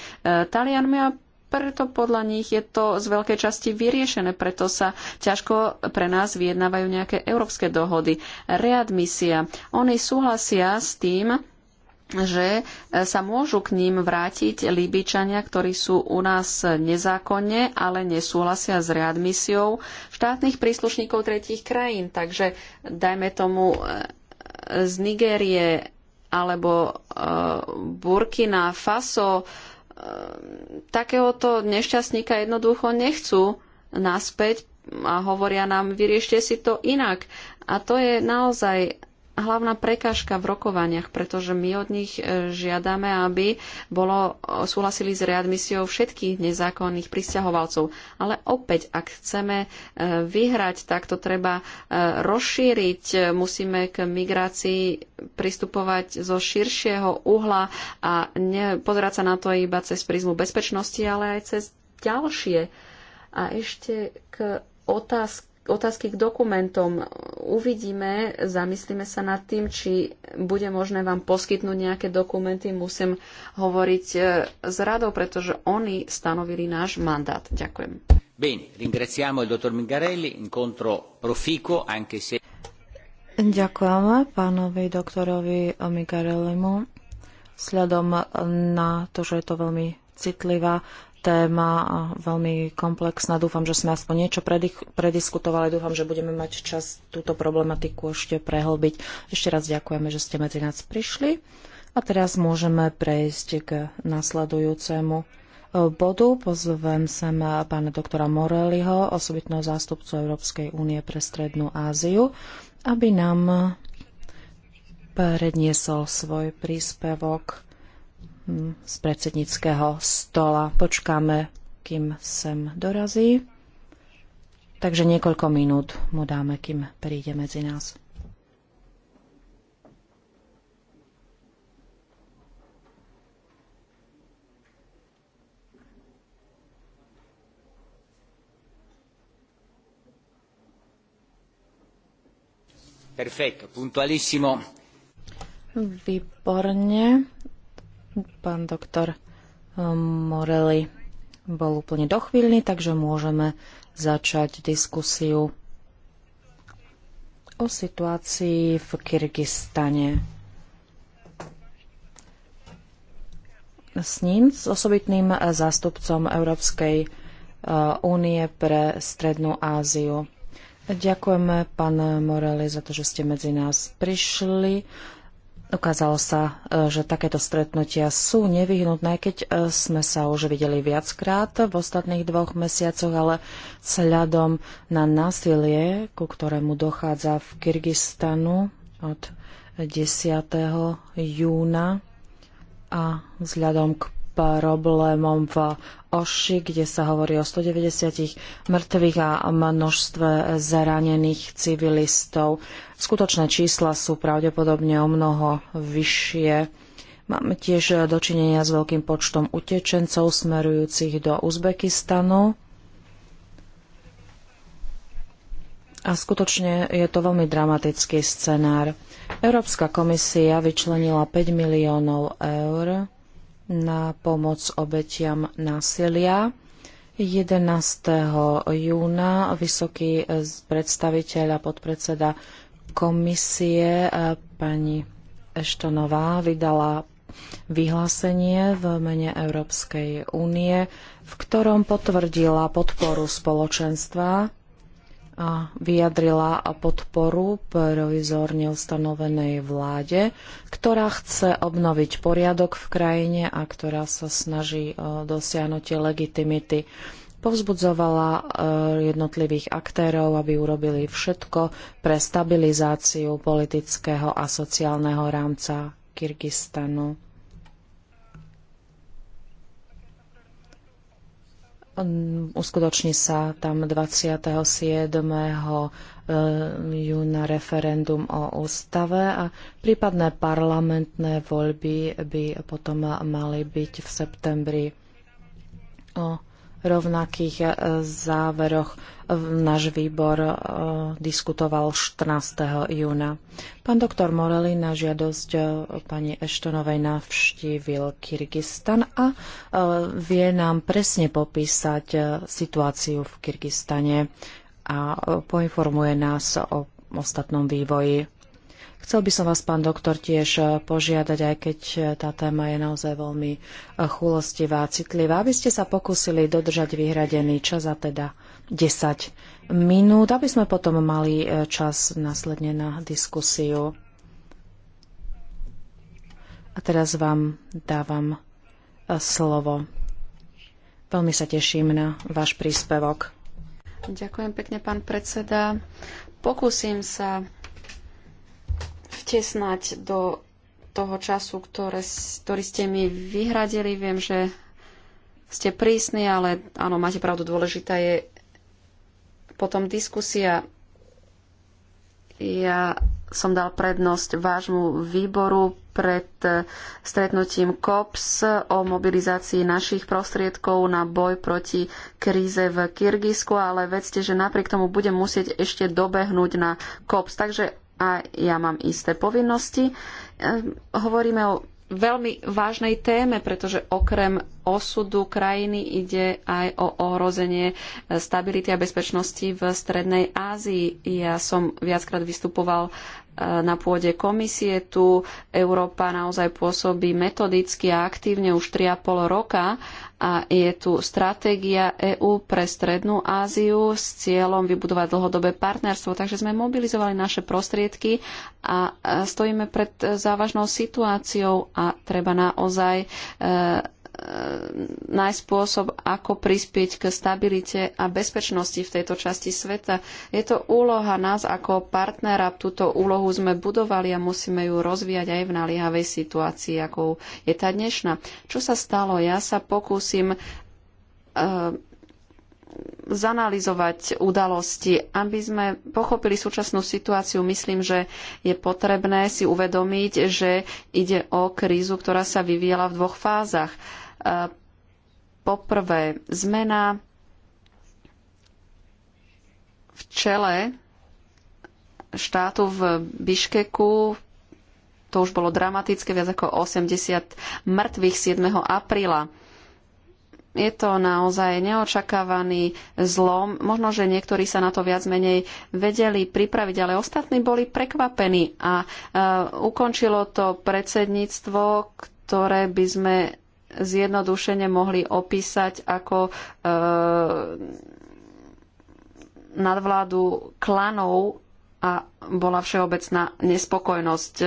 Talianmi a preto podľa nich je to z veľkej časti vyriešené, preto sa ťažko pre nás vyjednávajú nejaké európske dohody. Readmisia. Oni súhlasia s tým, že sa môžu k ním vrátiť Líbičania, ktorí sú u nás nezákonne, ale nesúhlasia s readmisiou štátnych príslušníkov tretích krajín. Takže dajme tomu z Nigérie alebo eh, Burkina Faso, Ehm, takéhoto nešťastníka jednoducho nechcú naspäť a hovoria nám, vyriešte si to inak. A to je naozaj hlavná prekážka v rokovaniach, pretože my od nich e, žiadame, aby bolo, e, súhlasili s readmisiou všetkých nezákonných pristahovalcov. Ale opäť, ak chceme e, vyhrať, tak to treba rozšíriť. Musíme k migrácii pristupovať zo širšieho uhla a pozerať sa na to iba cez prízmu bezpečnosti, ale aj cez ďalšie. A ešte k otázke otázky k dokumentom. Uvidíme, zamyslíme sa nad tým, či bude možné vám poskytnúť nejaké dokumenty. Musím hovoriť e, s radou, pretože oni stanovili náš mandát. Ďakujem. Bene, ringraziamo il dottor Mingarelli, incontro proficuo, anche se... pánovi doktorovi Mingarellimu. Sledom na to, že je to veľmi citlivá téma veľmi komplexná. Dúfam, že sme aspoň niečo prediskutovali. Dúfam, že budeme mať čas túto problematiku ešte prehlbiť. Ešte raz ďakujeme, že ste medzi nás prišli. A teraz môžeme prejsť k nasledujúcemu e, bodu. Pozvem sem pána doktora Morelliho, osobitného zástupcu Európskej únie pre Strednú Áziu, aby nám predniesol svoj príspevok Hm, z predsedníckého stola. Počkáme, kým sem dorazí. Takže niekoľko minút mu dáme, kým príde medzi nás. Perfetto, puntualissimo. Výborne. Pán doktor ehm, Morelli bol úplne dochvíľný, takže môžeme začať diskusiu o situácii v Kyrgyzstane. S ním, s osobitným zástupcom Európskej eh, únie pre Strednú Áziu. Ďakujeme, pán Morelli, za to, že ste medzi nás prišli. Ukázalo sa, e, že takéto stretnutia sú nevyhnutné, keď e, sme sa už videli viackrát v ostatných dvoch mesiacoch, ale sľadom na násilie, ku ktorému dochádza v Kyrgyzstanu od 10. júna a vzhľadom k problémom v Oši, kde sa hovorí o 190 mŕtvych a množstve zranených civilistov. Skutočné čísla sú pravdepodobne o mnoho vyššie. Máme tiež dočinenia s veľkým počtom utečencov smerujúcich do Uzbekistanu. A skutočne je to veľmi dramatický scenár. Európska komisia vyčlenila 5 miliónov eur na pomoc obetiam násilia. 11. júna vysoký e, predstaviteľ a podpredseda komisie e, pani Eštonová vydala vyhlásenie v mene Európskej únie, v ktorom potvrdila podporu spoločenstva vyjadrila podporu provizorne ustanovenej vláde, ktorá chce obnoviť poriadok v krajine a ktorá sa snaží o e, dosiahnutie legitimity. Povzbudzovala e, jednotlivých aktérov, aby urobili všetko pre stabilizáciu politického a sociálneho rámca Kyrgyzstanu. Uskutoční sa tam 27. Eh, júna referendum o ústave a prípadné parlamentné voľby by potom mali byť v septembri. O rovnakých eh, záveroch náš výbor eh, diskutoval 14. júna. Pán doktor Morelli na žiadosť eh, pani Eštonovej navštívil Kyrgyzstan a vie nám presne popísať situáciu v Kyrgyzstane a poinformuje nás o ostatnom vývoji. Chcel by som vás, pán doktor, tiež e, požiadať, aj keď e, tá téma je naozaj veľmi e, chulostivá a citlivá, aby ste sa pokúsili dodržať vyhradený čas a teda 10 minút, aby sme potom mali čas následne na diskusiu. A teraz vám dávam slovo. Veľmi sa teším na váš príspevok. Ďakujem pekne, pán predseda. Pokúsim sa vtesnať do toho času, ktoré, ktorý ste mi vyhradili. Viem, že ste prísni, ale áno, máte pravdu, dôležitá je potom diskusia. Ja som dal prednosť vášmu výboru pred eh, stretnutím COPS o mobilizácii našich prostriedkov na boj proti kríze v Kyrgyzsku, ale vedzte, že napriek tomu budem musieť ešte dobehnúť na COPS. Takže a ja mám isté povinnosti. Ehm, hovoríme o veľmi vážnej téme, pretože okrem osudu krajiny ide aj o ohrozenie e, stability a bezpečnosti v Strednej Ázii. Ja som viackrát vystupoval e, na pôde komisie. Tu Európa naozaj pôsobí metodicky a aktívne už 3,5 roka a je tu stratégia EÚ pre Strednú Áziu s cieľom vybudovať dlhodobé partnerstvo. Takže sme mobilizovali naše prostriedky a stojíme pred závažnou situáciou a treba naozaj e, nájsť spôsob, ako prispieť k stabilite a bezpečnosti v tejto časti sveta. Je to úloha nás ako partnera. Túto úlohu sme budovali a musíme ju rozvíjať aj v naliehavej situácii, ako je tá dnešná. Čo sa stalo? Ja sa pokúsim eh, zanalizovať udalosti, aby sme pochopili súčasnú situáciu. Myslím, že je potrebné si uvedomiť, že ide o krízu, ktorá sa vyviela v dvoch fázach. Poprvé, zmena v čele štátu v Biškeku, to už bolo dramatické, viac ako 80 mŕtvych 7. apríla. Je to naozaj neočakávaný zlom. Možno, že niektorí sa na to viac menej vedeli pripraviť, ale ostatní boli prekvapení a e, ukončilo to predsedníctvo, ktoré by sme zjednodušene mohli opísať ako e, nadvládu klanov a bola všeobecná nespokojnosť e,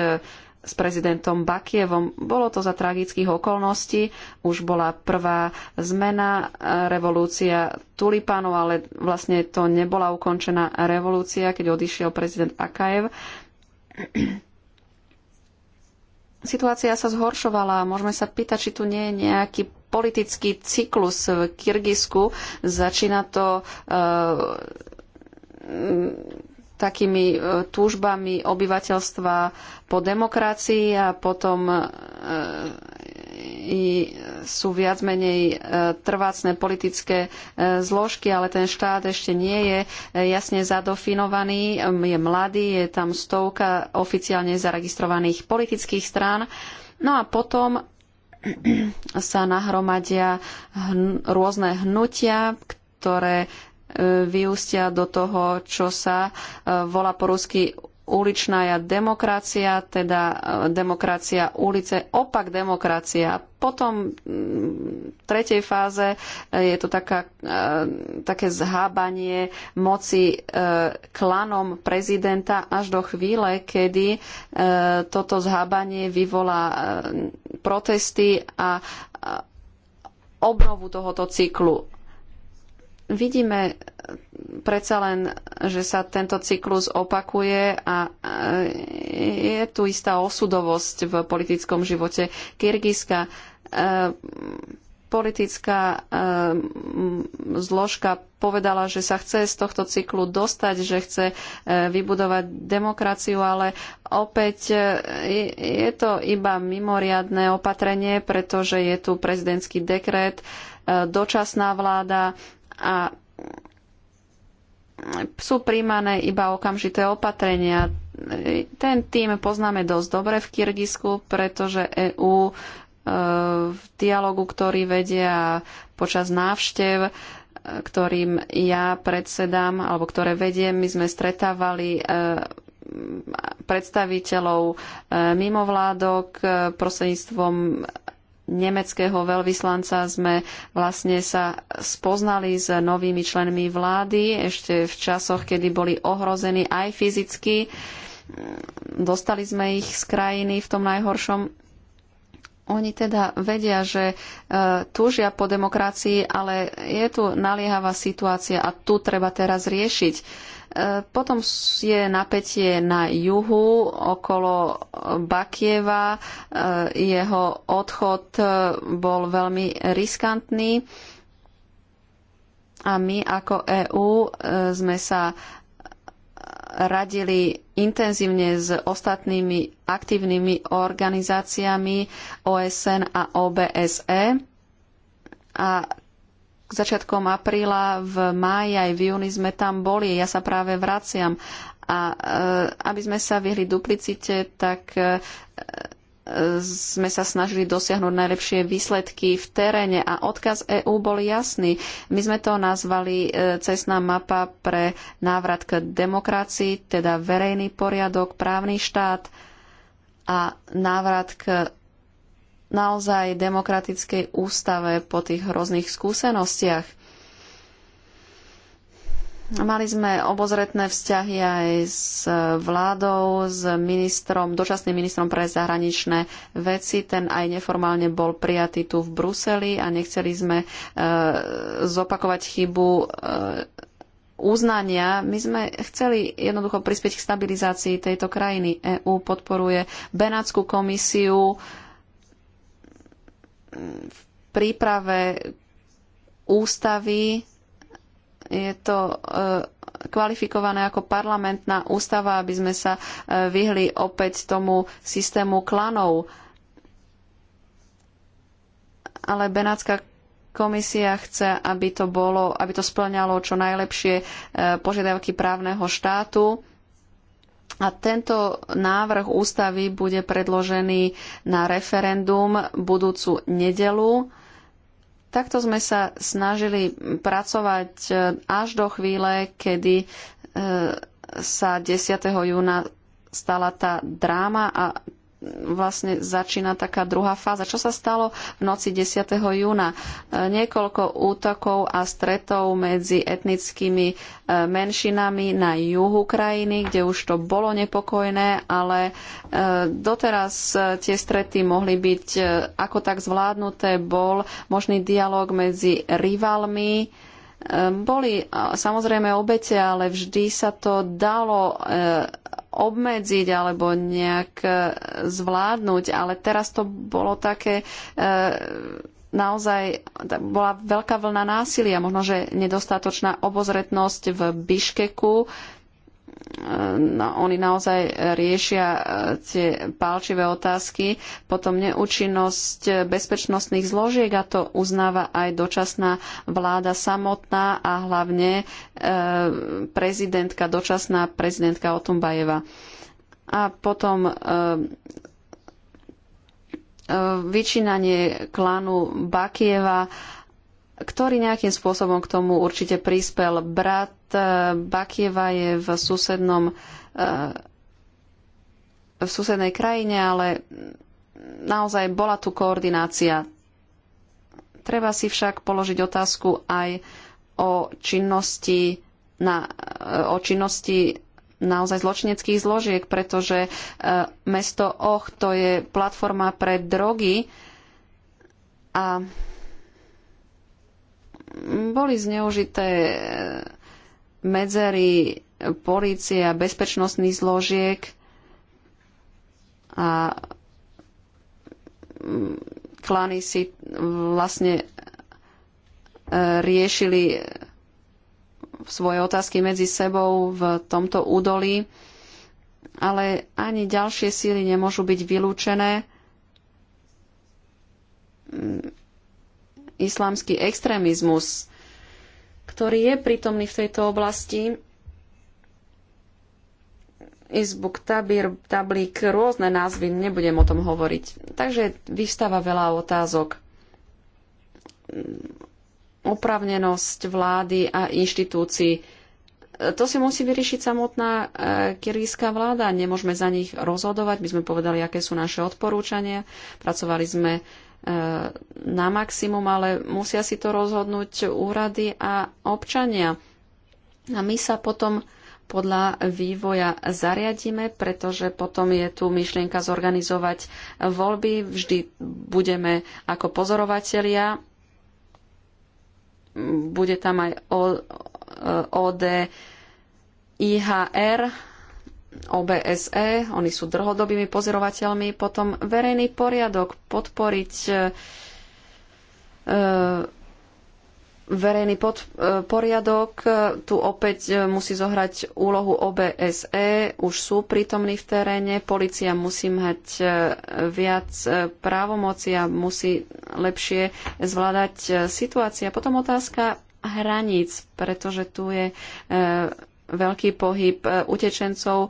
s prezidentom Bakievom. Bolo to za tragických okolností. Už bola prvá zmena, e, revolúcia tulipánov, ale vlastne to nebola ukončená revolúcia, keď odišiel prezident Akajev. Situácia sa zhoršovala. Môžeme sa pýtať, či tu nie je nejaký politický cyklus v Kyrgyzsku. Začína to e, takými eh, túžbami obyvateľstva po demokracii a potom eh, sú viac menej e, trvácne politické e, zložky, ale ten štát ešte nie je e, jasne zadofinovaný, je mladý, je tam stovka oficiálne zaregistrovaných politických strán. No a potom sa nahromadia hn rôzne hnutia, ktoré vyústia do toho, čo sa volá po rusky uličná demokracia, teda e, demokracia ulice, opak demokracia. Potom v mm, tretej fáze e, je to taká, e, také zhábanie moci klanom prezidenta až do chvíle, kedy toto zhábanie vyvolá protesty a obnovu tohoto cyklu vidíme e, predsa len, že sa tento cyklus opakuje a e, je tu istá osudovosť v politickom živote Kyrgyzska. E, politická zložka povedala, že sa chce z tohto cyklu dostať, že chce vybudovať demokraciu, ale opäť je to iba mimoriadne opatrenie, pretože je tu prezidentský dekret, dočasná vláda, a sú príjmané iba okamžité opatrenia. Ten tým poznáme dosť dobre v Kyrgyzsku, pretože EÚ e, v dialogu, ktorý vedia počas návštev, e, ktorým ja predsedám, alebo ktoré vediem, my sme stretávali e, predstaviteľov mimovládok prostredníctvom nemeckého veľvyslanca sme vlastne sa spoznali s novými členmi vlády ešte v časoch, kedy boli ohrození aj fyzicky. Dostali sme ich z krajiny v tom najhoršom. Oni teda vedia, že e, túžia po demokracii, ale je tu naliehavá situácia a tu treba teraz riešiť potom je napätie na juhu okolo Bakieva. Jeho odchod bol veľmi riskantný a my ako EÚ e, sme sa radili intenzívne s ostatnými aktívnymi organizáciami OSN a OBSE a k začiatkom apríla, v máji aj v júni sme tam boli. Ja sa práve vraciam. A e, aby sme sa vyhli duplicite, tak e, sme sa snažili dosiahnuť najlepšie výsledky v teréne a odkaz EÚ bol jasný. My sme to nazvali e, cestná mapa pre návrat k demokracii, teda verejný poriadok, právny štát a návrat k naozaj demokratickej ústave po tých hrozných skúsenostiach. Mali sme obozretné vzťahy aj s vládou, s ministrom, dočasným ministrom pre zahraničné veci. Ten aj neformálne bol prijatý tu v Bruseli a nechceli sme e, zopakovať chybu e, uznania. My sme chceli jednoducho prispieť k stabilizácii tejto krajiny. EÚ podporuje Benátskú komisiu, e, v príprave ústavy je to e, kvalifikované ako parlamentná ústava, aby sme sa e, vyhli opäť tomu systému klanov. Ale Benátska komisia chce, aby to, bolo, aby to splňalo čo najlepšie e, požiadavky právneho štátu a tento návrh ústavy bude predložený na referendum budúcu nedelu. Takto sme sa snažili pracovať e, až do chvíle, kedy e, sa 10. júna stala tá dráma a vlastne začína taká druhá fáza. Čo sa stalo v noci 10. júna? E, niekoľko útokov a stretov medzi etnickými e, menšinami na juhu krajiny, kde už to bolo nepokojné, ale e, doteraz tie strety mohli byť ako tak zvládnuté. Bol možný dialog medzi rivalmi, boli samozrejme obete, ale vždy sa to dalo e, obmedziť alebo nejak e, zvládnuť, ale teraz to bolo také e, naozaj bola veľká vlna násilia, možno, že nedostatočná obozretnosť v Biškeku no, oni naozaj riešia e, tie pálčivé otázky, potom neúčinnosť bezpečnostných zložiek a to uznáva aj dočasná vláda samotná a hlavne e, prezidentka, dočasná prezidentka Otumbajeva. A potom e, e, vyčínanie klanu Bakieva, e, ktorý nejakým spôsobom k tomu určite prispel. Brat eh, Bakieva je v susednom eh, v susednej krajine, ale naozaj bola tu koordinácia. Treba si však položiť otázku aj o činnosti, na, eh, o činnosti naozaj zločineckých zložiek, pretože mesto Och to je platforma pre drogy a boli zneužité e, medzery polície a bezpečnostných zložiek a mm, klany si vlastne e, riešili svoje otázky medzi sebou v tomto údolí, ale ani ďalšie síly nemôžu byť vylúčené mm, islamský extrémizmus, ktorý je prítomný v tejto oblasti. Izbuk, Tabir, Tablík, rôzne názvy, nebudem o tom hovoriť. Takže vystáva veľa otázok. Opravnenosť vlády a inštitúcií. To si musí vyriešiť samotná e, kirgizská vláda. Nemôžeme za nich rozhodovať. My sme povedali, aké sú naše odporúčania. Pracovali sme na maximum, ale musia si to rozhodnúť úrady a občania. A my sa potom podľa vývoja zariadíme, pretože potom je tu myšlienka zorganizovať voľby. Vždy budeme ako pozorovatelia. Bude tam aj OD, IHR, OBSE, oni sú dlhodobými pozorovateľmi, potom verejný poriadok, podporiť e, e verejný pod, e, poriadok, e, tu opäť e, musí zohrať úlohu OBSE, už sú prítomní v teréne, policia musí mať viac právomoci a musí lepšie zvládať situácia. Potom otázka hraníc, pretože tu je e, veľký pohyb e, utečencov, e,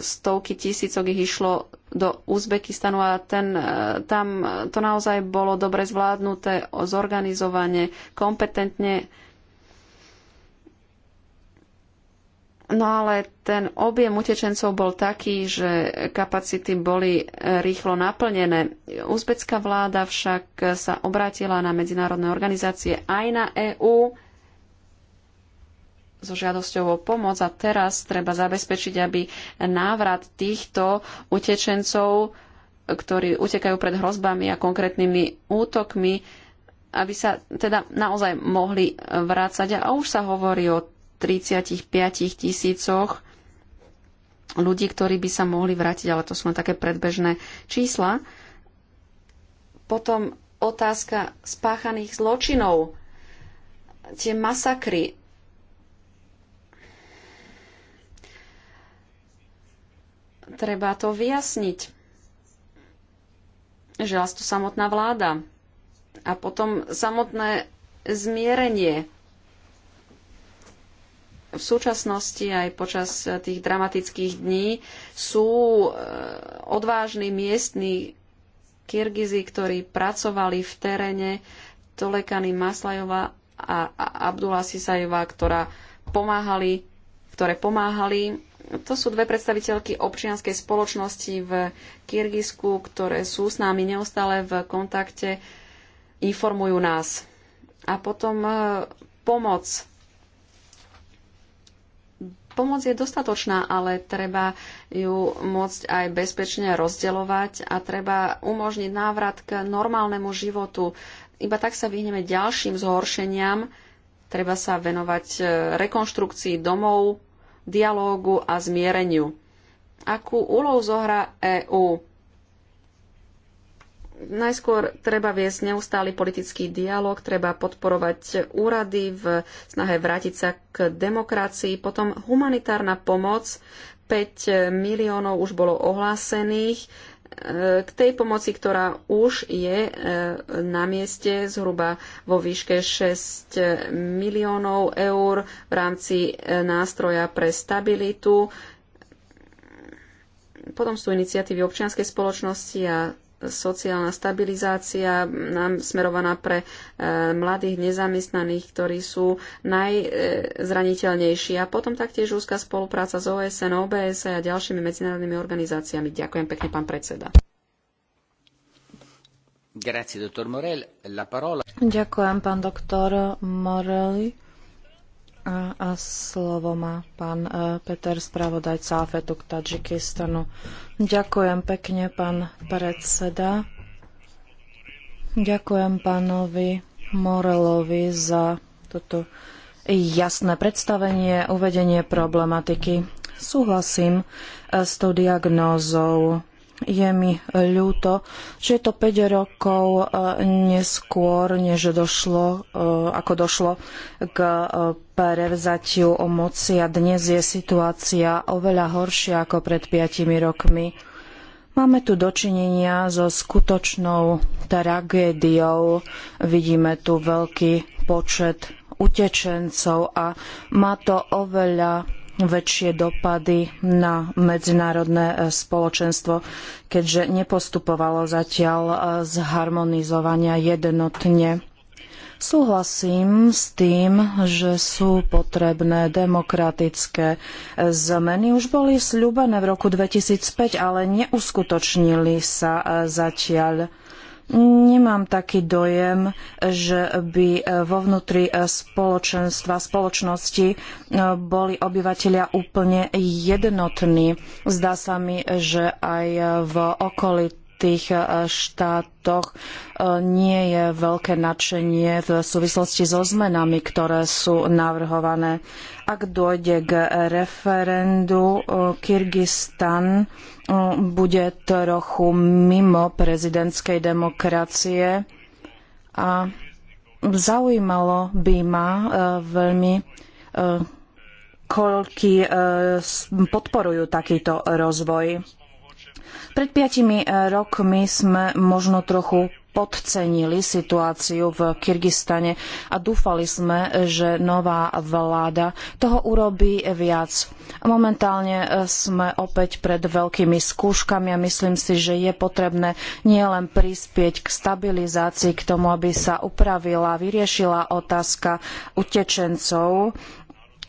stovky tisícok ich išlo do Uzbekistanu a ten, e, tam to naozaj bolo dobre zvládnuté, zorganizovane, kompetentne. No ale ten objem utečencov bol taký, že kapacity boli rýchlo naplnené. Uzbecká vláda však sa obrátila na medzinárodné organizácie aj na EÚ so žiadosťou o pomoc a teraz treba zabezpečiť, aby návrat týchto utečencov, ktorí utekajú pred hrozbami a konkrétnymi útokmi, aby sa teda naozaj mohli vrácať. A už sa hovorí o 35 tisícoch ľudí, ktorí by sa mohli vrátiť, ale to sú len také predbežné čísla. Potom otázka spáchaných zločinov, tie masakry, treba to vyjasniť. Žela to samotná vláda. A potom samotné zmierenie. V súčasnosti aj počas tých dramatických dní sú e, odvážni miestni Kirgizi, ktorí pracovali v teréne Tolekany Maslajova a Abdullah Sisajeva, ktorá pomáhali, ktoré pomáhali to sú dve predstaviteľky občianskej spoločnosti v Kyrgyzsku, ktoré sú s nami neustále v kontakte, informujú nás. A potom e, pomoc. Pomoc je dostatočná, ale treba ju môcť aj bezpečne rozdeľovať a treba umožniť návrat k normálnemu životu. Iba tak sa vyhneme ďalším zhoršeniam. Treba sa venovať e, rekonštrukcii domov, dialógu a zmiereniu. Akú úlohu zohrá EÚ? Najskôr treba viesť neustály politický dialog, treba podporovať úrady v snahe vrátiť sa k demokracii, potom humanitárna pomoc, 5 miliónov už bolo ohlásených k tej pomoci, ktorá už je e, na mieste zhruba vo výške 6 miliónov eur v rámci e, nástroja pre stabilitu. Potom sú iniciatívy občianskej spoločnosti a sociálna stabilizácia nám smerovaná pre e, mladých nezamestnaných, ktorí sú najzraniteľnejší. A potom taktiež úzka spolupráca s OSN, OBS e a ďalšími medzinárodnými organizáciami. Ďakujem pekne, pán predseda. Grazie, Ďakujem, pán doktor Morelli. A, a slovo má pán e, Peter, spravodajca AFETu k Tadžikistanu. Ďakujem pekne, pán predseda. Ďakujem pánovi Morelovi za toto jasné predstavenie, uvedenie problematiky. Súhlasím e, s tou diagnózou je mi ľúto, že je to 5 rokov e, neskôr, než došlo, e, ako došlo k e, prevzatiu moci a dnes je situácia oveľa horšia ako pred 5 rokmi. Máme tu dočinenia so skutočnou tragédiou. Vidíme tu veľký počet utečencov a má to oveľa väčšie dopady na medzinárodné e, spoločenstvo, keďže nepostupovalo zatiaľ e, z harmonizovania jednotne. Súhlasím s tým, že sú potrebné demokratické e, zmeny. Už boli sľúbené v roku 2005, ale neuskutočnili sa zatiaľ. Nemám taký dojem, že by e, vo vnútri e, spoločenstva, spoločnosti e, boli obyvateľia úplne jednotní. Zdá sa mi, že aj v okolí tých e, štátoch e, nie je veľké nadšenie v súvislosti so zmenami, ktoré sú navrhované. Ak dôjde k referendu, e, Kyrgyzstan bude trochu mimo prezidentskej demokracie a zaujímalo by ma veľmi koľky podporujú takýto rozvoj. Pred piatimi e, rokmi sme možno trochu podcenili situáciu v Kyrgyzstane a dúfali sme, že nová vláda toho urobí viac. Momentálne e, sme opäť pred veľkými skúškami a myslím si, že je potrebné nielen prispieť k stabilizácii, k tomu, aby sa upravila, vyriešila otázka utečencov,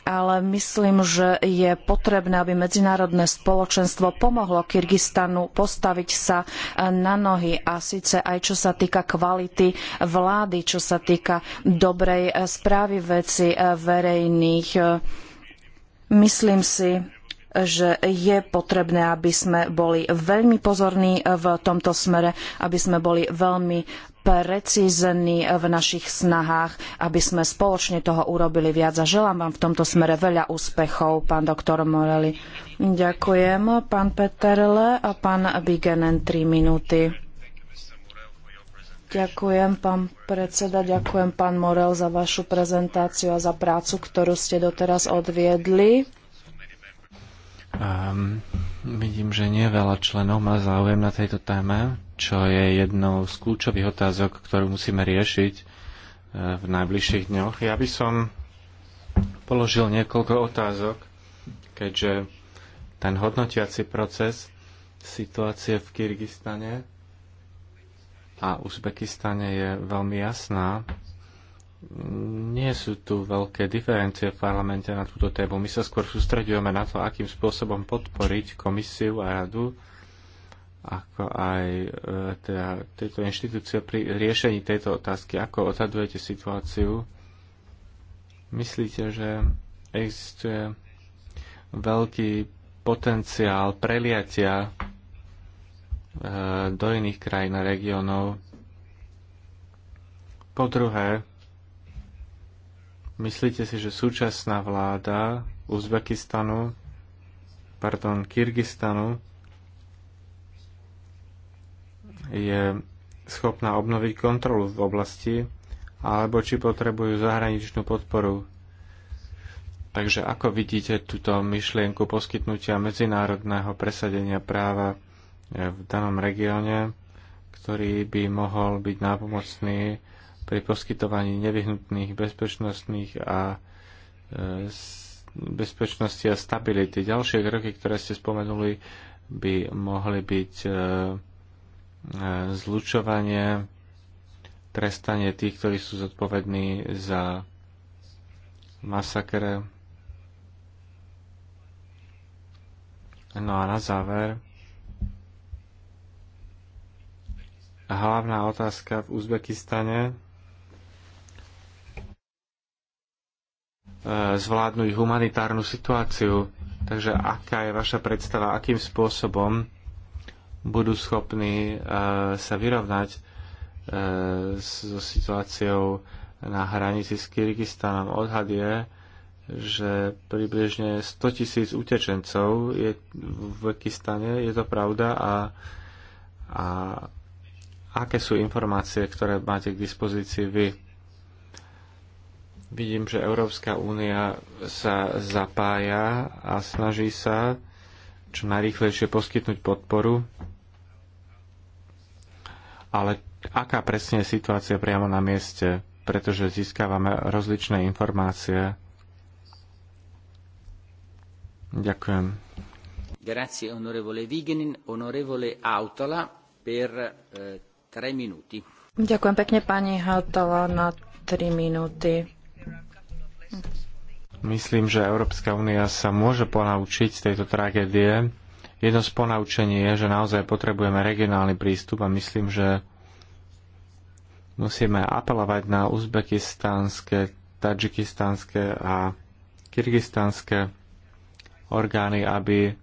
ale myslím, že je potrebné, aby medzinárodné spoločenstvo pomohlo Kyrgyzstanu postaviť sa eh, na nohy a síce aj čo sa týka kvality vlády, čo sa týka dobrej eh, správy veci eh, verejných. Myslím si, že je potrebné, aby sme boli veľmi pozorní v tomto smere, aby sme boli veľmi precízni v našich snahách, aby sme spoločne toho urobili viac. A želám vám v tomto smere veľa úspechov, pán doktor Morelli. Ďakujem, pán Peterle a pán Bigenen, 3 minúty. Ďakujem, pán predseda, ďakujem, pán Morel, za vašu prezentáciu a za prácu, ktorú ste doteraz odviedli. Um, vidím, že nie veľa členov má záujem na tejto téme čo je jednou z kľúčových otázok, ktorú musíme riešiť e, v najbližších dňoch. Ja by som položil niekoľko otázok, keďže ten hodnotiaci proces situácie v Kyrgyzstane a Uzbekistane je veľmi jasná. Nie sú tu veľké diferencie v parlamente na túto tému. My sa skôr sústredujeme na to, akým spôsobom podporiť komisiu a radu ako aj e, teda, tieto inštitúcie pri riešení tejto otázky. Ako odhadujete situáciu? Myslíte, že existuje veľký potenciál preliatia e, do iných krajín a regiónov? Po druhé, myslíte si, že súčasná vláda Uzbekistanu, pardon, Kyrgyzstanu, je schopná obnoviť kontrolu v oblasti, alebo či potrebujú zahraničnú podporu. Takže ako vidíte túto myšlienku poskytnutia medzinárodného presadenia práva e, v danom regióne, ktorý by mohol byť nápomocný pri poskytovaní nevyhnutných bezpečnostných a e, bezpečnosti a stability. Ďalšie kroky, ktoré ste spomenuli, by mohli byť e, zlučovanie, trestanie tých, ktorí sú zodpovední za masakre. No a na záver, hlavná otázka v Uzbekistane. E, zvládnuť humanitárnu situáciu. Takže aká je vaša predstava, akým spôsobom budú schopní e, sa vyrovnať e, so situáciou na hranici s Kyrgyzstanom. Odhad je, že približne 100 tisíc utečencov je v Kyrgyzstane, je to pravda a, a aké sú informácie, ktoré máte k dispozícii vy? Vidím, že Európska únia sa zapája a snaží sa čo najrýchlejšie poskytnúť podporu ale aká presne je situácia priamo na mieste, pretože získávame rozličné informácie. Ďakujem. Grazie onorevole Vigenin, onorevole Autola per eh, minuti. Ďakujem pekne pani Hautala na 3 minúty. Myslím, že Európska únia sa môže ponaučiť z tejto tragédie Jedno z ponaučení je, že naozaj potrebujeme regionálny prístup a myslím, že musíme apelovať na uzbekistánske, tadžikistánske a kyrgyzstánske orgány, aby e,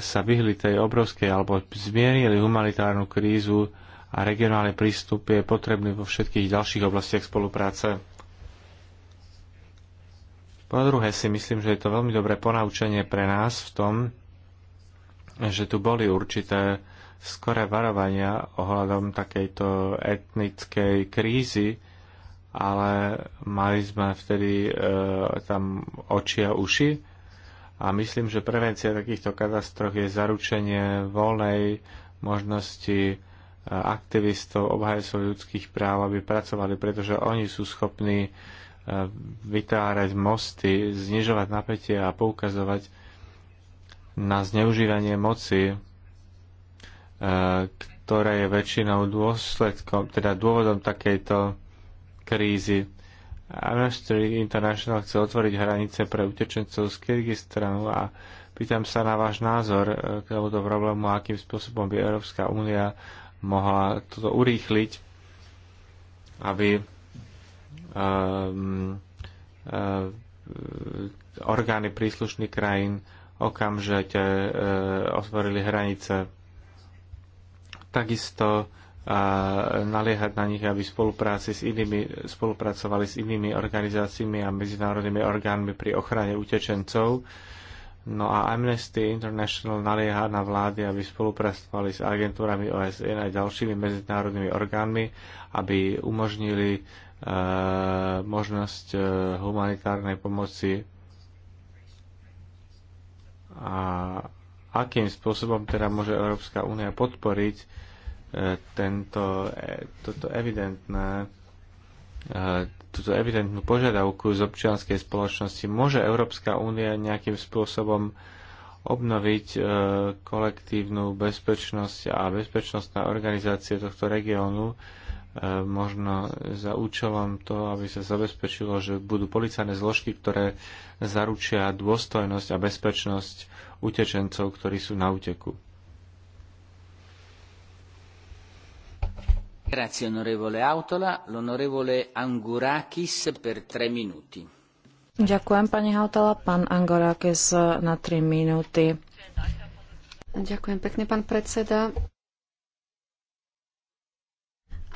sa vyhli tej obrovskej alebo zmierili humanitárnu krízu a regionálny prístup je potrebný vo všetkých ďalších oblastiach spolupráce. Po druhé si myslím, že je to veľmi dobré ponaučenie pre nás v tom, že tu boli určité skoré varovania ohľadom takejto etnickej krízy, ale mali sme vtedy e, tam oči a uši a myslím, že prevencia takýchto katastrof je zaručenie voľnej možnosti e, aktivistov, obhajcov ľudských práv, aby pracovali, pretože oni sú schopní e, vytvárať mosty, znižovať napätie a poukazovať na zneužívanie moci, e, ktoré je väčšinou dôsledkom, teda dôvodom takejto krízy. Amnesty International chce otvoriť hranice pre utečencov z Kyrgyzstanu a pýtam sa na váš názor e, k tomuto problému, akým spôsobom by Európska únia mohla toto urýchliť, aby um, um, orgány príslušných krajín okamžite e, otvorili hranice. Takisto a e, naliehať na nich, aby spolupráci s inými, spolupracovali s inými organizáciami a medzinárodnými orgánmi pri ochrane utečencov. No a Amnesty International nalieha na vlády, aby spolupracovali s agentúrami OSN a ďalšími medzinárodnými orgánmi, aby umožnili e, možnosť e, humanitárnej pomoci a akým spôsobom teda môže Európska únia podporiť e, tento, e, toto evidentné, e, túto evidentnú požiadavku z občianskej spoločnosti. Môže Európska únia nejakým spôsobom obnoviť kolektívnu bezpečnosť a bezpečnostná organizácia tohto regiónu, E, možno za účelom toho, aby sa zabezpečilo, že budú policajné zložky, ktoré zaručia dôstojnosť a bezpečnosť utečencov, ktorí sú na úteku. Grazie onorevole Autola, l'onorevole Angurakis per tre minuti. Ďakujem pani Hautala, pán Angurakis na tri minúty. Ďakujem pekne, pán predseda.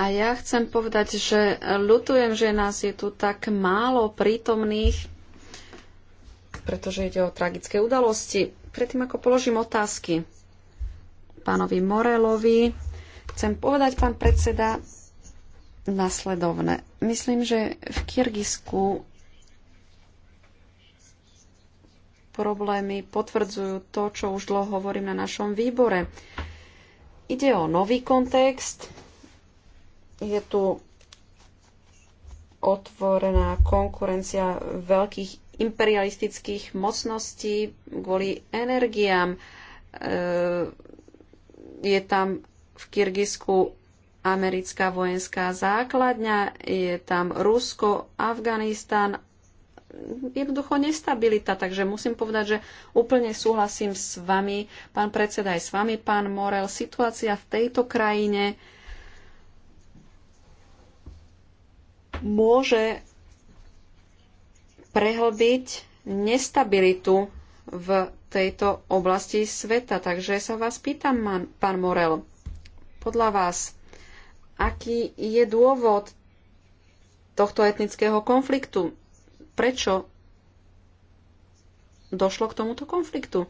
A ja chcem povedať, že ľutujem, že nás je tu tak málo prítomných, pretože ide o tragické udalosti. Predtým, ako položím otázky pánovi Morelovi, chcem povedať, pán predseda, nasledovné. Myslím, že v Kyrgyzsku problémy potvrdzujú to, čo už dlho hovorím na našom výbore. Ide o nový kontext, je tu otvorená konkurencia veľkých imperialistických mocností kvôli energiám. E, je tam v Kyrgyzsku americká vojenská základňa, je tam Rusko, Afganistan, jednoducho nestabilita. Takže musím povedať, že úplne súhlasím s vami, pán predseda, aj s vami, pán Morel. Situácia v tejto krajine môže prehlbiť nestabilitu v tejto oblasti sveta. Takže sa vás pýtam, pán Morel, podľa vás, aký je dôvod tohto etnického konfliktu? Prečo došlo k tomuto konfliktu?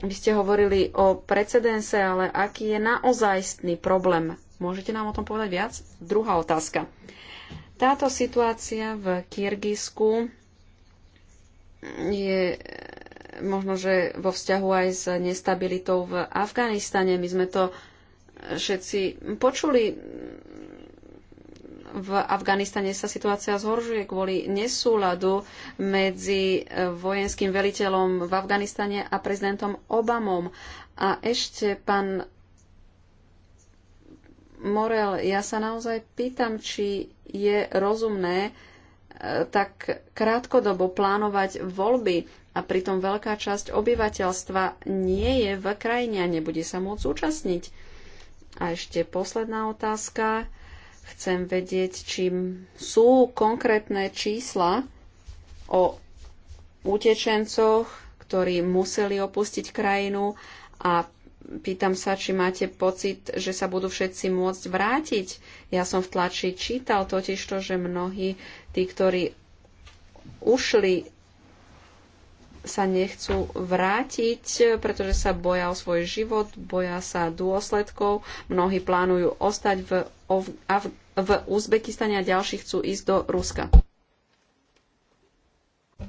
Vy ste hovorili o precedense, ale aký je naozajstný problém Môžete nám o tom povedať viac? Druhá otázka. Táto situácia v Kyrgyzsku je eh, možno, že vo vzťahu aj s nestabilitou v Afganistane. My sme to eh, všetci počuli. V Afganistane sa situácia zhoršuje kvôli nesúladu medzi eh, vojenským veliteľom v Afganistane a prezidentom Obamom. A ešte, pán Morel, ja sa naozaj pýtam, či je rozumné e, tak krátkodobo plánovať voľby a pritom veľká časť obyvateľstva nie je v krajine a nebude sa môcť zúčastniť. A ešte posledná otázka. Chcem vedieť, či sú konkrétne čísla o utečencoch, ktorí museli opustiť krajinu a pýtam sa, či máte pocit, že sa budú všetci môcť vrátiť. Ja som v tlači čítal totiž to, že mnohí tí, ktorí ušli, sa nechcú vrátiť, pretože sa boja o svoj život, boja sa dôsledkov. Mnohí plánujú ostať v, v, v Uzbekistane a ďalší chcú ísť do Ruska.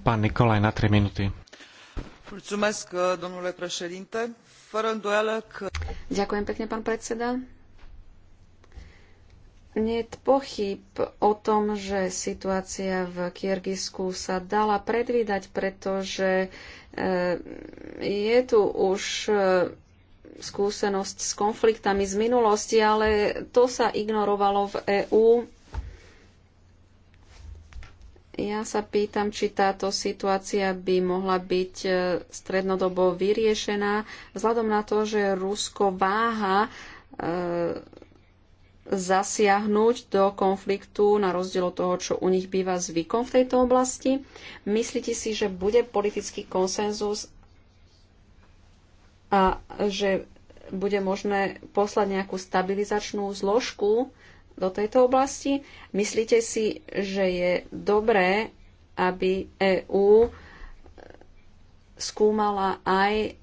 Pán Nikolaj na 3 minúty. Ďakujem pekne, pán predseda. Nie je pochyb o tom, že situácia v Kyrgyzsku sa dala predvídať, pretože eh, je tu už eh, skúsenosť s konfliktami z minulosti, ale to sa ignorovalo v EÚ ja sa pýtam, či táto situácia by mohla byť e, strednodobo vyriešená, vzhľadom na to, že Rusko váha e, zasiahnuť do konfliktu na rozdiel od toho, čo u nich býva zvykom v tejto oblasti. Myslíte si, že bude politický konsenzus a že bude možné poslať nejakú stabilizačnú zložku do tejto oblasti. Myslíte si, že je dobré, aby EÚ e, skúmala aj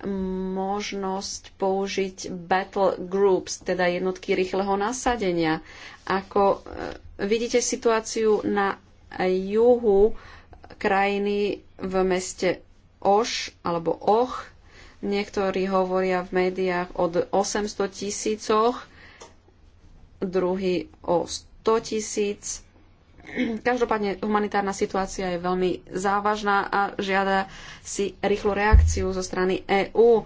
možnosť použiť battle groups, teda jednotky rýchleho nasadenia. Ako e, vidíte situáciu na juhu krajiny v meste Oš alebo Och, niektorí hovoria v médiách od 800 tisícoch druhý o 100 tisíc. Každopádne humanitárna situácia je veľmi závažná a žiada si rýchlu reakciu zo strany EÚ.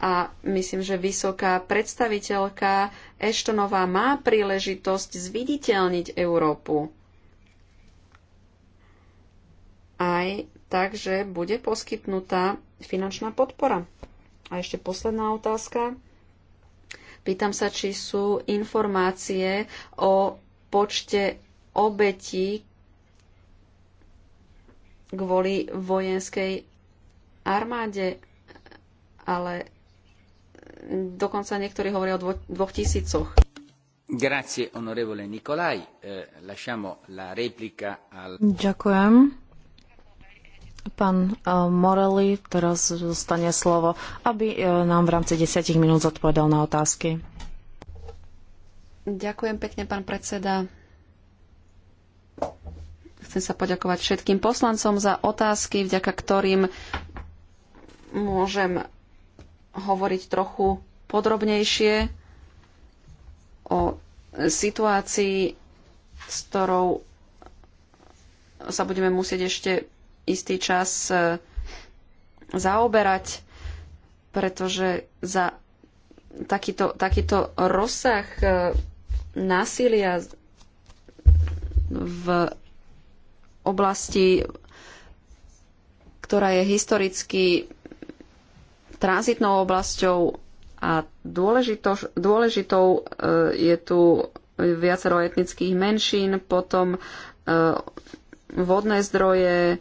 A myslím, že vysoká predstaviteľka Eštonová má príležitosť zviditeľniť Európu. Aj tak, že bude poskytnutá finančná podpora. A ešte posledná otázka. Pýtam sa, či sú informácie o počte obetí kvôli vojenskej armáde, ale dokonca niektorí hovoria o dvo dvoch tisícoch. Grazie, onorevole Nikolaj. Eh, lasciamo la replica al... Ďakujem. Pán e, Morelli teraz zostane slovo, aby e, nám v rámci 10 minút zodpovedal na otázky. Ďakujem pekne, pán predseda. Chcem sa poďakovať všetkým poslancom za otázky, vďaka ktorým môžem hovoriť trochu podrobnejšie o situácii, s ktorou sa budeme musieť ešte istý čas e, zaoberať, pretože za takýto, takýto rozsah e, násilia v oblasti, ktorá je historicky tranzitnou oblasťou a dôležito, dôležitou e, je tu viacero etnických menšín, potom vodné zdroje,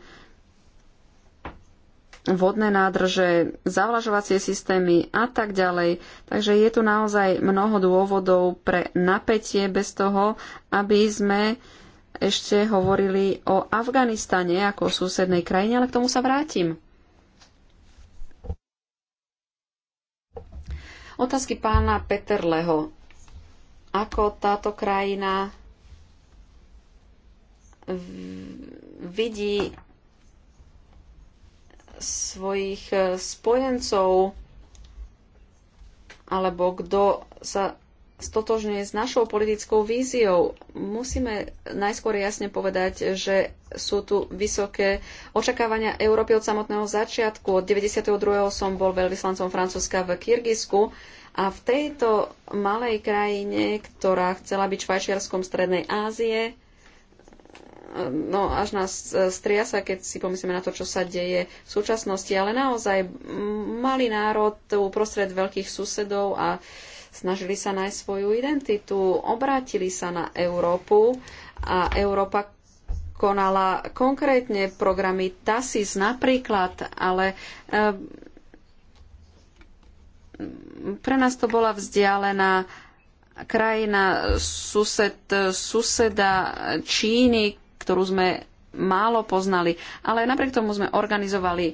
vodné nádrže, zavlažovacie systémy a tak ďalej. Takže je tu naozaj mnoho dôvodov pre napätie bez toho, aby sme ešte hovorili o Afganistane ako o susednej krajine, ale k tomu sa vrátim. Otázky pána Peterleho. Ako táto krajina vidí svojich e, spojencov alebo kto sa stotožňuje s našou politickou víziou. Musíme najskôr jasne povedať, že sú tu vysoké očakávania Európy od samotného začiatku. Od 92. som bol veľvyslancom Francúzska v Kyrgyzsku a v tejto malej krajine, ktorá chcela byť Švajčiarskom Strednej Ázie, no, až nás e, striasa, keď si pomyslíme na to, čo sa deje v súčasnosti, ale naozaj malý národ uprostred veľkých susedov a snažili sa nájsť svoju identitu, obrátili sa na Európu a Európa konala konkrétne programy TASIS napríklad, ale e, pre nás to bola vzdialená krajina sused, suseda Číny, ktorú sme málo poznali. Ale napriek tomu sme organizovali e,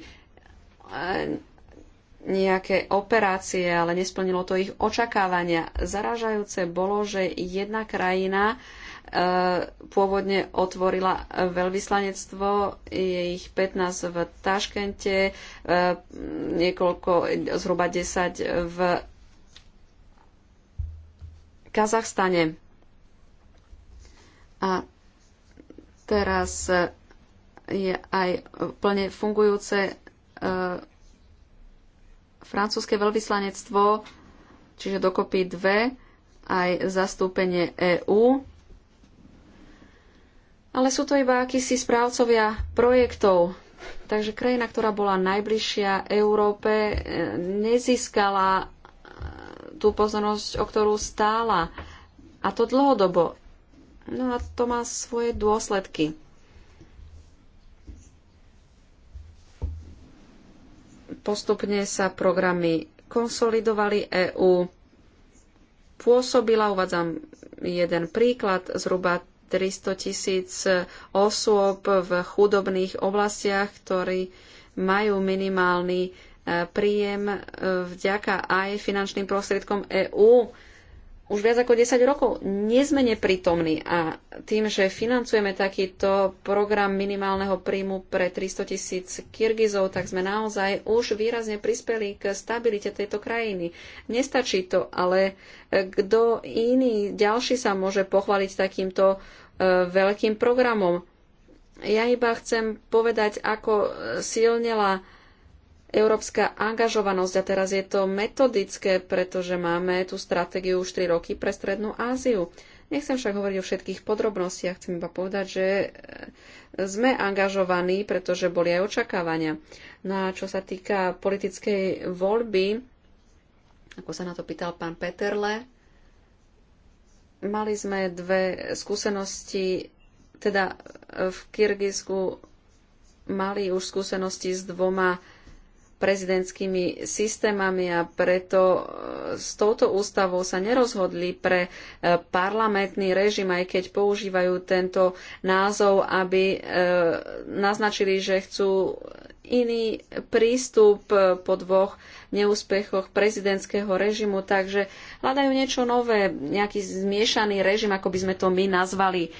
nejaké operácie, ale nesplnilo to ich očakávania. Zaražajúce bolo, že jedna krajina e, pôvodne otvorila veľvyslanectvo, je ich 15 v Taškente, e, niekoľko, zhruba 10 v Kazachstane. A Teraz e, je aj plne fungujúce e, francúzske veľvyslanectvo, čiže dokopy dve, aj zastúpenie EÚ. Ale sú to iba akísi správcovia projektov. Takže krajina, ktorá bola najbližšia Európe, e, nezískala e, tú pozornosť, o ktorú stála. A to dlhodobo. No a to má svoje dôsledky. Postupne sa programy konsolidovali EÚ. Pôsobila, uvádzam jeden príklad, zhruba 300 tisíc osôb v chudobných oblastiach, ktorí majú minimálny e, príjem e, vďaka aj finančným prostriedkom EÚ už viac ako 10 rokov nie sme neprítomní a tým, že financujeme takýto program minimálneho príjmu pre 300 tisíc Kyrgyzov, tak sme naozaj už výrazne prispeli k stabilite tejto krajiny. Nestačí to, ale e, kto iný, ďalší sa môže pochváliť takýmto e, veľkým programom. Ja iba chcem povedať, ako silnela európska angažovanosť a teraz je to metodické, pretože máme tú stratégiu už 3 roky pre Strednú Áziu. Nechcem však hovoriť o všetkých podrobnostiach, chcem iba povedať, že e, sme angažovaní, pretože boli aj očakávania. No a čo sa týka politickej voľby, ako sa na to pýtal pán Peterle, mali sme dve skúsenosti, teda e, v Kyrgyzsku mali už skúsenosti s dvoma prezidentskými systémami a preto e, s touto ústavou sa nerozhodli pre e, parlamentný režim, aj keď používajú tento názov, aby e, naznačili, že chcú iný prístup po dvoch neúspechoch prezidentského režimu, takže hľadajú niečo nové, nejaký zmiešaný režim, ako by sme to my nazvali,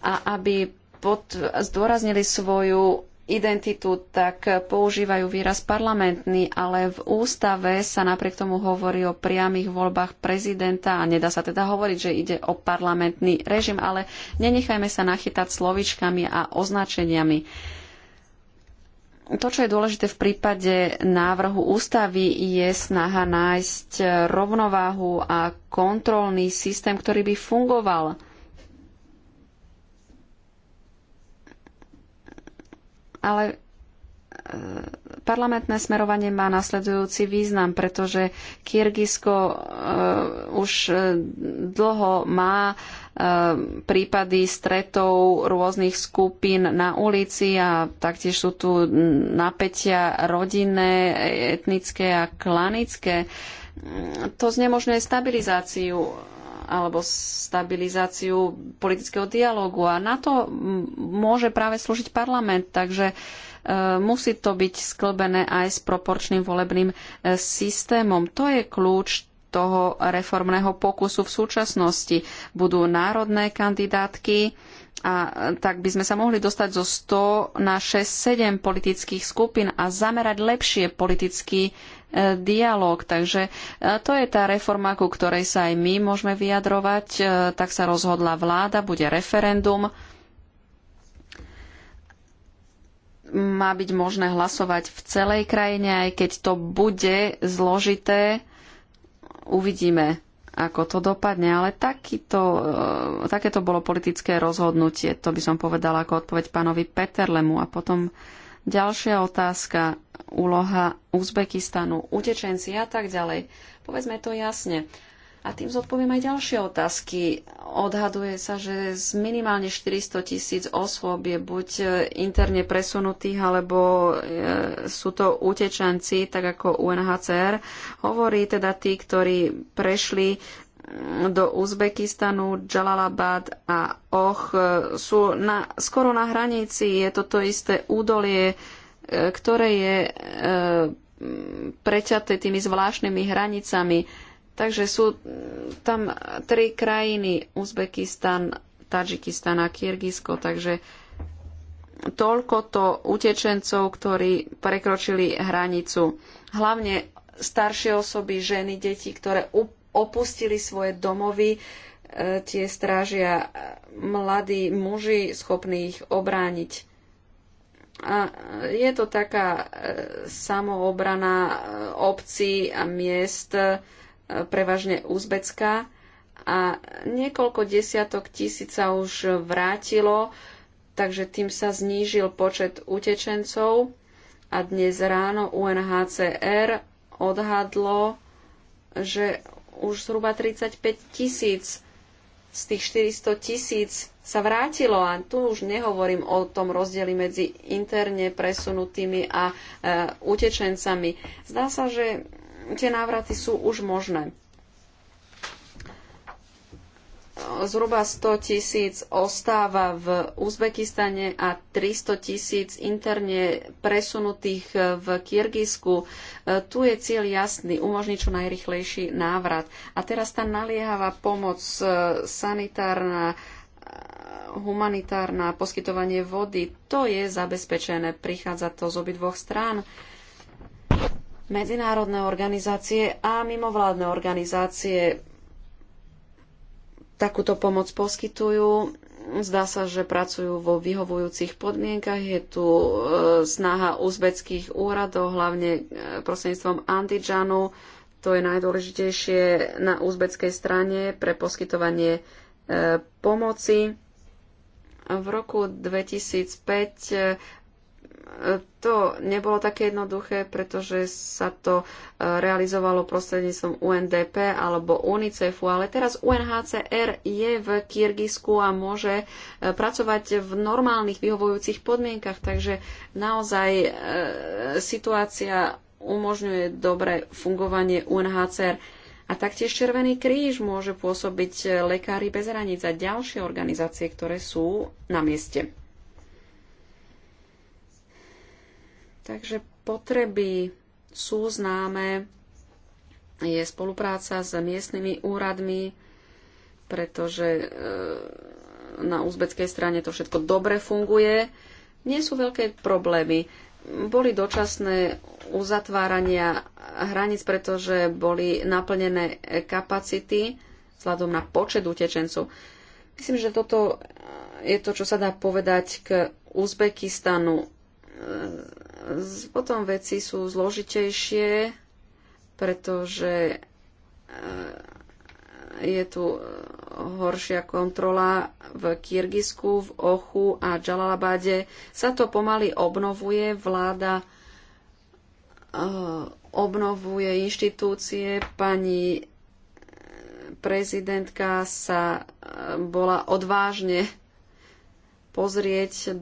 a aby pod, zdôraznili svoju identitu, tak používajú výraz parlamentný, ale v ústave sa napriek tomu hovorí o priamých voľbách prezidenta a nedá sa teda hovoriť, že ide o parlamentný režim, ale nenechajme sa nachytať slovičkami a označeniami. To, čo je dôležité v prípade návrhu ústavy, je snaha nájsť rovnováhu a kontrolný systém, ktorý by fungoval ale e, parlamentné smerovanie má nasledujúci význam, pretože Kyrgyzsko e, už e, dlho má prípady stretov rôznych skupín na ulici a taktiež sú tu napätia rodinné, etnické a klanické. To znemožňuje stabilizáciu alebo stabilizáciu politického dialógu. A na to môže práve slúžiť parlament, takže e, musí to byť sklbené aj s proporčným volebným e, systémom. To je kľúč toho reformného pokusu v súčasnosti. Budú národné kandidátky, a e, tak by sme sa mohli dostať zo 100 na 6-7 politických skupín a zamerať lepšie politický e, dialog. Takže e, to je tá reforma, ku ktorej sa aj my môžeme vyjadrovať. E, tak sa rozhodla vláda, bude referendum. Má byť možné hlasovať v celej krajine, aj keď to bude zložité. Uvidíme ako to dopadne. Ale takýto, e, takéto bolo politické rozhodnutie. To by som povedala ako odpoveď pánovi Peterlemu. A potom ďalšia otázka, úloha Uzbekistanu, utečenci a tak ďalej. Povedzme to jasne. A tým zodpoviem aj ďalšie otázky. Odhaduje sa, že z minimálne 400 tisíc osôb je buď e, interne presunutých, alebo e, sú to utečenci, tak ako UNHCR hovorí, teda tí, ktorí prešli do Uzbekistanu, Džalalabad a Och e, sú na, skoro na hranici. Je toto isté údolie, ktoré je preťaté tými zvláštnymi hranicami Takže sú mm, tam tri krajiny, Uzbekistan, Tadžikistan a Kyrgyzsko, takže toľko to utečencov, ktorí prekročili hranicu. Hlavne staršie osoby, ženy, deti, ktoré opustili svoje domovy, e, tie strážia e, mladí muži, schopní ich obrániť. A e, je to taká samoobrana obcí a miest, prevažne uzbecká. A niekoľko desiatok tisíc sa už vrátilo, takže tým sa znížil počet utečencov. A dnes ráno UNHCR odhadlo, že už zhruba 35 tisíc z tých 400 tisíc sa vrátilo a tu už nehovorím o tom rozdieli medzi interne presunutými a e, utečencami. Zdá sa, že tie návraty sú už možné. Zhruba 100 tisíc ostáva v Uzbekistane a 300 tisíc interne presunutých v Kyrgyzsku. E, tu je cieľ jasný, umožniť čo najrychlejší návrat. A teraz tá naliehavá pomoc e, sanitárna, e, humanitárna, poskytovanie vody, to je zabezpečené. Prichádza to z obidvoch strán. strán medzinárodné organizácie a mimovládne organizácie takúto pomoc poskytujú. Zdá sa, že pracujú vo vyhovujúcich podmienkach. Je tu e, snaha uzbeckých úradov, hlavne e, prostredníctvom Andidžanu. To je najdôležitejšie na uzbeckej strane pre poskytovanie e, pomoci. V roku 2005 to nebolo také jednoduché, pretože sa to e, realizovalo prostredníctvom UNDP alebo UNICEFu, ale teraz UNHCR je v Kyrgyzsku a môže e, pracovať v normálnych vyhovujúcich podmienkach, takže naozaj e, situácia umožňuje dobré fungovanie UNHCR. A taktiež Červený kríž môže pôsobiť lekári bez hraníc a ďalšie organizácie, ktoré sú na mieste. Takže potreby sú známe, je spolupráca s miestnymi úradmi, pretože e, na uzbeckej strane to všetko dobre funguje. Nie sú veľké problémy. Boli dočasné uzatvárania hraníc, pretože boli naplnené kapacity vzhľadom na počet utečencov. Myslím, že toto je to, čo sa dá povedať k Uzbekistanu e, potom veci sú zložitejšie, pretože eh, je tu horšia kontrola v Kyrgyzsku, v Ochu a Džalalabade. Sa to pomaly obnovuje, vláda eh, obnovuje inštitúcie. Pani eh, prezidentka sa bola odvážne pozrieť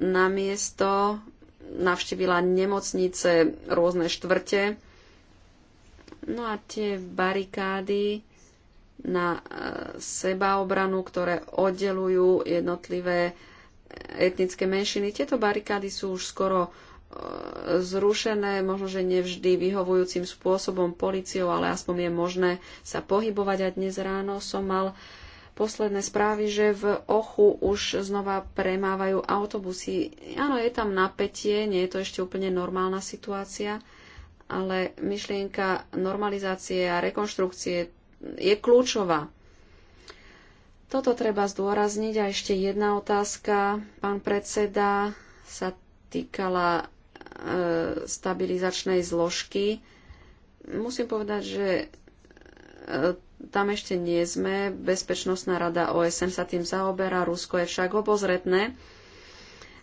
na miesto navštívila nemocnice, rôzne štvrte. No a tie barikády na e, sebaobranu, ktoré oddelujú jednotlivé e, etnické menšiny. Tieto barikády sú už skoro e, zrušené, možno, že nevždy vyhovujúcim spôsobom policiou, ale aspoň je možné sa pohybovať. A dnes ráno som mal uh, posledné správy, že v Ochu už znova premávajú autobusy. Áno, je tam napätie, nie je to ešte úplne normálna situácia, ale myšlienka normalizácie a rekonštrukcie je kľúčová. Toto treba zdôrazniť a ešte jedna otázka. Pán predseda sa týkala e, stabilizačnej zložky. Musím povedať, že e, tam ešte nie sme. Bezpečnostná rada OSN sa tým zaoberá, Rusko je však obozretné.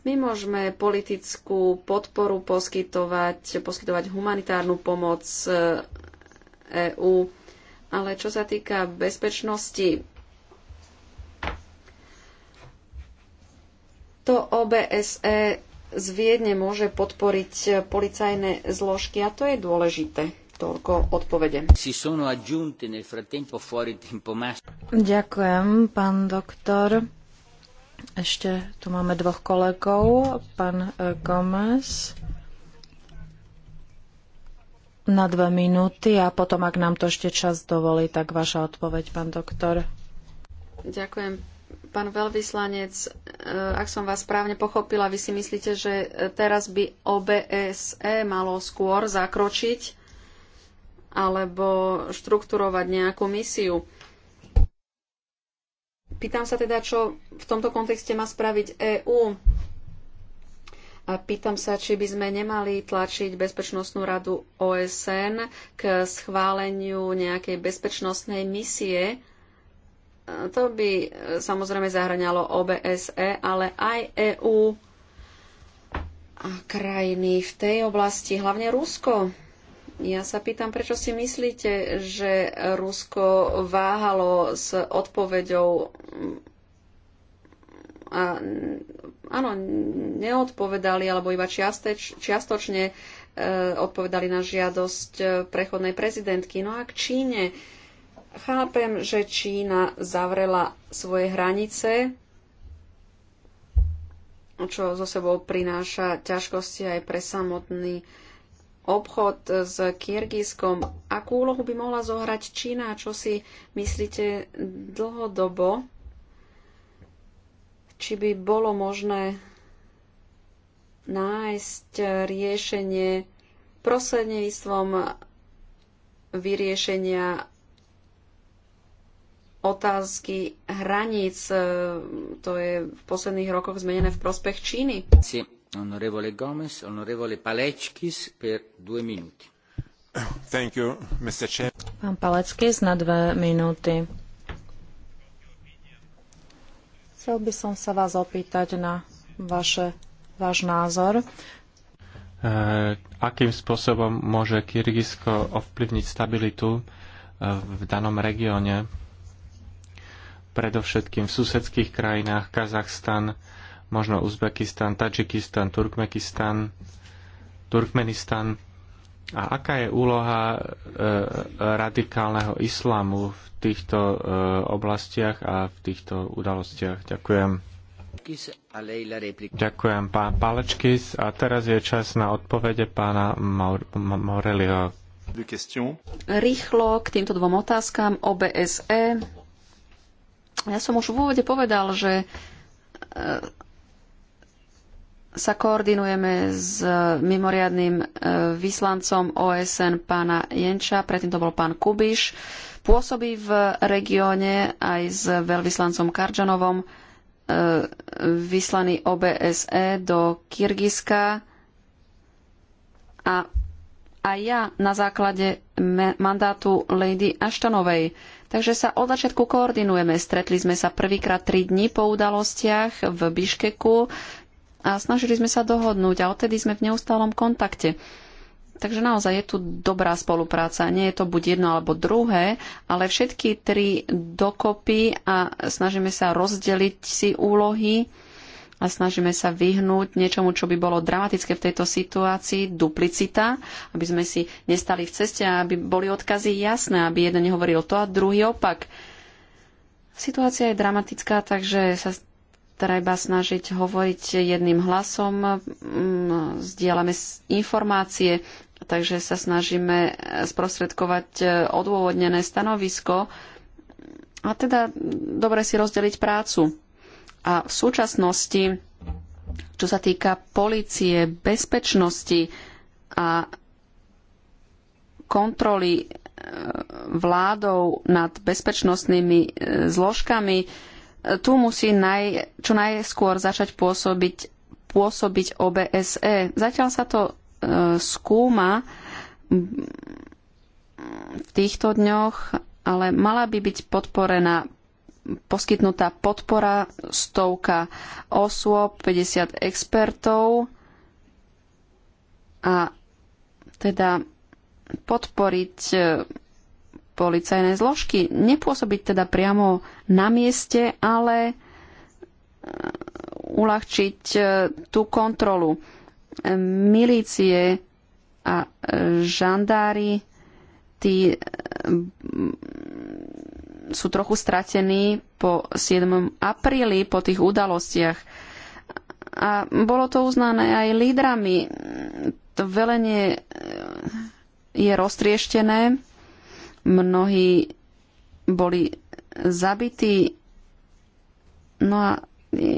My môžeme politickú podporu poskytovať, poskytovať humanitárnu pomoc EÚ, eh, e ale čo sa týka bezpečnosti, to OBSE z Viedne môže podporiť policajné zložky a to je dôležité toľko odpovede. Ďakujem, pán doktor. Ešte tu máme dvoch kolegov. Pán eh, Gomez na dve minúty a potom, ak nám to ešte čas dovolí, tak vaša odpoveď, pán doktor. Ďakujem. Pán veľvyslanec, eh, ak som vás správne pochopila, vy si myslíte, že eh, teraz by OBSE malo skôr zakročiť alebo štrukturovať nejakú misiu. Pýtam sa teda, čo v tomto kontexte má spraviť EÚ. A pýtam sa, či by sme nemali tlačiť Bezpečnostnú radu OSN k schváleniu nejakej bezpečnostnej misie. To by e, samozrejme zahŕňalo OBSE, ale aj EÚ a krajiny v tej oblasti, hlavne Rusko ja sa pýtam, prečo si myslíte, že Rusko váhalo s odpoveďou a áno, neodpovedali alebo iba čiasteč, čiastočne e, odpovedali na žiadosť e, prechodnej prezidentky. No a k Číne chápem, že Čína zavrela svoje hranice, čo zo sebou prináša ťažkosti aj pre samotný obchod s Kyrgyzskom. Akú úlohu by mohla zohrať Čína? Čo si myslíte dlhodobo? Či by bolo možné nájsť riešenie prostredníctvom vyriešenia otázky hraníc. Eh, to je v posledných rokoch zmenené v prospech Číny. Gomes, you, Pán Paleckis na dve minúty. Chcel by som sa vás opýtať na vaše, váš názor. E, akým spôsobom môže Kyrgyzsko ovplyvniť stabilitu e, v danom regióne? Predovšetkým v susedských krajinách Kazachstan, možno Uzbekistan, Tadžikistan, Turkmekistan, Turkmenistan. A aká je úloha e, radikálneho islámu v týchto e, oblastiach a v týchto udalostiach? Ďakujem. Ďakujem, pán Palečkis. A teraz je čas na odpovede pána Moreliho. Rýchlo k týmto dvom otázkam OBSE. Ja som už v úvode povedal, že e, sa koordinujeme s mimoriadným e, vyslancom OSN pána Jenča, predtým to bol pán Kubiš. Pôsobí v regióne aj s veľvyslancom Karžanovom e, vyslaný OBSE do Kyrgyzska a aj ja na základe mandátu Lady Ashtonovej. Takže sa od začiatku koordinujeme. Stretli sme sa prvýkrát tri dni po udalostiach v Biškeku a snažili sme sa dohodnúť a odtedy sme v neustálom kontakte. Takže naozaj je tu dobrá spolupráca. Nie je to buď jedno alebo druhé, ale všetky tri dokopy a snažíme sa rozdeliť si úlohy a snažíme sa vyhnúť niečomu, čo by bolo dramatické v tejto situácii, duplicita, aby sme si nestali v ceste a aby boli odkazy jasné, aby jeden nehovoril to a druhý opak. Situácia je dramatická, takže sa treba snažiť hovoriť jedným hlasom, mm, zdieľame informácie, takže sa snažíme sprostredkovať e, odôvodnené stanovisko a teda dobre si rozdeliť prácu. A v súčasnosti, čo sa týka policie, bezpečnosti a kontroly e, vládou nad bezpečnostnými e, zložkami, tu musí naj, čo najskôr začať pôsobiť, pôsobiť OBSE. Zatiaľ sa to e, skúma v týchto dňoch, ale mala by byť podporená poskytnutá podpora, stovka osôb, 50 expertov a teda podporiť e, policajné zložky. Nepôsobiť teda priamo na mieste, ale e, uľahčiť e, tú kontrolu. E, milície a žandári tí sú trochu stratení po 7. apríli, po tých udalostiach. A bolo to uznané aj lídrami. To velenie je roztrieštené Mnohí boli zabití. No a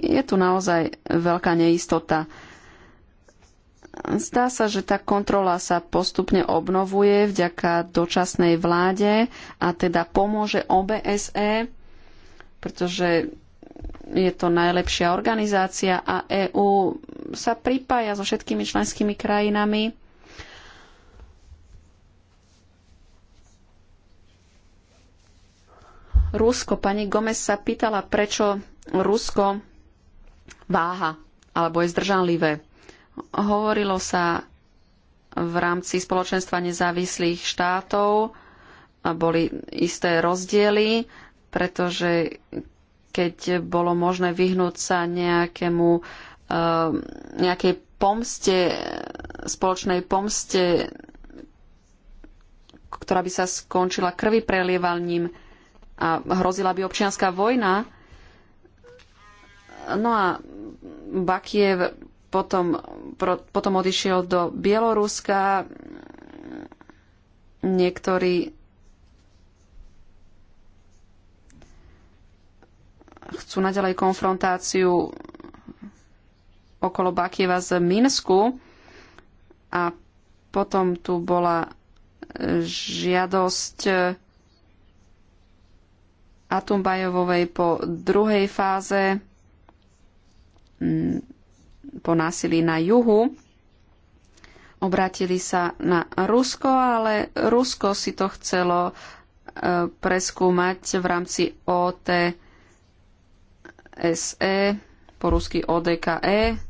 je tu naozaj veľká neistota. Zdá sa, že tá kontrola sa postupne obnovuje vďaka dočasnej vláde a teda pomôže OBSE, pretože je to najlepšia organizácia a EÚ sa pripája so všetkými členskými krajinami Rusko. Pani Gomez sa pýtala, prečo Rusko váha alebo je zdržanlivé. Hovorilo sa v rámci spoločenstva nezávislých štátov, boli isté rozdiely, pretože keď bolo možné vyhnúť sa nejakému, ehm, nejakej pomste, spoločnej pomste, ktorá by sa skončila krvi prelievaním, a hrozila by občianská vojna. No a Bakiev potom, pro, potom odišiel do Bieloruska. Niektorí chcú naďalej konfrontáciu okolo Bakieva z Minsku a potom tu bola žiadosť Atumbajovovej po druhej fáze mm, po násilí na juhu. Obratili sa na Rusko, ale Rusko si to chcelo e, preskúmať v rámci OTSE, po rusky ODKE.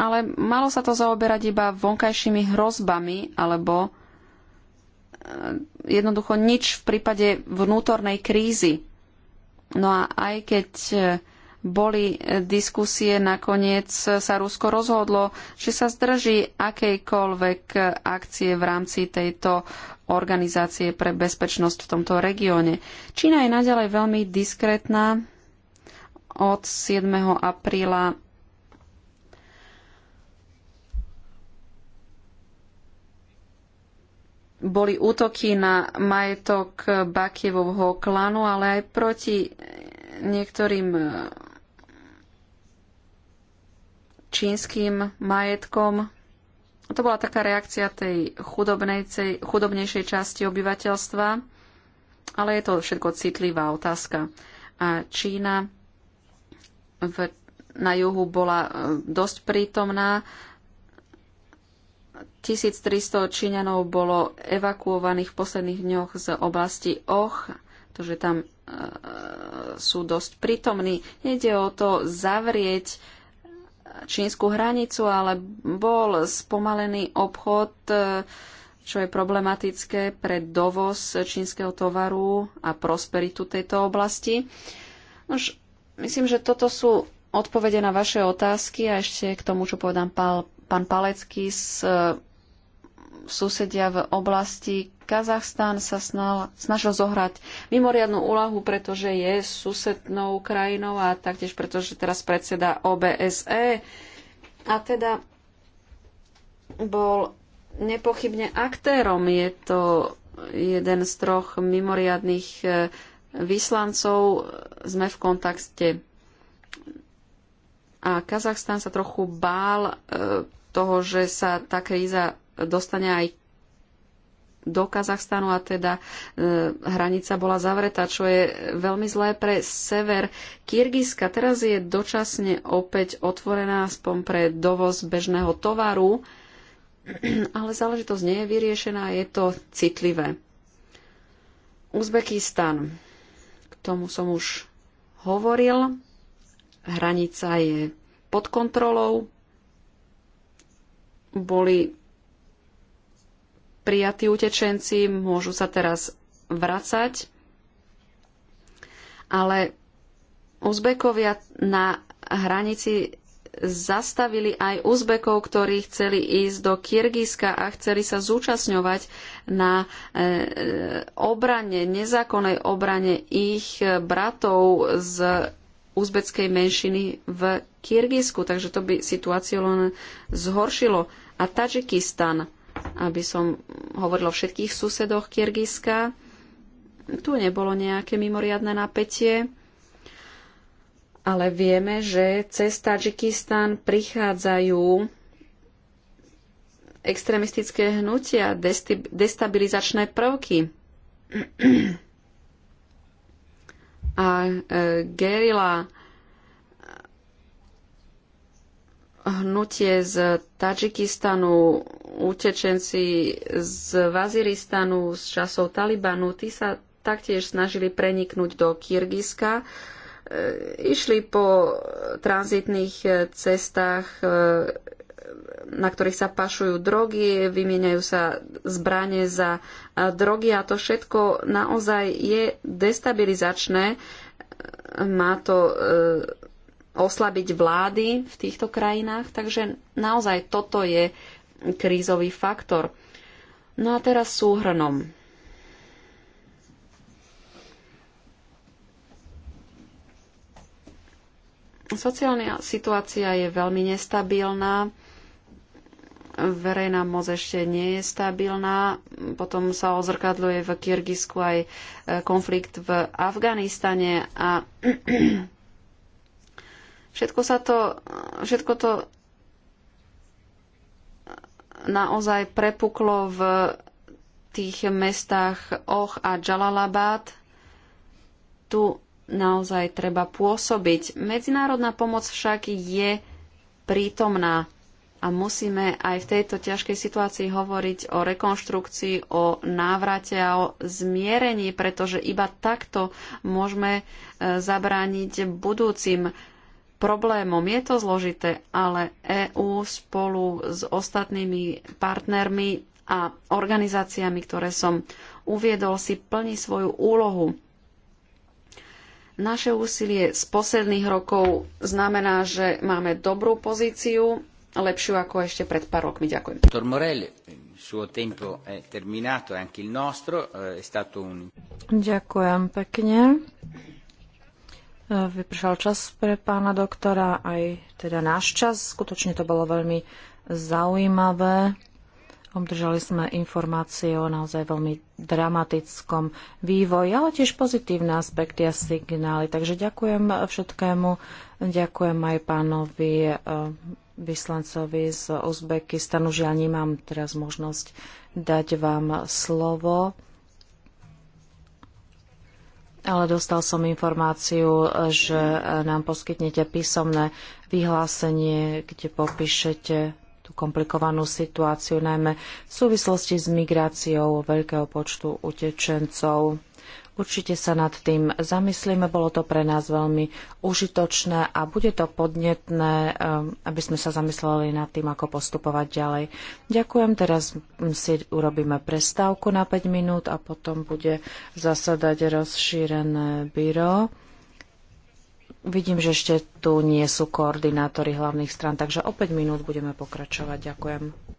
Ale malo sa to zaoberať iba vonkajšími hrozbami alebo Eh, jednoducho nič v prípade vnútornej krízy. No a aj keď eh, boli eh, diskusie, nakoniec sa Rusko rozhodlo, že sa zdrží akejkoľvek akcie v rámci tejto organizácie pre bezpečnosť v tomto regióne. Čína je naďalej veľmi diskrétna. Od 7. apríla boli útoky na majetok Bakievovho klanu, ale aj proti niektorým e, čínskym majetkom. To bola taká reakcia tej chudobnejšej časti obyvateľstva, ale je to všetko citlivá otázka. A Čína v, na juhu bola e, dosť prítomná 1300 Číňanov bolo evakuovaných v posledných dňoch z oblasti Och, to, že tam e, sú dosť prítomní. Nejde o to zavrieť e, čínsku hranicu, ale bol spomalený obchod, e, čo je problematické pre dovoz čínskeho tovaru a prosperitu tejto oblasti. Už myslím, že toto sú odpovede na vaše otázky a ešte k tomu, čo povedal pán Palecký z susedia v oblasti. Kazachstán sa snal, snažil zohrať mimoriadnú úlahu, pretože je susednou krajinou a taktiež pretože teraz predseda OBSE. A teda bol nepochybne aktérom. Je to jeden z troch mimoriadných e, vyslancov. Sme v kontakte. A Kazachstan sa trochu bál e, toho, že sa tá kríza dostane aj do Kazachstanu a teda e, hranica bola zavretá, čo je veľmi zlé pre sever Kyrgyzska. Teraz je dočasne opäť otvorená aspoň pre dovoz bežného tovaru, ale záležitosť nie je vyriešená a je to citlivé. Uzbekistan. K tomu som už hovoril. Hranica je pod kontrolou. Boli prijatí utečenci, môžu sa teraz vracať. Ale Uzbekovia na hranici zastavili aj Uzbekov, ktorí chceli ísť do Kyrgyzska a chceli sa zúčastňovať na e, e, obrane, nezákonnej obrane ich bratov z uzbeckej menšiny v Kyrgyzsku. Takže to by situáciu len zhoršilo. A Tadžikistan aby som hovoril o všetkých susedoch Kyrgyzska. Tu nebolo nejaké mimoriadne napätie, ale vieme, že cez Tadžikistan prichádzajú extremistické hnutia, destabilizačné prvky. A e, gerila hnutie z Tadžikistanu, utečenci z Vaziristanu z časov Talibanu, tí sa taktiež snažili preniknúť do Kyrgyzska. E, išli po tranzitných e, cestách, e, na ktorých sa pašujú drogy, vymieňajú sa zbranie za drogy a to všetko naozaj je destabilizačné. Má to oslabiť vlády v týchto krajinách, takže naozaj toto je krízový faktor. No a teraz súhrnom. Sociálna situácia je veľmi nestabilná, verejná moc ešte nie je stabilná, potom sa ozrkadľuje v Kyrgyzsku aj e, konflikt v Afganistane a Všetko sa to, všetko to naozaj prepuklo v tých mestách Och a Jalalabad. Tu naozaj treba pôsobiť. Medzinárodná pomoc však je prítomná a musíme aj v tejto ťažkej situácii hovoriť o rekonštrukcii, o návrate a o zmierení, pretože iba takto môžeme e, zabrániť budúcim problémom. Je to zložité, ale EÚ spolu s ostatnými partnermi a organizáciami, ktoré som uviedol, si plní svoju úlohu. Naše úsilie z posledných rokov znamená, že máme dobrú pozíciu, lepšiu ako ešte pred pár rokmi. Ďakujem. Eh, Ďakujem pekne. E, vypršal čas pre pána doktora, aj teda náš čas. Skutočne to bolo veľmi zaujímavé. Obdržali sme informácie o naozaj veľmi dramatickom vývoji, ale tiež pozitívne aspekty a signály. Takže ďakujem všetkému. Ďakujem aj pánovi e, vyslancovi z Uzbekistanu. Žiaľ, nemám teraz možnosť dať vám slovo ale dostal som informáciu, že nám poskytnete písomné vyhlásenie, kde popíšete tú komplikovanú situáciu, najmä v súvislosti s migráciou veľkého počtu utečencov. Určite sa nad tým zamyslíme, bolo to pre nás veľmi užitočné a bude to podnetné, eh, aby sme sa zamysleli nad tým, ako postupovať ďalej. Ďakujem, teraz si urobíme prestávku na 5 minút a potom bude zasadať rozšírené byro. Vidím, že ešte tu nie sú koordinátory hlavných stran, takže o 5 minút budeme pokračovať. Ďakujem.